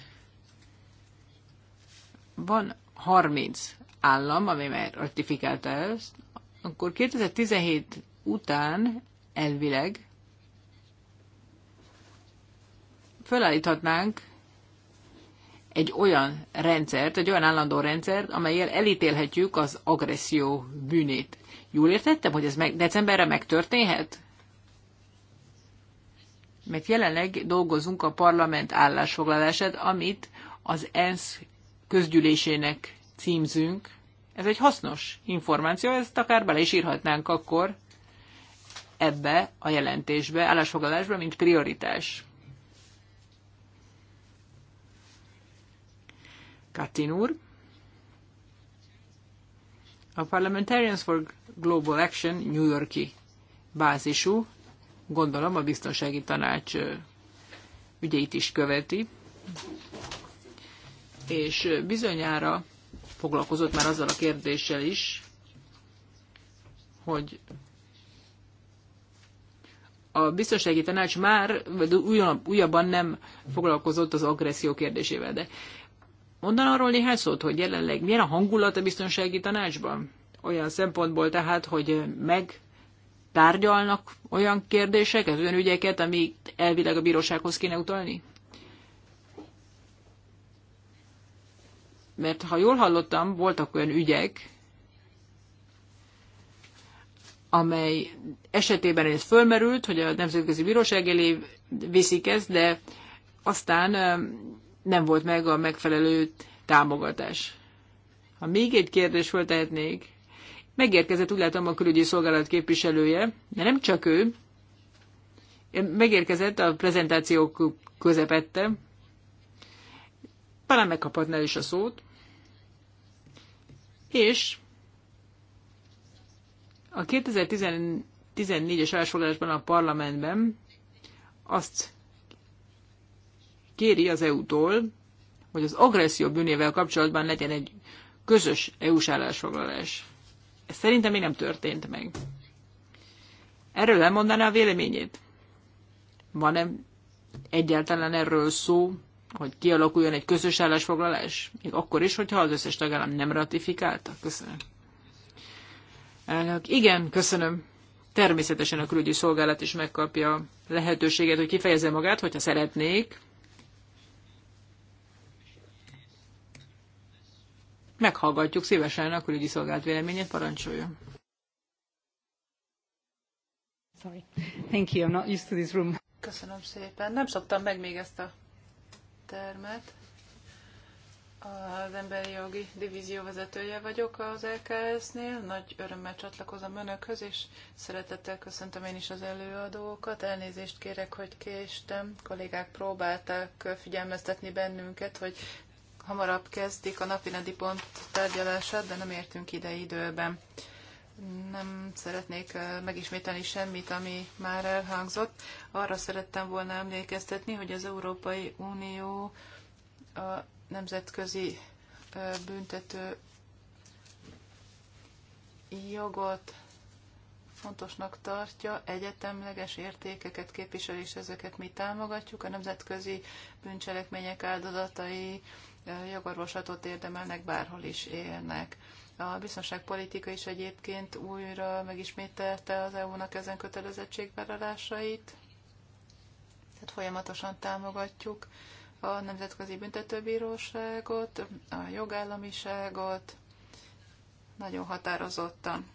Van 30 állam, ami már ratifikálta ezt, akkor 2017 után elvileg fölállíthatnánk egy olyan rendszert, egy olyan állandó rendszert, amelyel elítélhetjük az agresszió bűnét. Jól értettem, hogy ez meg, decemberre megtörténhet? Mert jelenleg dolgozunk a parlament állásfoglalását, amit az ENSZ közgyűlésének címzünk. Ez egy hasznos információ, ezt akár bele is írhatnánk akkor ebbe a jelentésbe, állásfoglalásba, mint prioritás. Kattin úr. A Parliamentarians for Global Action New Yorki bázisú, gondolom a biztonsági tanács ügyeit is követi, és bizonyára foglalkozott már azzal a kérdéssel is, hogy a biztonsági tanács már, vagy újabban nem foglalkozott az agresszió kérdésével, de Mondan arról néhány szót, hogy jelenleg milyen a hangulat a biztonsági tanácsban? Olyan szempontból tehát, hogy meg tárgyalnak olyan kérdéseket, olyan ügyeket, ami elvileg a bírósághoz kéne utalni? Mert ha jól hallottam, voltak olyan ügyek, amely esetében ez fölmerült, hogy a Nemzetközi Bíróság elé viszik ezt, de aztán nem volt meg a megfelelő támogatás. Ha még egy kérdés volt tehetnék. megérkezett, úgy látom, a külügyi szolgálat képviselője, de nem csak ő, megérkezett a prezentációk közepette, talán megkaphatná is a szót, és a 2014-es elsfoglalásban a parlamentben azt kéri az EU-tól, hogy az agresszió bűnével kapcsolatban legyen egy közös EU-s állásfoglalás. Ez szerintem még nem történt meg. Erről elmondaná a véleményét? Van-e egyáltalán erről szó, hogy kialakuljon egy közös állásfoglalás? Még akkor is, hogyha az összes tagállam nem ratifikálta? Köszönöm. Elnök, igen, köszönöm. Természetesen a külügyi szolgálat is megkapja lehetőséget, hogy kifejezze magát, hogyha szeretnék. meghallgatjuk szívesen a külügyi szolgált véleményét, parancsoljon. Sorry. Thank you, I'm not used to this room. Köszönöm szépen. Nem szoktam meg még ezt a termet. Az emberi jogi divízió vezetője vagyok az LKS-nél. Nagy örömmel csatlakozom önökhöz, és szeretettel köszöntöm én is az előadókat. Elnézést kérek, hogy késtem. Kollégák próbálták figyelmeztetni bennünket, hogy hamarabb kezdik a napirendi pont tárgyalását, de nem értünk ide időben. Nem szeretnék megismételni semmit, ami már elhangzott. Arra szerettem volna emlékeztetni, hogy az Európai Unió a nemzetközi büntető jogot fontosnak tartja, egyetemleges értékeket képvisel, és ezeket mi támogatjuk. A nemzetközi bűncselekmények áldozatai, jogorvoslatot érdemelnek, bárhol is élnek. A biztonságpolitika is egyébként újra megismételte az EU-nak ezen kötelezettségvállalásait, tehát folyamatosan támogatjuk a Nemzetközi Büntetőbíróságot, a jogállamiságot, nagyon határozottan.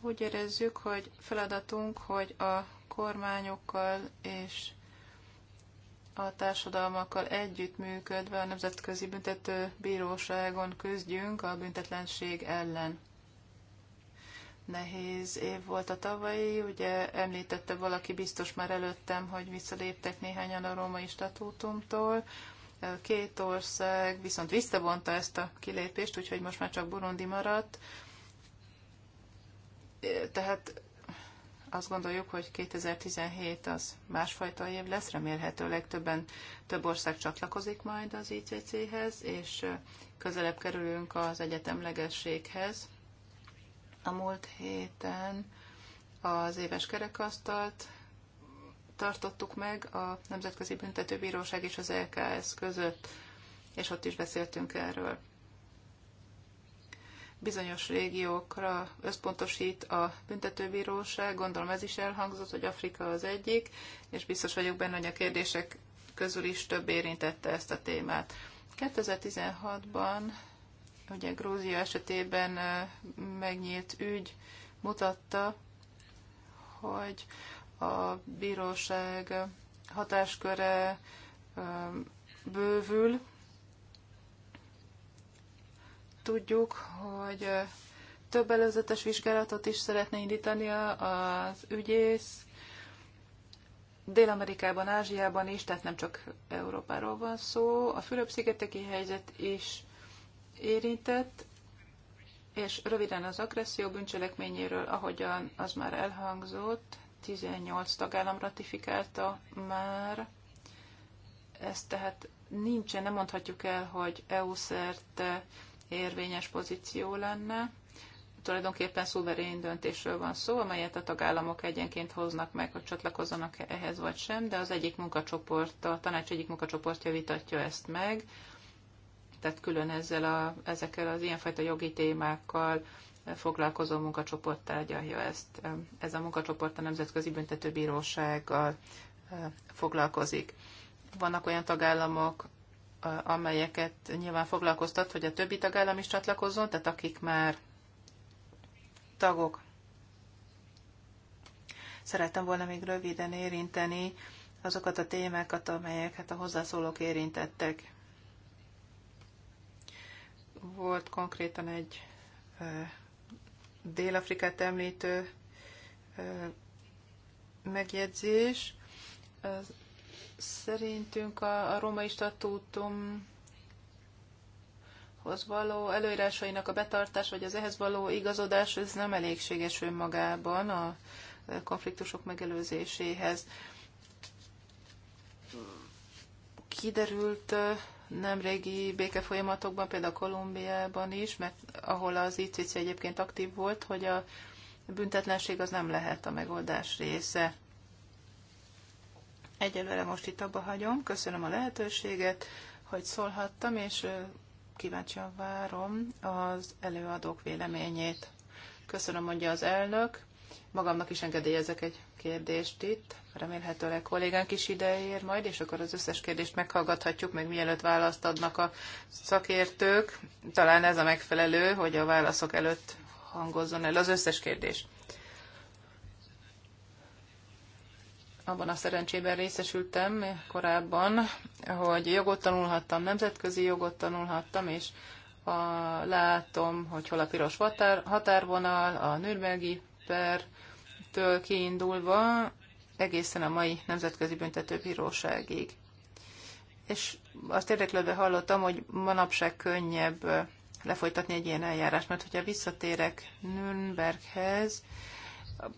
Úgy érezzük, hogy feladatunk, hogy a kormányokkal és a társadalmakkal együttműködve a Nemzetközi Büntető Bíróságon küzdjünk a büntetlenség ellen. Nehéz év volt a tavalyi, ugye említette valaki biztos már előttem, hogy visszaléptek néhányan a római statútumtól. Két ország viszont visszavonta ezt a kilépést, úgyhogy most már csak Burundi maradt. Tehát azt gondoljuk, hogy 2017 az másfajta év lesz, remélhetőleg többen, több ország csatlakozik majd az ICC-hez, és közelebb kerülünk az egyetemlegességhez. A múlt héten az éves kerekasztalt tartottuk meg a Nemzetközi Büntetőbíróság és az LKS e között, és ott is beszéltünk erről bizonyos régiókra összpontosít a büntetőbíróság. Gondolom ez is elhangzott, hogy Afrika az egyik, és biztos vagyok benne, hogy a kérdések közül is több érintette ezt a témát. 2016-ban ugye Grúzia esetében megnyílt ügy mutatta, hogy a bíróság hatásköre bővül, Tudjuk, hogy több előzetes vizsgálatot is szeretne indítani az ügyész Dél-Amerikában, Ázsiában is, tehát nem csak Európáról van szó. A Fülöp-szigeteki helyzet is érintett, és röviden az agresszió bűncselekményéről, ahogyan az már elhangzott, 18 tagállam ratifikálta már. Ez tehát nincsen, nem mondhatjuk el, hogy EU szerte érvényes pozíció lenne. Tulajdonképpen szuverén döntésről van szó, amelyet a tagállamok egyenként hoznak meg, hogy csatlakozzanak ehhez vagy sem, de az egyik munkacsoport, a tanács egyik munkacsoportja vitatja ezt meg, tehát külön ezzel a, ezekkel az ilyenfajta jogi témákkal foglalkozó munkacsoport tárgyalja ezt. Ez a munkacsoport a Nemzetközi Büntetőbírósággal eh, foglalkozik. Vannak olyan tagállamok, amelyeket nyilván foglalkoztat, hogy a többi tagállam is csatlakozzon, tehát akik már tagok. Szerettem volna még röviden érinteni azokat a témákat, amelyeket hát a hozzászólók érintettek. Volt konkrétan egy Dél-Afrikát említő megjegyzés. Az szerintünk a, a római statútum hoz való előírásainak a betartás, vagy az ehhez való igazodás, ez nem elégséges önmagában a e, konfliktusok megelőzéséhez. Kiderült e, nem régi békefolyamatokban, például Kolumbiában is, mert ahol az ICC egyébként aktív volt, hogy a büntetlenség az nem lehet a megoldás része. Egyelőre most itt abba hagyom. Köszönöm a lehetőséget, hogy szólhattam, és kíváncsian várom az előadók véleményét. Köszönöm, mondja az elnök. Magamnak is engedélyezek egy kérdést itt. Remélhetőleg kollégánk is ideér majd, és akkor az összes kérdést meghallgathatjuk, meg mielőtt választ adnak a szakértők. Talán ez a megfelelő, hogy a válaszok előtt hangozzon el az összes kérdés. abban a szerencsében részesültem korábban, hogy jogot tanulhattam, nemzetközi jogot tanulhattam, és a, látom, hogy hol a piros határ, határvonal, a Nürnbergi pertől kiindulva, egészen a mai Nemzetközi Büntetőbíróságig. És azt érdeklődve hallottam, hogy manapság könnyebb lefolytatni egy ilyen eljárást, mert hogyha visszatérek Nürnberghez,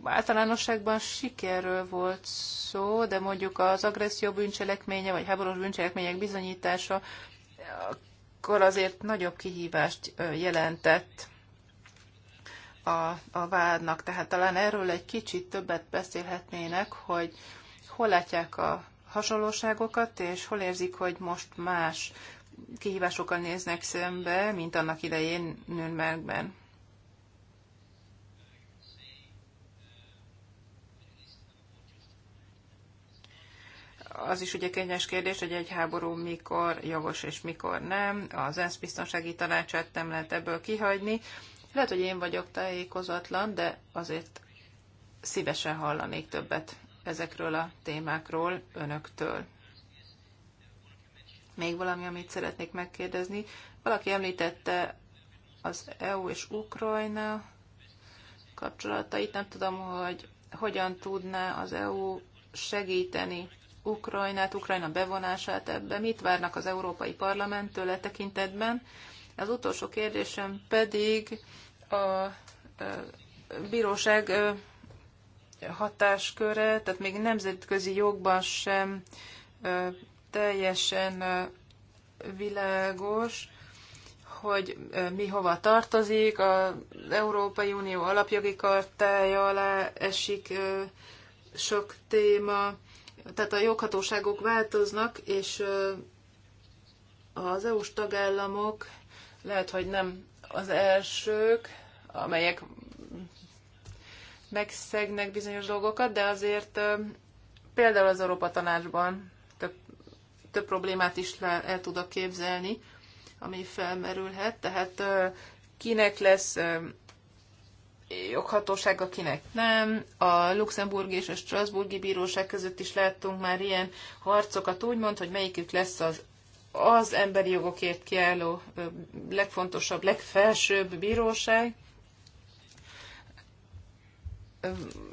általánosságban sikerről volt szó, de mondjuk az agresszió bűncselekménye, vagy háborús bűncselekmények bizonyítása akkor azért nagyobb kihívást jelentett a, a vádnak. Tehát talán erről egy kicsit többet beszélhetnének, hogy hol látják a hasonlóságokat, és hol érzik, hogy most más kihívásokkal néznek szembe, mint annak idején Nürnbergben. az is ugye kényes kérdés, hogy egy háború mikor jogos és mikor nem. Az ENSZ biztonsági tanácsát nem lehet ebből kihagyni. Lehet, hogy én vagyok tájékozatlan, de azért szívesen hallanék többet ezekről a témákról önöktől. Még valami, amit szeretnék megkérdezni. Valaki említette az EU és Ukrajna kapcsolatait. Nem tudom, hogy hogyan tudná az EU segíteni Ukrajnát, Ukrajna bevonását ebbe, mit várnak az Európai Parlamenttől e tekintetben. Az utolsó kérdésem pedig a bíróság hatásköre, tehát még nemzetközi jogban sem teljesen világos, hogy mi hova tartozik, az Európai Unió alapjogi kartája alá esik sok téma, tehát a joghatóságok változnak, és az EU-s tagállamok lehet, hogy nem az elsők, amelyek megszegnek bizonyos dolgokat, de azért például az Európa Tanácsban több, több problémát is le, el tudok képzelni, ami felmerülhet. Tehát kinek lesz joghatósága, kinek nem. A luxemburgi és a strasburgi bíróság között is láttunk már ilyen harcokat, úgymond, hogy melyikük lesz az az emberi jogokért kiálló legfontosabb, legfelsőbb bíróság,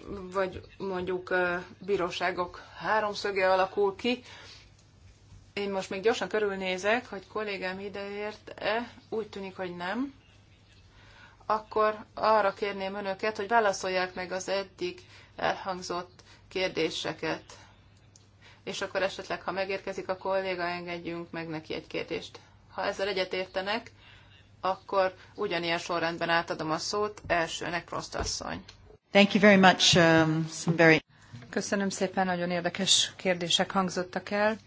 vagy mondjuk bíróságok háromszöge alakul ki. Én most még gyorsan körülnézek, hogy kollégám ideért-e. Úgy tűnik, hogy nem akkor arra kérném önöket, hogy válaszolják meg az eddig elhangzott kérdéseket. És akkor esetleg, ha megérkezik a kolléga, engedjünk meg neki egy kérdést. Ha ezzel egyetértenek, akkor ugyanilyen sorrendben átadom a szót elsőnek, Prost asszony. Thank you very much. Um, some very... Köszönöm szépen, nagyon érdekes kérdések hangzottak el.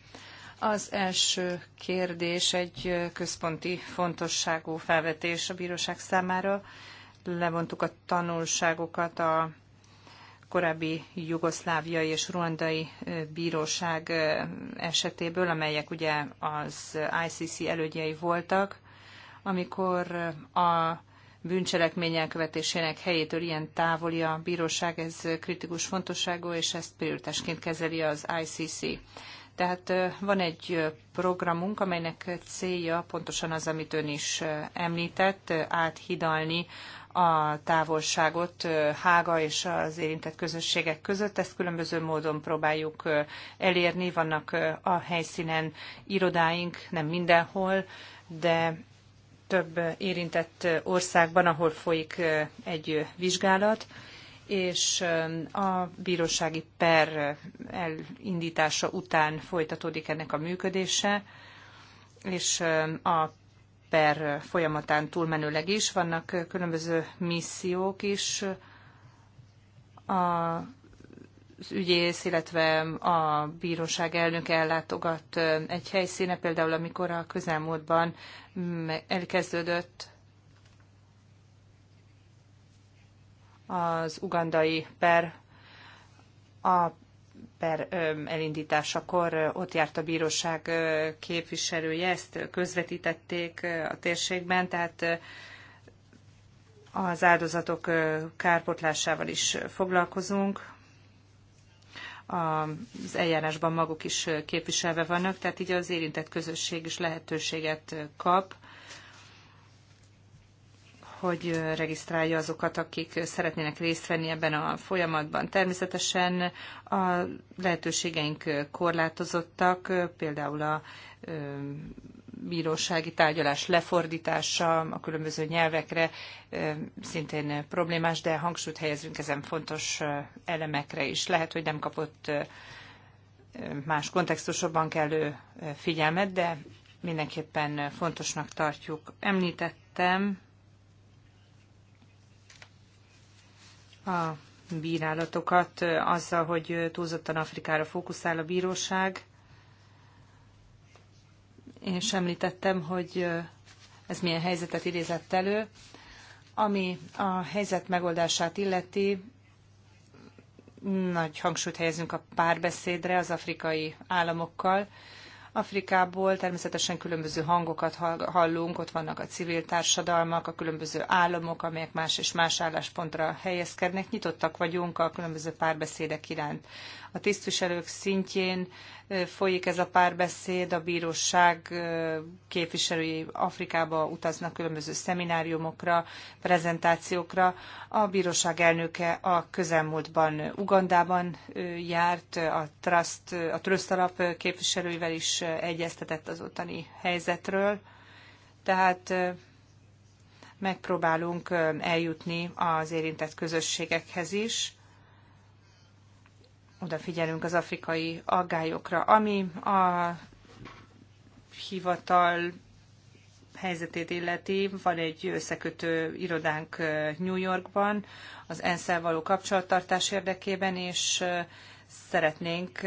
Az első kérdés egy központi fontosságú felvetés a bíróság számára. Levontuk a tanulságokat a korábbi jugoszláviai és ruandai bíróság esetéből, amelyek ugye az ICC elődjei voltak, amikor a bűncselekmény elkövetésének helyétől ilyen távoli a bíróság, ez kritikus fontosságú, és ezt prioritásként kezeli az ICC. Tehát van egy programunk, amelynek célja pontosan az, amit ön is említett, áthidalni a távolságot Hága és az érintett közösségek között. Ezt különböző módon próbáljuk elérni. Vannak a helyszínen irodáink, nem mindenhol, de több érintett országban, ahol folyik egy vizsgálat és a bírósági per elindítása után folytatódik ennek a működése, és a per folyamatán túlmenőleg is vannak különböző missziók is az ügyész, illetve a bíróság elnöke ellátogat egy helyszíne, például amikor a közelmúltban elkezdődött az ugandai per a per elindításakor ott járt a bíróság képviselője, ezt közvetítették a térségben, tehát az áldozatok kárpotlásával is foglalkozunk. Az eljárásban maguk is képviselve vannak, tehát így az érintett közösség is lehetőséget kap hogy regisztrálja azokat, akik szeretnének részt venni ebben a folyamatban. Természetesen a lehetőségeink korlátozottak, például a bírósági tárgyalás lefordítása a különböző nyelvekre szintén problémás, de hangsúlyt helyezünk ezen fontos elemekre is. Lehet, hogy nem kapott más kontextusokban kellő figyelmet, de mindenképpen fontosnak tartjuk. Említettem a bírálatokat azzal, hogy túlzottan Afrikára fókuszál a bíróság. Én is említettem, hogy ez milyen helyzetet idézett elő. Ami a helyzet megoldását illeti, nagy hangsúlyt helyezünk a párbeszédre az afrikai államokkal, Afrikából természetesen különböző hangokat hallunk, ott vannak a civil társadalmak, a különböző államok, amelyek más és más álláspontra helyezkednek. Nyitottak vagyunk a különböző párbeszédek iránt. A tisztviselők szintjén folyik ez a párbeszéd, a bíróság képviselői Afrikába utaznak különböző szemináriumokra, prezentációkra. A bíróság elnöke a közelmúltban Ugandában járt, a Trust, a Trust alap képviselőivel is egyeztetett az ottani helyzetről. Tehát megpróbálunk eljutni az érintett közösségekhez is odafigyelünk az afrikai aggályokra, ami a hivatal helyzetét illeti. Van egy összekötő irodánk New Yorkban az ensz való kapcsolattartás érdekében, és szeretnénk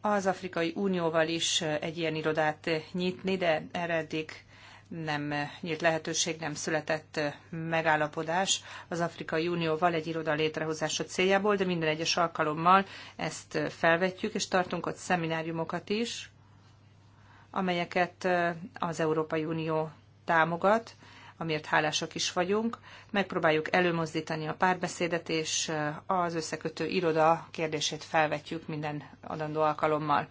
az Afrikai Unióval is egy ilyen irodát nyitni, de eredik. eddig nem nyílt lehetőség, nem született megállapodás az Afrikai Unióval egy iroda létrehozása céljából, de minden egyes alkalommal ezt felvetjük, és tartunk ott szemináriumokat is, amelyeket az Európai Unió támogat, amiért hálásak is vagyunk. Megpróbáljuk előmozdítani a párbeszédet, és az összekötő iroda kérdését felvetjük minden adandó alkalommal.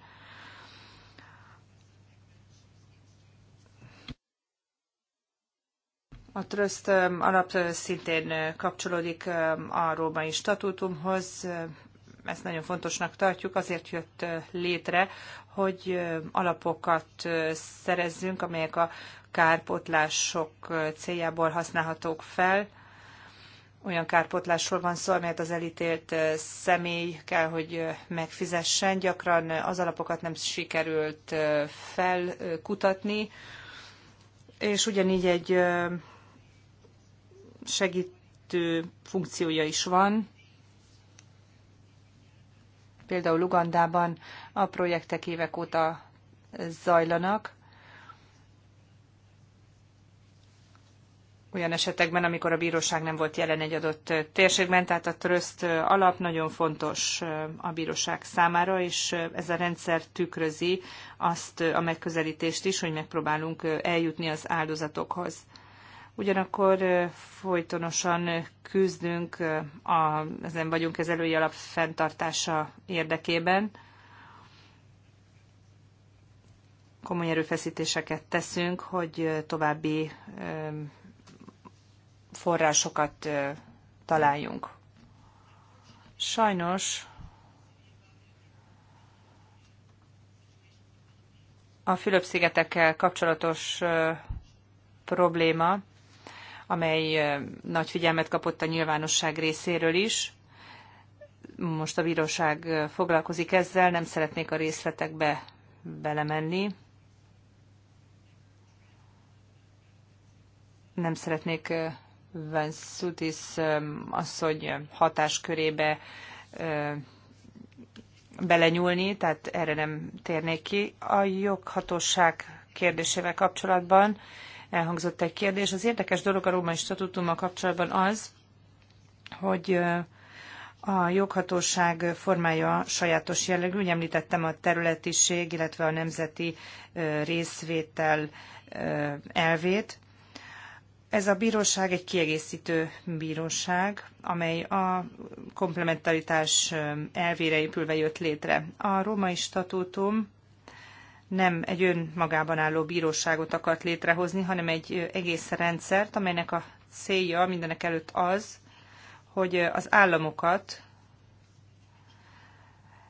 A tröszt um, alap uh, szintén uh, kapcsolódik um, a római statútumhoz, um, ezt nagyon fontosnak tartjuk, azért jött uh, létre, hogy alapokat szerezzünk, amelyek a kárpotlások céljából használhatók fel. Olyan kárpotlásról van szó, amelyet az elítélt személy kell, hogy megfizessen. Gyakran az alapokat nem sikerült felkutatni, és ugyanígy egy segítő funkciója is van. Például Ugandában a projektek évek óta zajlanak. Olyan esetekben, amikor a bíróság nem volt jelen egy adott térségben, tehát a tröszt alap nagyon fontos a bíróság számára, és ez a rendszer tükrözi azt a megközelítést is, hogy megpróbálunk eljutni az áldozatokhoz. Ugyanakkor folytonosan küzdünk, a, ezen vagyunk kezelői elői alap fenntartása érdekében. Komoly erőfeszítéseket teszünk, hogy további forrásokat találjunk. Sajnos a Fülöp-szigetekkel kapcsolatos probléma amely nagy figyelmet kapott a nyilvánosság részéről is. Most a bíróság foglalkozik ezzel, nem szeretnék a részletekbe belemenni. Nem szeretnék Vansutis asszony hatáskörébe belenyúlni, tehát erre nem térnék ki. A joghatóság kérdésével kapcsolatban elhangzott egy kérdés. Az érdekes dolog a római statutummal kapcsolatban az, hogy a joghatóság formája sajátos jellegű, úgy említettem a területiség, illetve a nemzeti részvétel elvét. Ez a bíróság egy kiegészítő bíróság, amely a komplementaritás elvére épülve jött létre. A római statútum nem egy önmagában álló bíróságot akart létrehozni, hanem egy egész rendszert, amelynek a célja mindenek előtt az, hogy az államokat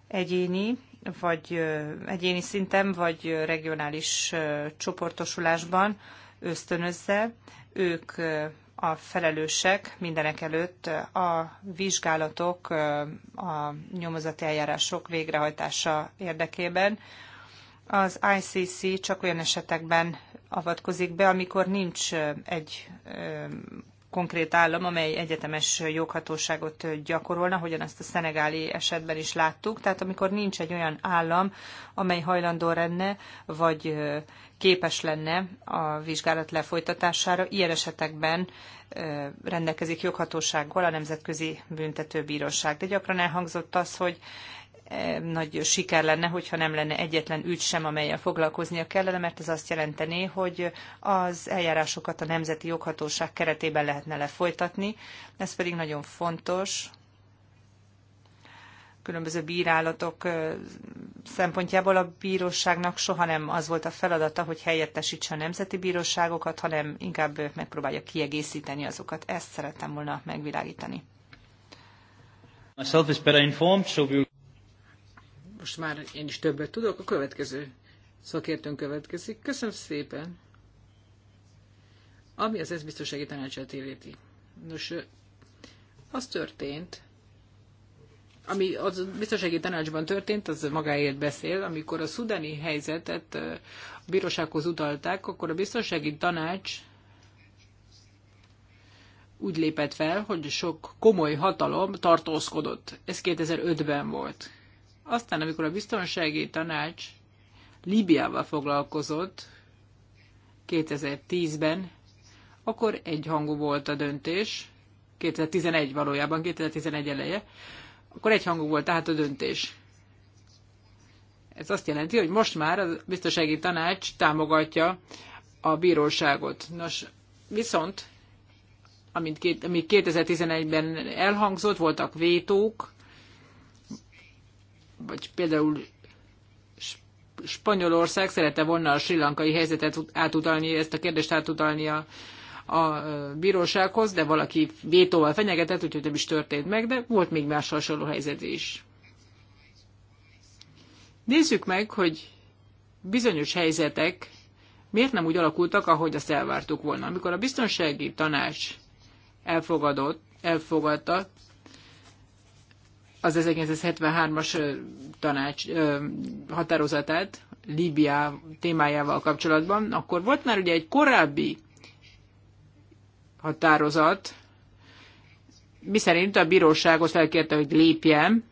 egyéni, vagy egyéni szinten, vagy regionális csoportosulásban ösztönözze. Ők a felelősek mindenek előtt a vizsgálatok, a nyomozati eljárások végrehajtása érdekében, az ICC csak olyan esetekben avatkozik be, amikor nincs egy konkrét állam, amely egyetemes joghatóságot gyakorolna, ahogyan ezt a szenegáli esetben is láttuk. Tehát amikor nincs egy olyan állam, amely hajlandó lenne, vagy képes lenne a vizsgálat lefolytatására, ilyen esetekben rendelkezik joghatósággal a Nemzetközi Büntetőbíróság. De gyakran elhangzott az, hogy nagy siker lenne, hogyha nem lenne egyetlen ügy sem, amelyen foglalkoznia kellene, mert ez azt jelenteni, hogy az eljárásokat a Nemzeti Joghatóság keretében lehetne lefolytatni. Ez pedig nagyon fontos, különböző bírálatok szempontjából a bíróságnak soha nem az volt a feladata, hogy helyettesítse a nemzeti bíróságokat, hanem inkább megpróbálja kiegészíteni azokat. Ezt szerettem volna megvilágítani. Myself is better informed, so we'll most már én is többet tudok, a következő szakértőn következik. Köszönöm szépen! Ami az ezbiztonsági tanácsát illeti. Nos, az történt, ami az biztonsági tanácsban történt, az magáért beszél, amikor a szudáni helyzetet a bírósághoz utalták, akkor a biztonsági tanács úgy lépett fel, hogy sok komoly hatalom tartózkodott. Ez 2005-ben volt. Aztán, amikor a biztonsági tanács Líbiával foglalkozott 2010-ben, akkor egyhangú volt a döntés, 2011 valójában, 2011 eleje, akkor egyhangú volt tehát a döntés. Ez azt jelenti, hogy most már a biztonsági tanács támogatja a bíróságot. Nos, viszont, amint 2011-ben elhangzott, voltak vétók, vagy például Spanyolország szerette volna a sri lankai helyzetet átutalni, ezt a kérdést átutalni a, a bírósághoz, de valaki vétóval fenyegetett, úgyhogy nem is történt meg, de volt még más hasonló helyzet is. Nézzük meg, hogy bizonyos helyzetek miért nem úgy alakultak, ahogy azt elvártuk volna. Amikor a biztonsági tanács elfogadott, elfogadta az 1973-as tanács határozatát Líbia témájával kapcsolatban, akkor volt már ugye egy korábbi határozat, miszerint a bíróságot felkérte, hogy lépjen,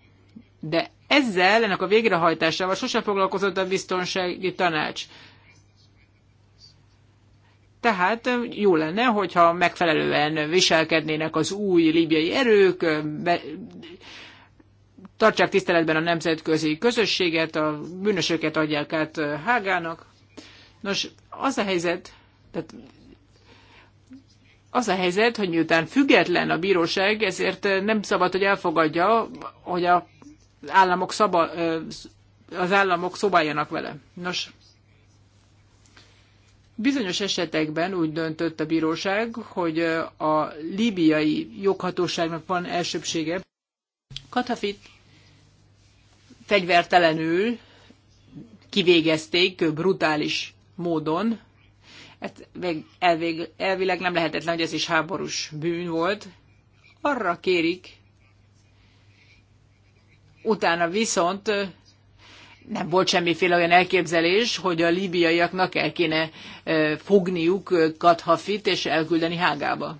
de ezzel, ennek a végrehajtásával sosem foglalkozott a biztonsági tanács. Tehát jó lenne, hogyha megfelelően viselkednének az új libiai erők, be, tartsák tiszteletben a nemzetközi közösséget, a bűnösöket adják át Hágának. Nos, az a helyzet, tehát az a helyzet, hogy miután független a bíróság, ezért nem szabad, hogy elfogadja, hogy a államok szaba, az államok szobáljanak vele. Nos, bizonyos esetekben úgy döntött a bíróság, hogy a líbiai joghatóságnak van elsőbsége. Katafit fegyvertelenül kivégezték brutális módon. Hát elvég, elvileg nem lehetetlen, hogy ez is háborús bűn volt. Arra kérik, utána viszont nem volt semmiféle olyan elképzelés, hogy a líbiaiaknak el kéne fogniuk Kadhafit és elküldeni Hágába.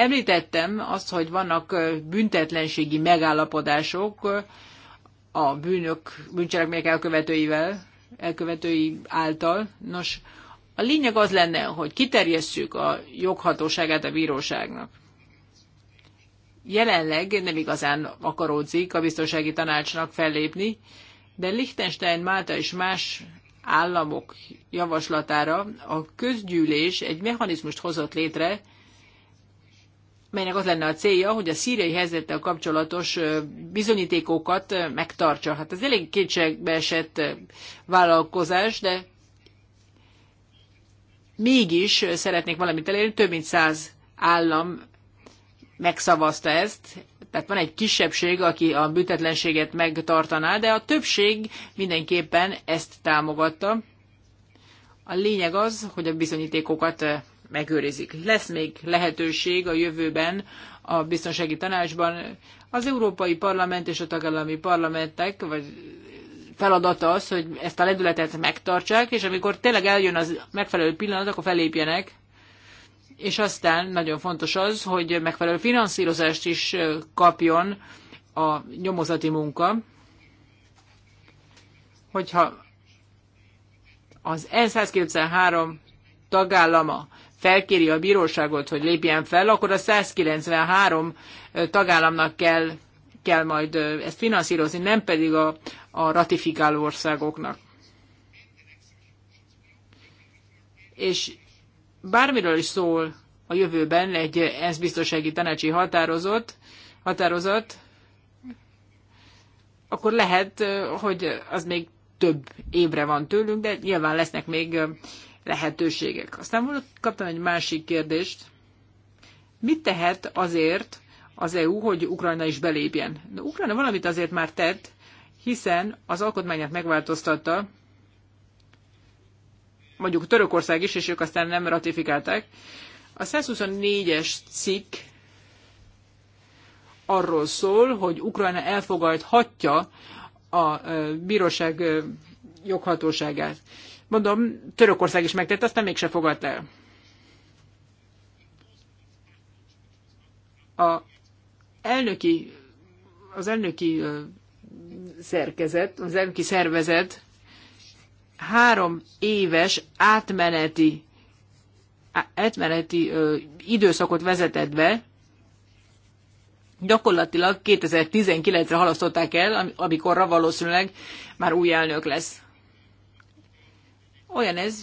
Említettem azt, hogy vannak büntetlenségi megállapodások a bűnök, bűncselekmények elkövetőivel, elkövetői által. Nos, a lényeg az lenne, hogy kiterjesszük a joghatóságát a bíróságnak. Jelenleg nem igazán akaródzik a biztonsági tanácsnak fellépni, de Liechtenstein, Málta és más államok javaslatára a közgyűlés egy mechanizmust hozott létre, melynek az lenne a célja, hogy a szíriai helyzettel kapcsolatos bizonyítékokat megtartsa. Hát ez elég kétségbe esett vállalkozás, de mégis szeretnék valamit elérni. Több mint száz állam megszavazta ezt, tehát van egy kisebbség, aki a büntetlenséget megtartaná, de a többség mindenképpen ezt támogatta. A lényeg az, hogy a bizonyítékokat megőrizik. Lesz még lehetőség a jövőben a biztonsági tanácsban. Az Európai Parlament és a tagállami parlamentek, vagy feladata az, hogy ezt a ledületet megtartsák, és amikor tényleg eljön az megfelelő pillanat, akkor felépjenek, és aztán nagyon fontos az, hogy megfelelő finanszírozást is kapjon a nyomozati munka, hogyha az N193 tagállama felkéri a bíróságot, hogy lépjen fel, akkor a 193 tagállamnak kell, kell majd ezt finanszírozni, nem pedig a, a ratifikáló országoknak. És bármiről is szól a jövőben egy ENSZ biztonsági tanácsi határozat, határozat, akkor lehet, hogy az még több évre van tőlünk, de nyilván lesznek még lehetőségek. Aztán volt, kaptam egy másik kérdést. Mit tehet azért az EU, hogy Ukrajna is belépjen? De Ukrajna valamit azért már tett, hiszen az alkotmányát megváltoztatta, mondjuk Törökország is, és ők aztán nem ratifikálták. A 124-es cikk arról szól, hogy Ukrajna elfogadhatja a bíróság joghatóságát. Mondom, Törökország is megtette, aztán mégse fogadta el. A elnöki, az elnöki szerkezet, az elnöki szervezet három éves átmeneti, átmeneti időszakot vezetett be, gyakorlatilag 2019-re halasztották el, amikorra valószínűleg már új elnök lesz. Olyan ez,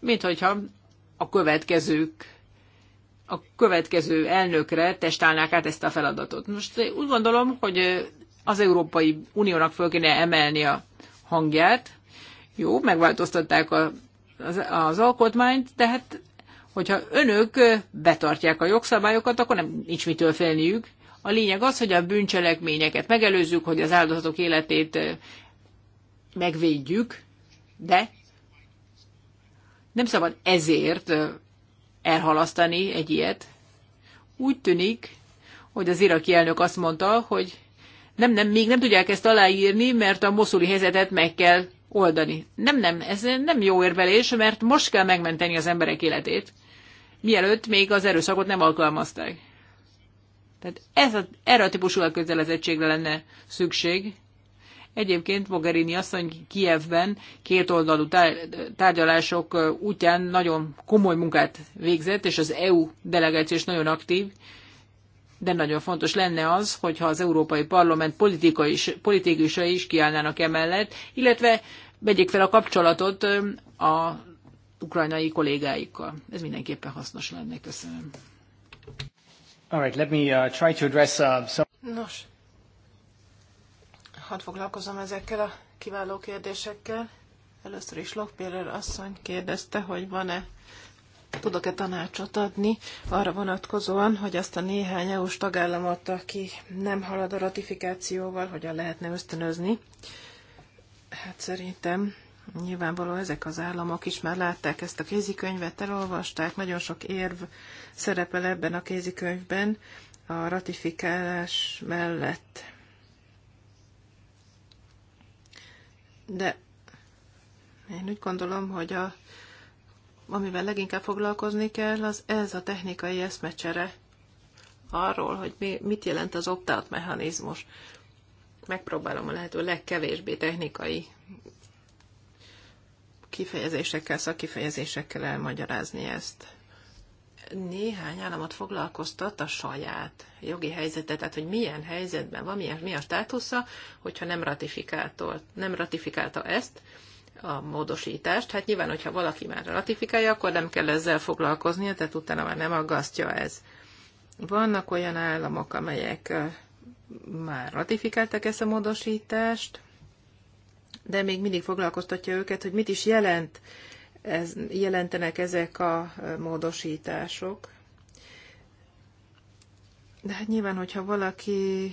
mint hogyha a következők a következő elnökre testálnák át ezt a feladatot. Most úgy gondolom, hogy az Európai Uniónak föl kéne emelni a hangját. Jó, megváltoztatták a, az, az alkotmányt, de hát hogyha önök betartják a jogszabályokat, akkor nem nincs mitől félniük. A lényeg az, hogy a bűncselekményeket megelőzzük, hogy az áldozatok életét megvédjük, de nem szabad ezért elhalasztani egy ilyet. Úgy tűnik, hogy az iraki elnök azt mondta, hogy nem, nem, még nem tudják ezt aláírni, mert a moszuli helyzetet meg kell oldani. Nem, nem, ez nem jó érvelés, mert most kell megmenteni az emberek életét, mielőtt még az erőszakot nem alkalmazták. Tehát ez a, erre a típusú elkötelezettségre lenne szükség. Egyébként Mogherini asszony Kievben kétoldalú tárgyalások útján nagyon komoly munkát végzett, és az EU delegáció is nagyon aktív, de nagyon fontos lenne az, hogyha az Európai Parlament politikai, politikusai is kiállnának emellett, illetve vegyék fel a kapcsolatot a ukrajnai kollégáikkal. Ez mindenképpen hasznos lenne. Köszönöm. All right, let me uh, try to address uh, some... Nos, hadd foglalkozom ezekkel a kiváló kérdésekkel. Először is Lokpérer asszony kérdezte, hogy van-e tudok-e tanácsot adni arra vonatkozóan, hogy azt a néhány EU-s tagállamot, aki nem halad a ratifikációval, hogyan lehetne ösztönözni. Hát szerintem nyilvánvaló ezek az államok is már látták ezt a kézikönyvet, elolvasták, nagyon sok érv szerepel ebben a kézikönyvben a ratifikálás mellett. De én úgy gondolom, hogy a, amivel leginkább foglalkozni kell, az ez a technikai eszmecsere arról, hogy mi, mit jelent az opt-out mechanizmus. Megpróbálom a lehető legkevésbé technikai kifejezésekkel, szakifejezésekkel elmagyarázni ezt néhány államot foglalkoztat a saját jogi helyzete, tehát hogy milyen helyzetben van, milyen, mi a státusza, hogyha nem, nem ratifikálta ezt, a módosítást. Hát nyilván, hogyha valaki már ratifikálja, akkor nem kell ezzel foglalkoznia, tehát utána már nem aggasztja ez. Vannak olyan államok, amelyek már ratifikáltak ezt a módosítást, de még mindig foglalkoztatja őket, hogy mit is jelent ez, jelentenek ezek a e, módosítások. De hát nyilván, hogyha valaki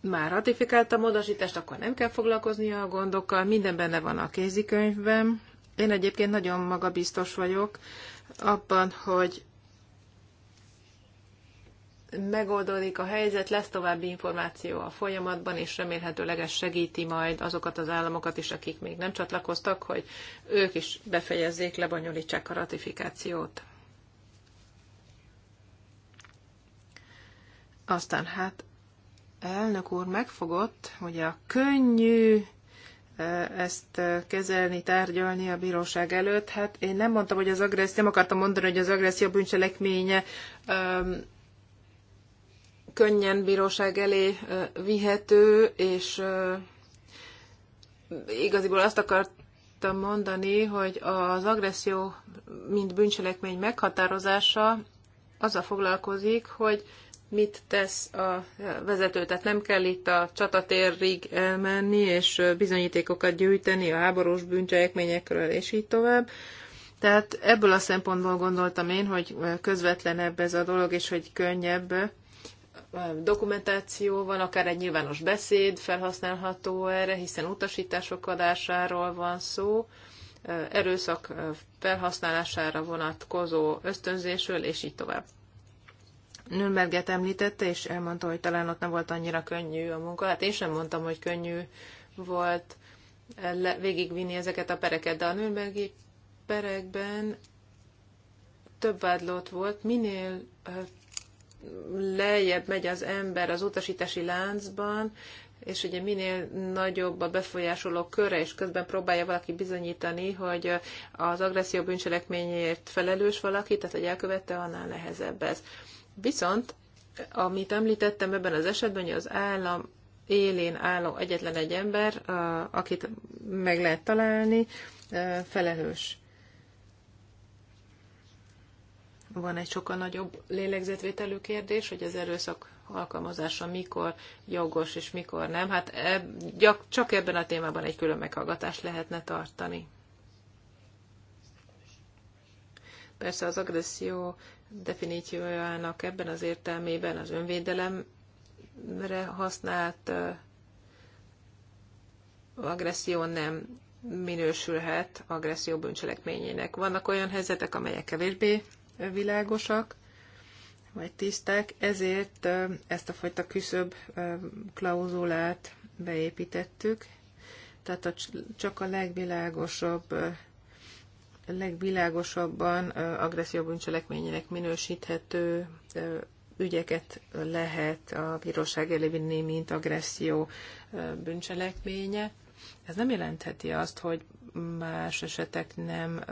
már ratifikálta a módosítást, akkor nem kell foglalkoznia a gondokkal, minden benne van a kézikönyvben. Én egyébként nagyon magabiztos vagyok abban, hogy megoldódik a helyzet, lesz további információ a folyamatban, és remélhetőleg ez segíti majd azokat az államokat is, akik még nem csatlakoztak, hogy ők is befejezzék, lebonyolítsák a ratifikációt. Aztán hát elnök úr megfogott, hogy a könnyű e, ezt e, kezelni, tárgyalni a bíróság előtt. Hát én nem mondtam, hogy az agresszió, nem akartam mondani, hogy az agresszió bűncselekménye könnyen bíróság elé vihető, és igaziból azt akartam mondani, hogy az agresszió, mint bűncselekmény meghatározása azzal foglalkozik, hogy mit tesz a vezető. Tehát nem kell itt a csatatérig elmenni, és bizonyítékokat gyűjteni a háborús bűncselekményekről, és így tovább. Tehát ebből a szempontból gondoltam én, hogy közvetlenebb ez a dolog, és hogy könnyebb dokumentáció van, akár egy nyilvános beszéd felhasználható erre, hiszen utasítások adásáról van szó, erőszak felhasználására vonatkozó ösztönzésről, és így tovább. Nürnberget említette, és elmondta, hogy talán ott nem volt annyira könnyű a munka. Hát én sem mondtam, hogy könnyű volt végigvinni ezeket a pereket, de a Nürnbergi perekben több vádlott volt, minél lejjebb megy az ember az utasítási láncban, és ugye minél nagyobb a befolyásoló köre, és közben próbálja valaki bizonyítani, hogy az agresszió bűncselekményért felelős valaki, tehát hogy elkövette, annál nehezebb ez. Viszont, amit említettem ebben az esetben, hogy az állam élén álló egyetlen egy ember, akit meg lehet találni, felelős Van egy sokkal nagyobb lélegzetvételű kérdés, hogy az erőszak alkalmazása mikor jogos és mikor nem. Hát e, gyak, csak ebben a témában egy külön meghallgatást lehetne tartani. Persze az agresszió definíciójának ebben az értelmében az önvédelemre használt agresszió nem minősülhet agresszió bűncselekményének. Vannak olyan helyzetek, amelyek kevésbé világosak, vagy tiszták, ezért ezt a fajta küszöbb klauzulát beépítettük, tehát a, csak a legvilágosabb legvilágosabban agresszió bűncselekményének minősíthető ügyeket lehet a bíróság elé vinni, mint agresszió bűncselekménye. Ez nem jelentheti azt, hogy más esetek nem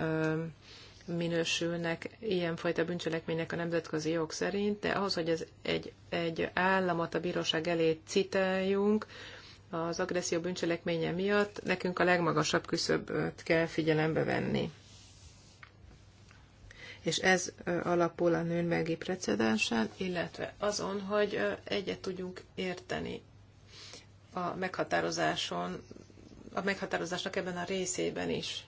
minősülnek ilyenfajta bűncselekmények a nemzetközi jog szerint, de ahhoz, hogy ez egy, egy államot a bíróság elé citáljunk, az agresszió bűncselekménye miatt nekünk a legmagasabb küszöböt kell figyelembe venni. És ez alapul a nőnmegi precedensen, illetve azon, hogy egyet tudjunk érteni a meghatározáson, a meghatározásnak ebben a részében is.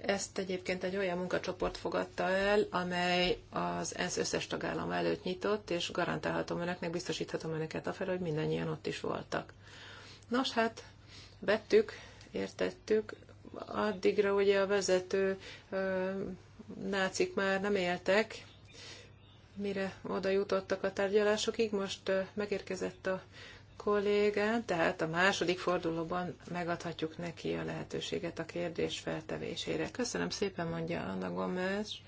Ezt egyébként egy olyan munkacsoport fogadta el, amely az ENSZ összes tagállama előtt nyitott, és garantálhatom önöknek, biztosíthatom önöket a fel, hogy mindannyian ott is voltak. Nos, hát vettük, értettük, addigra ugye a vezető ö, nácik már nem éltek, mire oda jutottak a tárgyalásokig, most megérkezett a kollégát, tehát a második fordulóban megadhatjuk neki a lehetőséget a kérdés feltevésére. Köszönöm szépen, mondja Anna Gomes,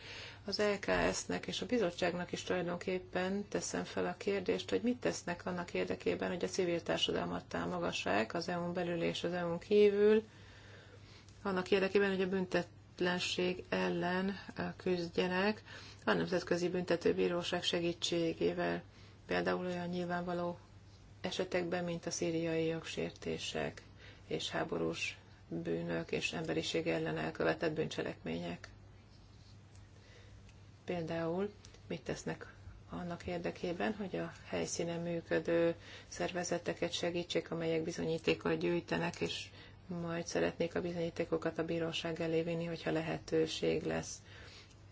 Az LKS-nek és a bizottságnak is tulajdonképpen teszem fel a kérdést, hogy mit tesznek annak érdekében, hogy a civil társadalmat támogassák az EU-n belül és az EU-n kívül, annak érdekében, hogy a büntetlenség ellen küzdjenek a Nemzetközi Büntetőbíróság segítségével például olyan nyilvánvaló esetekben, mint a szíriai jogsértések és háborús bűnök és emberiség ellen elkövetett bűncselekmények. Például mit tesznek annak érdekében, hogy a helyszínen működő szervezeteket segítsék, amelyek bizonyítékot gyűjtenek, és majd szeretnék a bizonyítékokat a bíróság elé vinni, hogyha lehetőség lesz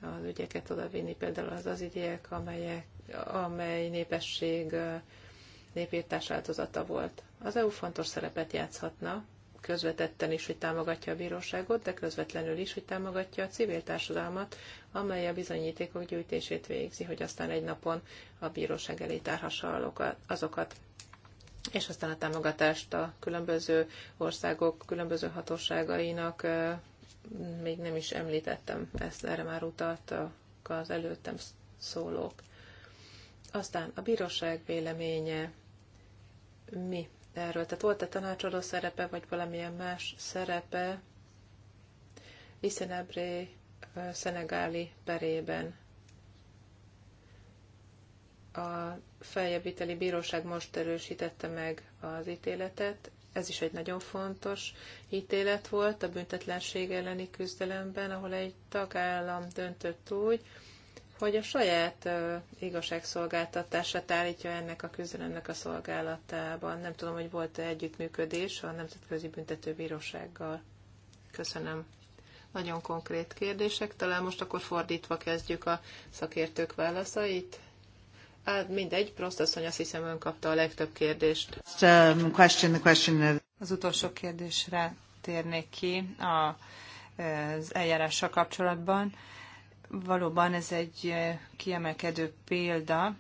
az ügyeket odavinni, például az az ügyek, amelyek, amely népesség népírtás áldozata volt. Az EU fontos szerepet játszhatna, közvetetten is, hogy támogatja a bíróságot, de közvetlenül is, hogy támogatja a civil társadalmat, amely a bizonyítékok gyűjtését végzi, hogy aztán egy napon a bíróság elé tárhassa azokat. És aztán a támogatást a különböző országok különböző hatóságainak, még nem is említettem, ezt erre már utaltak az előttem szólók. Aztán a bíróság véleménye mi erről? Tehát volt-e tanácsadó szerepe, vagy valamilyen más szerepe Iszenebré szenegáli perében? A feljebbíteli bíróság most erősítette meg az ítéletet. Ez is egy nagyon fontos ítélet volt a büntetlenség elleni küzdelemben, ahol egy tagállam döntött úgy, hogy a saját igazságszolgáltatását állítja ennek a küzdelemnek a szolgálatában. Nem tudom, hogy volt-e együttműködés a Nemzetközi Büntetőbírósággal. Köszönöm. Nagyon konkrét kérdések. Talán most akkor fordítva kezdjük a szakértők válaszait. Hát mindegy, prostasszony azt hiszem ön kapta a legtöbb kérdést. Um, az utolsó kérdésre térnék ki az eljárással kapcsolatban. Valóban ez egy kiemelkedő példa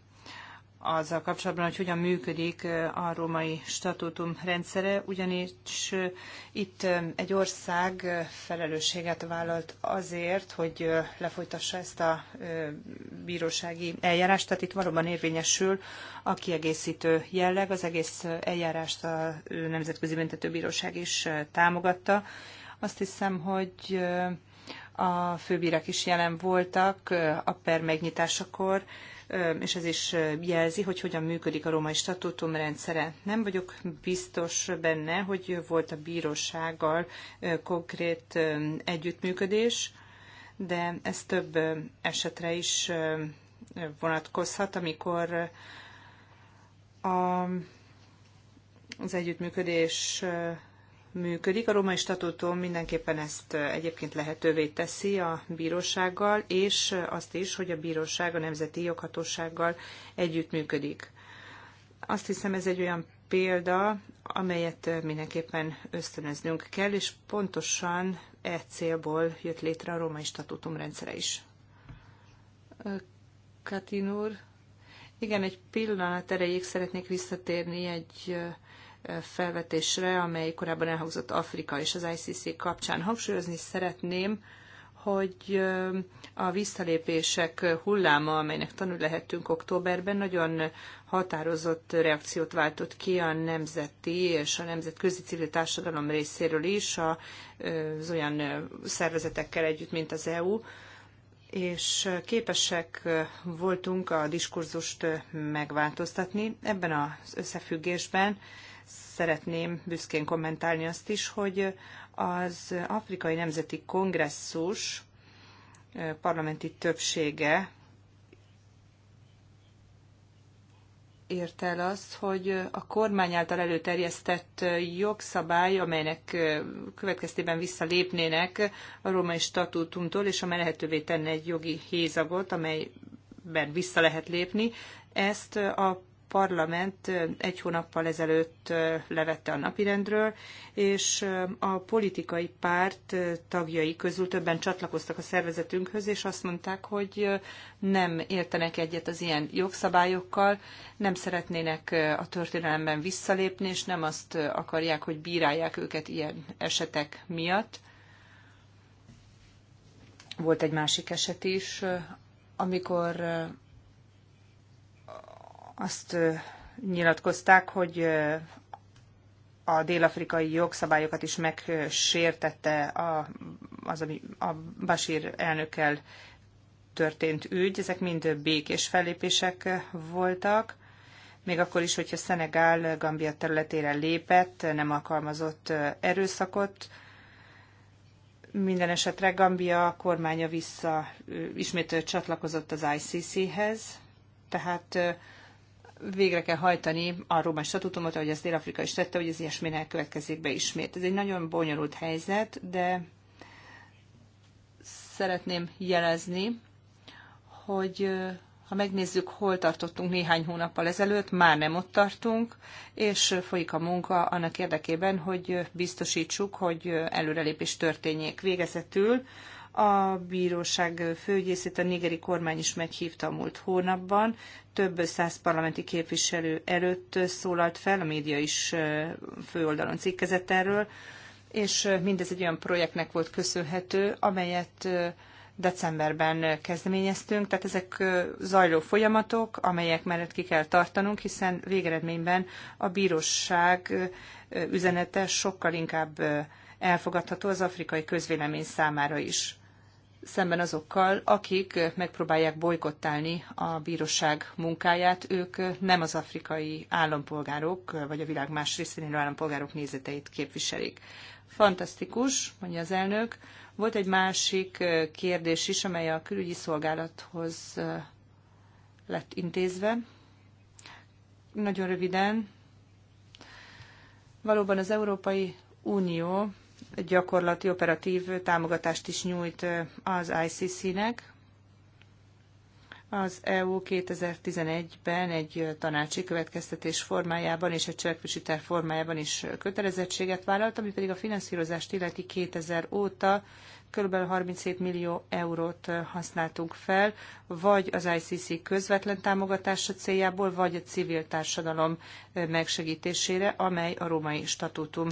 azzal kapcsolatban, hogy hogyan működik a római statútum rendszere, ugyanis itt egy ország felelősséget vállalt azért, hogy lefolytassa ezt a bírósági eljárást, tehát itt valóban érvényesül a kiegészítő jelleg, az egész eljárást a Nemzetközi Büntetőbíróság is támogatta. Azt hiszem, hogy a főbírák is jelen voltak a per megnyitásakor, és ez is jelzi, hogy hogyan működik a római statútum rendszere. Nem vagyok biztos benne, hogy volt a bírósággal konkrét együttműködés, de ez több esetre is vonatkozhat, amikor az együttműködés működik. A római statútum mindenképpen ezt eh, egyébként lehetővé teszi a bírósággal, és eh, azt is, hogy a bíróság a nemzeti joghatósággal együttműködik. Azt hiszem ez egy olyan példa, amelyet eh, mindenképpen ösztönöznünk kell, és pontosan e célból jött létre a római statútum rendszere is. Katin úr, igen, egy pillanat erejéig szeretnék visszatérni egy felvetésre, amely korábban elhangzott Afrika és az ICC kapcsán. Hangsúlyozni szeretném, hogy a visszalépések hulláma, amelynek tanul lehettünk októberben, nagyon határozott reakciót váltott ki a nemzeti és a nemzetközi civil társadalom részéről is, az olyan szervezetekkel együtt, mint az EU, és képesek voltunk a diskurzust megváltoztatni. Ebben az összefüggésben szeretném büszkén kommentálni azt is, hogy az Afrikai Nemzeti Kongresszus parlamenti többsége ért el azt, hogy a kormány által előterjesztett jogszabály, amelynek következtében visszalépnének a római statútumtól, és amely lehetővé tenne egy jogi hézagot, amelyben vissza lehet lépni, ezt a parlament egy hónappal ezelőtt levette a napirendről, és a politikai párt tagjai közül többen csatlakoztak a szervezetünkhöz, és azt mondták, hogy nem értenek egyet az ilyen jogszabályokkal, nem szeretnének a történelemben visszalépni, és nem azt akarják, hogy bírálják őket ilyen esetek miatt. Volt egy másik eset is, amikor azt nyilatkozták, hogy a délafrikai jogszabályokat is megsértette a, az, ami a Basír elnökkel történt ügy. Ezek mind békés fellépések voltak, még akkor is, hogyha Szenegál Gambia területére lépett, nem alkalmazott erőszakot. Minden esetre Gambia kormánya vissza ismét csatlakozott az ICC-hez, tehát végre kell hajtani a római statutumot, ahogy ezt Dél-Afrika is tette, hogy ez ilyesmi elkövetkezik be ismét. Ez egy nagyon bonyolult helyzet, de szeretném jelezni, hogy ha megnézzük, hol tartottunk néhány hónappal ezelőtt, már nem ott tartunk, és folyik a munka annak érdekében, hogy biztosítsuk, hogy előrelépés történjék. Végezetül a bíróság főügyészét a nigeri kormány is meghívta a múlt hónapban. Több száz parlamenti képviselő előtt szólalt fel, a média is főoldalon cikkezett erről, és mindez egy olyan projektnek volt köszönhető, amelyet decemberben kezdeményeztünk, tehát ezek zajló folyamatok, amelyek mellett ki kell tartanunk, hiszen végeredményben a bíróság üzenete sokkal inkább elfogadható az afrikai közvélemény számára is szemben azokkal, akik megpróbálják bolykottálni a bíróság munkáját. Ők nem az afrikai állampolgárok, vagy a világ más részén élő állampolgárok nézeteit képviselik. Fantasztikus, mondja az elnök. Volt egy másik kérdés is, amely a külügyi szolgálathoz lett intézve. Nagyon röviden. Valóban az Európai Unió gyakorlati operatív támogatást is nyújt az ICC-nek. Az EU 2011-ben egy tanácsi következtetés formájában és egy cselekvési terv formájában is kötelezettséget vállalt, ami pedig a finanszírozást illeti 2000 óta kb. 37 millió eurót használtunk fel, vagy az ICC közvetlen támogatása céljából, vagy a civil társadalom megsegítésére, amely a római statútum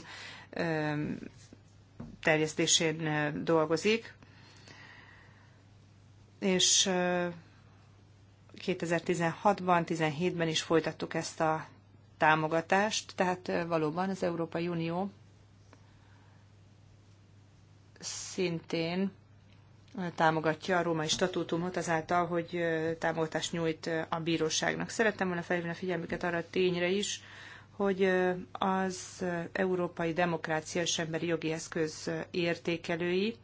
terjesztésén dolgozik, és 2016-ban, 17-ben is folytattuk ezt a támogatást, tehát valóban az Európai Unió szintén támogatja a római statútumot azáltal, hogy támogatást nyújt a bíróságnak. Szerettem volna felhívni a figyelmüket arra a tényre is, hogy az európai demokrácia és emberi jogi eszköz értékelői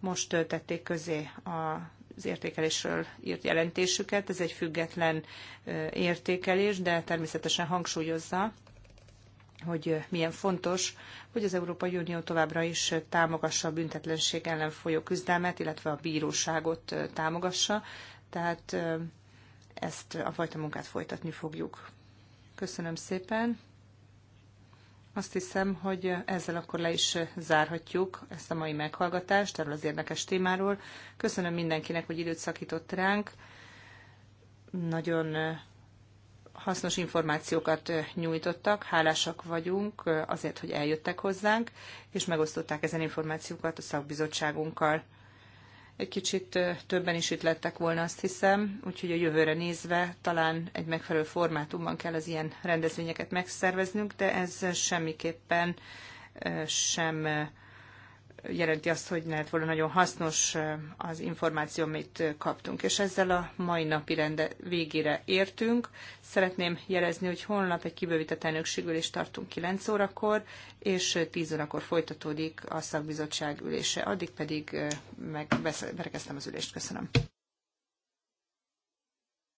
most tették közé az értékelésről írt jelentésüket. Ez egy független értékelés, de természetesen hangsúlyozza, hogy milyen fontos, hogy az Európai Unió továbbra is támogassa a büntetlenség ellen folyó küzdelmet, illetve a bíróságot támogassa. Tehát ezt a fajta munkát folytatni fogjuk. Köszönöm szépen. Azt hiszem, hogy ezzel akkor le is zárhatjuk ezt a mai meghallgatást erről az érdekes témáról. Köszönöm mindenkinek, hogy időt szakított ránk. Nagyon hasznos információkat nyújtottak, hálásak vagyunk azért, hogy eljöttek hozzánk, és megosztották ezen információkat a szakbizottságunkkal egy kicsit többen is itt lettek volna, azt hiszem, úgyhogy a jövőre nézve talán egy megfelelő formátumban kell az ilyen rendezvényeket megszerveznünk, de ez semmiképpen sem jelenti azt, hogy lehet volna nagyon hasznos eh, az információ, amit eh, kaptunk. És ezzel a mai napi rende végére értünk. Szeretném jelezni, hogy holnap egy kibővített elnökségül is tartunk 9 órakor, és 10 eh, órakor folytatódik a szakbizottság ülése. Addig pedig megberekeztem az ülést. Köszönöm.